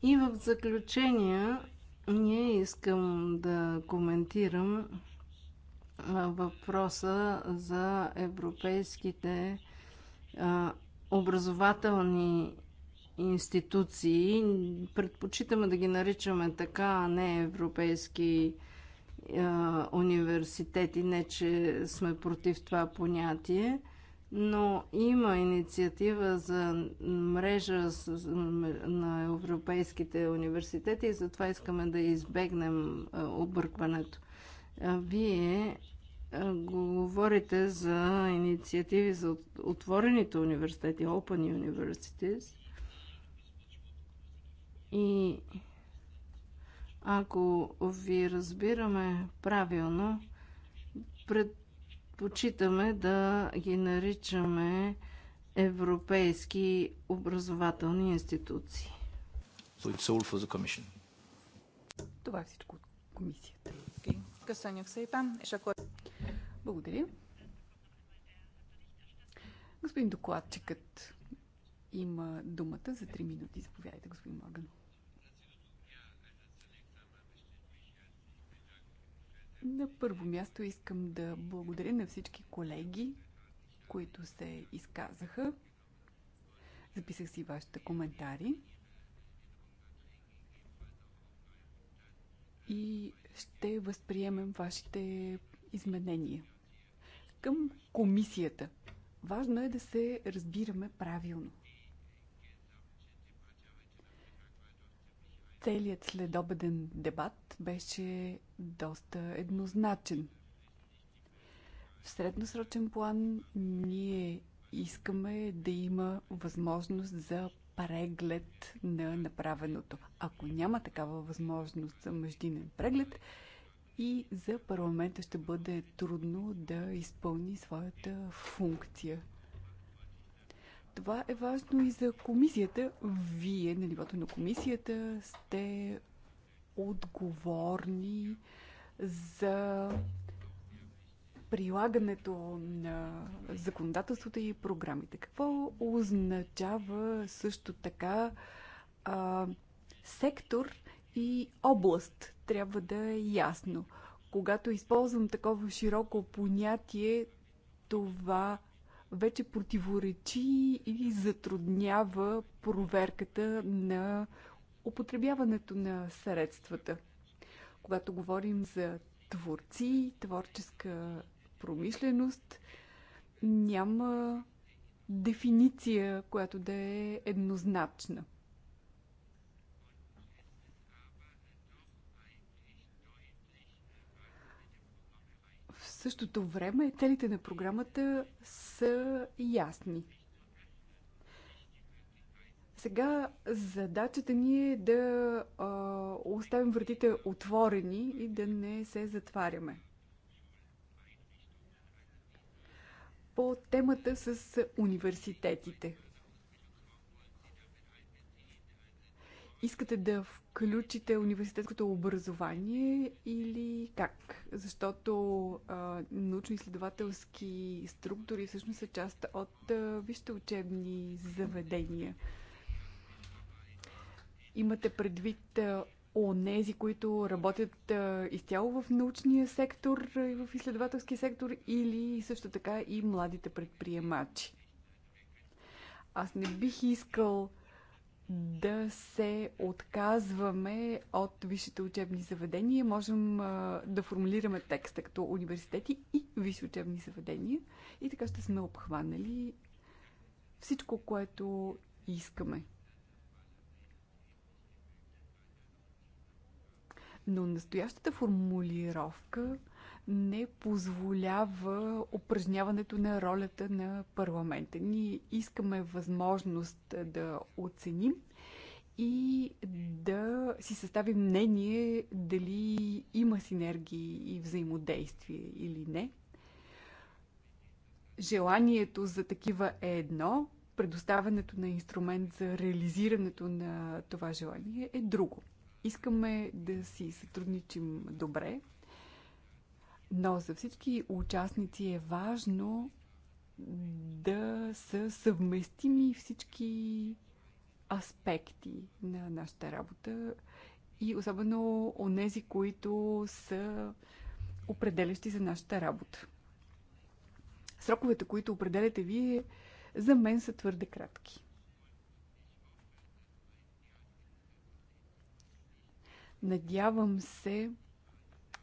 И в заключение ние искам да коментирам въпроса за европейските образователни институции. Предпочитаме да ги наричаме така, а не европейски университети. Не, че сме против това понятие но има инициатива за мрежа на европейските университети и затова искаме да избегнем объркването. Вие говорите за инициативи за отворените университети, Open Universities. И ако ви разбираме правилно, пред предпочитаме да ги наричаме европейски образователни институции. So it's all for the commission. Това е всичко от комисията. Okay. Е е, Благодаря. Господин докладчикът има думата за 3 минути. Заповядайте, господин Морган. На първо място искам да благодаря на всички колеги, които се изказаха. Записах си вашите коментари. И ще възприемем вашите изменения. Към комисията. Важно е да се разбираме правилно. Целият следобеден дебат беше доста еднозначен. В средносрочен план ние искаме да има възможност за преглед на направеното. Ако няма такава възможност за междинен преглед, и за парламента ще бъде трудно да изпълни своята функция това е важно и за комисията. Вие на нивото на комисията сте отговорни за прилагането на законодателството и програмите. Какво означава също така а, сектор и област? Трябва да е ясно. Когато използвам такова широко понятие, това вече противоречи и затруднява проверката на употребяването на средствата. Когато говорим за творци, творческа промишленост, няма дефиниция, която да е еднозначна. същото време целите на програмата са ясни. Сега задачата ни е да а, оставим вратите отворени и да не се затваряме. По темата с университетите. искате да включите университетското образование или как? Защото научно-изследователски структури всъщност са част от а, учебни заведения. Имате предвид а, онези, които работят а, изцяло в научния сектор и в изследователски сектор или също така и младите предприемачи? Аз не бих искал да се отказваме от висшите учебни заведения. Можем да формулираме текста като университети и висши учебни заведения. И така ще сме обхванали всичко, което искаме. Но настоящата формулировка не позволява упражняването на ролята на парламента. Ние искаме възможност да оценим и да си съставим мнение дали има синергии и взаимодействие или не. Желанието за такива е едно, предоставянето на инструмент за реализирането на това желание е друго. Искаме да си сътрудничим добре, но за всички участници е важно да са съвместими всички аспекти на нашата работа и особено онези, които са определящи за нашата работа. Сроковете, които определяте вие, за мен са твърде кратки. Надявам се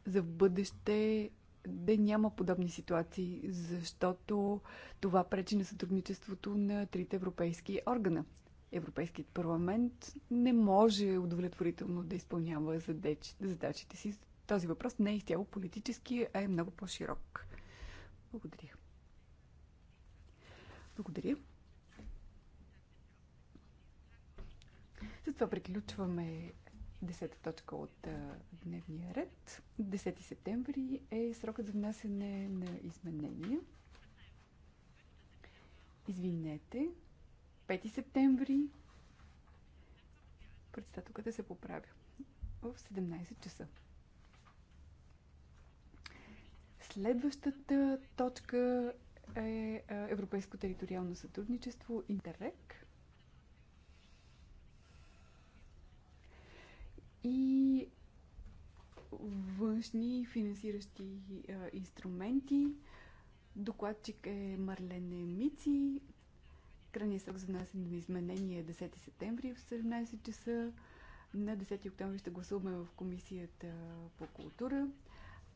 за в бъдеще да няма подобни ситуации, защото това пречи на сътрудничеството на трите европейски органа. Европейският парламент не може удовлетворително да изпълнява задачите си. Този въпрос не е изцяло политически, а е много по-широк. Благодаря. Благодаря. С това приключваме Десета точка от дневния ред. 10 септември е срокът за внасяне на изменения. Извинете, 5 септември председателката се поправя в 17 часа. Следващата точка е Европейско териториално сътрудничество Интеррек. и външни финансиращи а, инструменти. Докладчик е Марлене Мици. Крайният срок за внасяне на изменение е 10 септември в 17 часа. На 10 октомври ще гласуваме в Комисията по култура,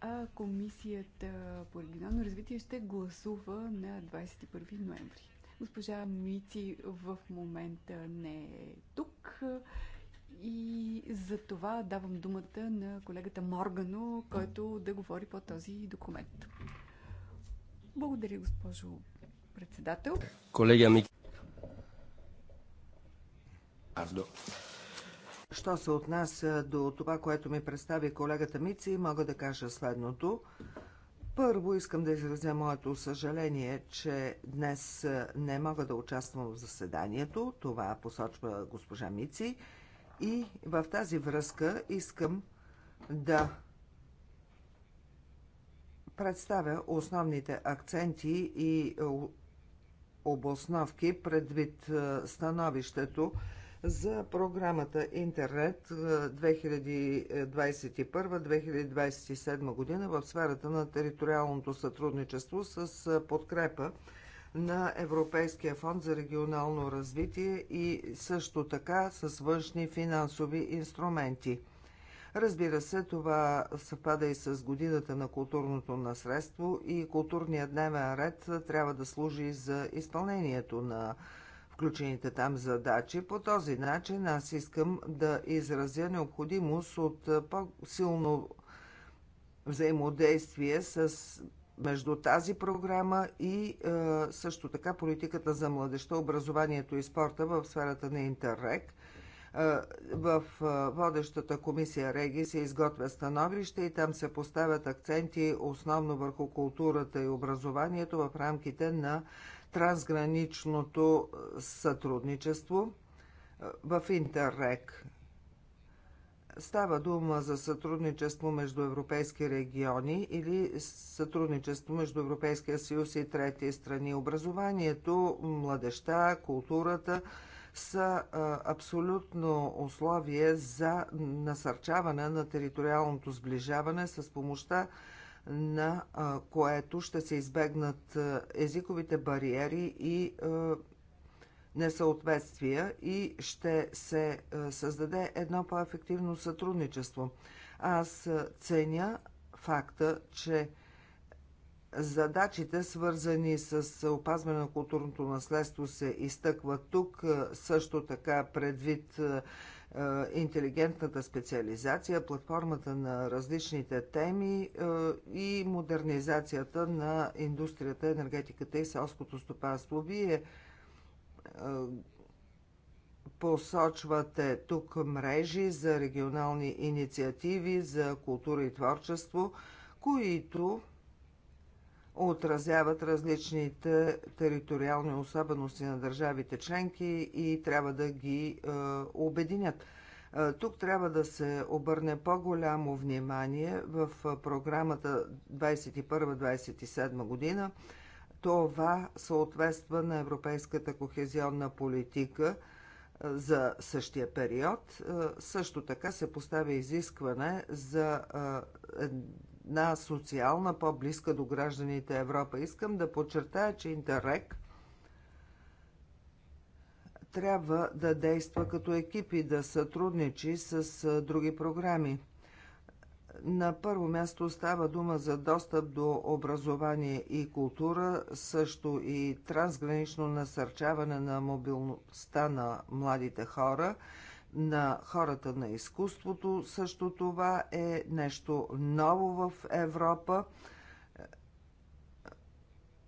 а Комисията по регионално развитие ще гласува на 21 ноември. Госпожа Мици в момента не е тук и за това давам думата на колегата Моргано, който да говори по този документ. Благодаря, госпожо председател. Колега Мик... Ардо. Що се отнася до това, което ми представи колегата Мици, мога да кажа следното. Първо искам да изразя моето съжаление, че днес не мога да участвам в заседанието. Това посочва госпожа Мици. И в тази връзка искам да представя основните акценти и обосновки предвид е, становището за програмата Интернет 2021-2027 е, година в сферата на териториалното сътрудничество с е, подкрепа на Европейския фонд за регионално развитие и също така с външни финансови инструменти. Разбира се, това съвпада и с годината на културното наследство и културният дневен ред трябва да служи за изпълнението на включените там задачи. По този начин аз искам да изразя необходимост от по-силно взаимодействие с между тази програма и е, също така политиката за младеща, образованието и спорта в сферата на Интеррек. Е, в е, водещата комисия Реги се изготвя становище и там се поставят акценти основно върху културата и образованието в рамките на трансграничното е, сътрудничество в Интеррек. Става дума за сътрудничество между европейски региони или сътрудничество между Европейския съюз и трети страни. Образованието, младеща, културата са абсолютно условие за насърчаване на териториалното сближаване с помощта на което ще се избегнат езиковите бариери и несъответствия и ще се е, създаде едно по-ефективно сътрудничество. Аз е, ценя факта, че задачите, свързани с е, опазване на културното наследство, се изтъкват тук. Също така предвид интелигентната специализация, платформата на различните теми и модернизацията на индустрията, енергетиката и селското стопанство. Вие посочвате тук мрежи за регионални инициативи за култура и творчество, които отразяват различните териториални особености на държавите членки и трябва да ги е, обединят. Тук трябва да се обърне по-голямо внимание в програмата 2021-2027 година това съответства на европейската кохезионна политика за същия период. Също така се поставя изискване за една социална, по-близка до гражданите Европа. Искам да подчертая, че Интеррек трябва да действа като екип и да сътрудничи с други програми. На първо място става дума за достъп до образование и култура, също и трансгранично насърчаване на мобилността на младите хора, на хората на изкуството. Също това е нещо ново в Европа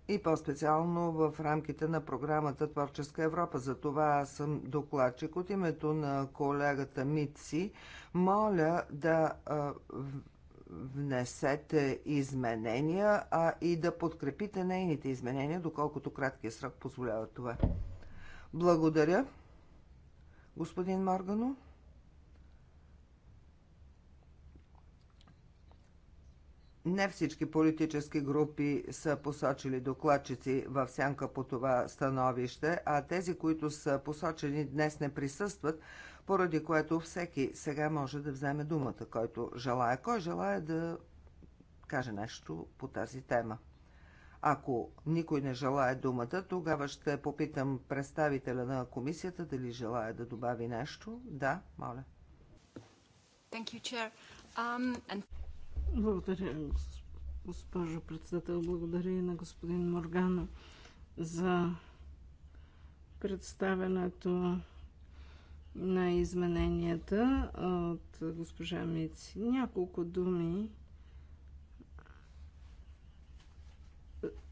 и по-специално в рамките на програмата Творческа Европа. За това аз съм докладчик от името на колегата Митси. Моля да внесете изменения, а и да подкрепите нейните изменения, доколкото краткият срок позволява това. Благодаря. Господин Моргано. Не всички политически групи са посочили докладчици в сянка по това становище, а тези, които са посочени днес не присъстват, поради което всеки сега може да вземе думата, който желая. Кой желая да каже нещо по тази тема? Ако никой не желая думата, тогава ще попитам представителя на комисията дали желая да добави нещо. Да, моля. Thank you, Chair. Um, and... Благодаря, госпожо председател. Благодаря и на господин Моргано за представянето на измененията от госпожа Мици. Няколко думи,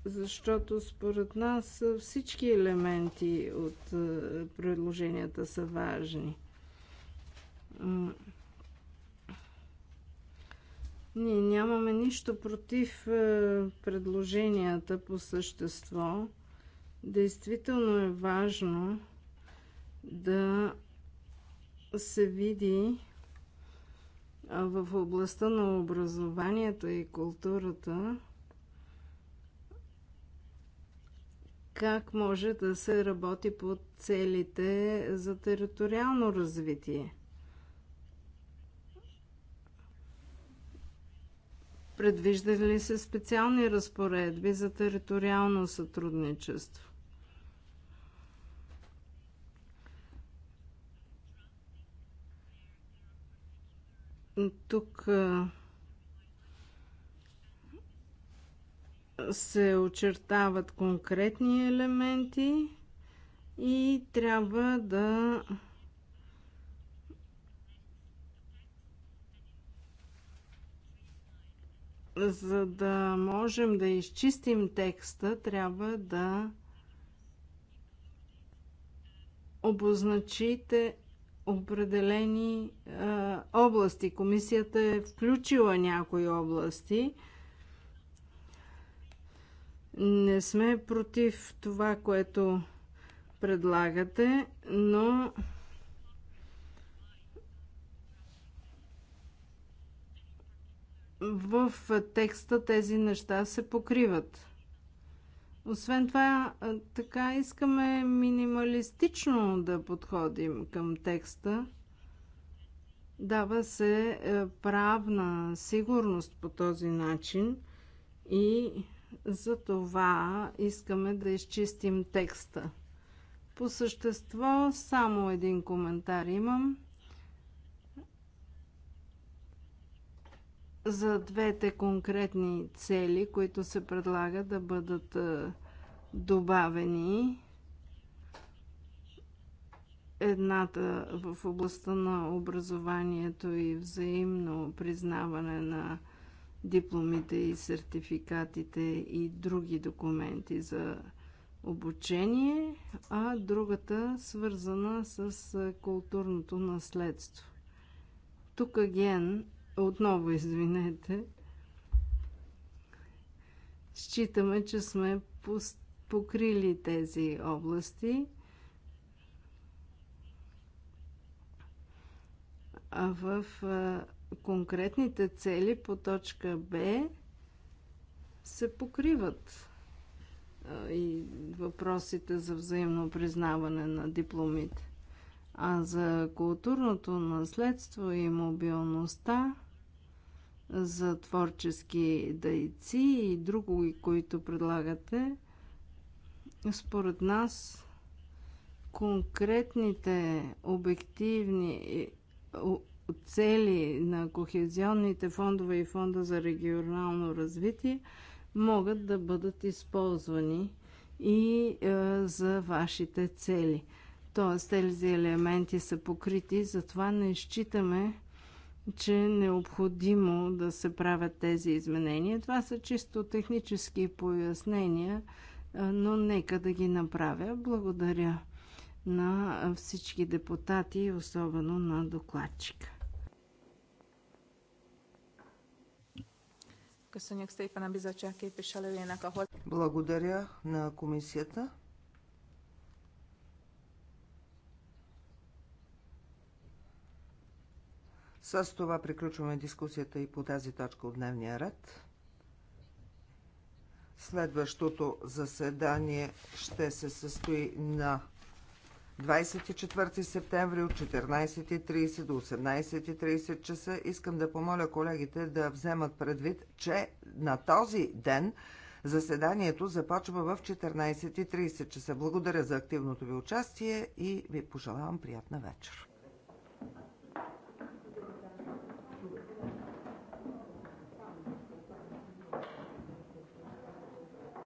защото според нас всички елементи от предложенията са важни. Ние нямаме нищо против е, предложенията по същество. Действително е важно да се види е, в областта на образованието и културата как може да се работи по целите за териториално развитие. Предвиждали ли се специални разпоредби за териториално сътрудничество? Тук се очертават конкретни елементи и трябва да за да можем да изчистим текста, трябва да обозначите определени е, области. Комисията е включила някои области. Не сме против това, което предлагате, но в текста тези неща се покриват. Освен това, така искаме минималистично да подходим към текста. Дава се е, правна сигурност по този начин и за това искаме да изчистим текста. По същество само един коментар имам. за двете конкретни цели, които се предлага да бъдат е, добавени. Едната в областта на образованието и взаимно признаване на дипломите и сертификатите и други документи за обучение, а другата свързана с е, културното наследство. Тук ген отново извинете. Считаме, че сме покрили тези области. А в конкретните цели по точка Б се покриват и въпросите за взаимно признаване на дипломите. А за културното наследство и мобилността за творчески дайци и друго, които предлагате, според нас конкретните обективни е, цели на кохезионните фондове и фонда за регионално развитие могат да бъдат използвани и е, за вашите цели. Тоест, тези елементи са покрити, затова не считаме, че е необходимо да се правят тези изменения. Това са чисто технически пояснения, но нека да ги направя. Благодаря на всички депутати и особено на докладчика. Благодаря на комисията. С това приключваме дискусията и по тази точка от дневния ред. Следващото заседание ще се състои на 24 септември от 14.30 до 18.30 часа. Искам да помоля колегите да вземат предвид, че на този ден заседанието започва в 14.30 часа. Благодаря за активното ви участие и ви пожелавам приятна вечер.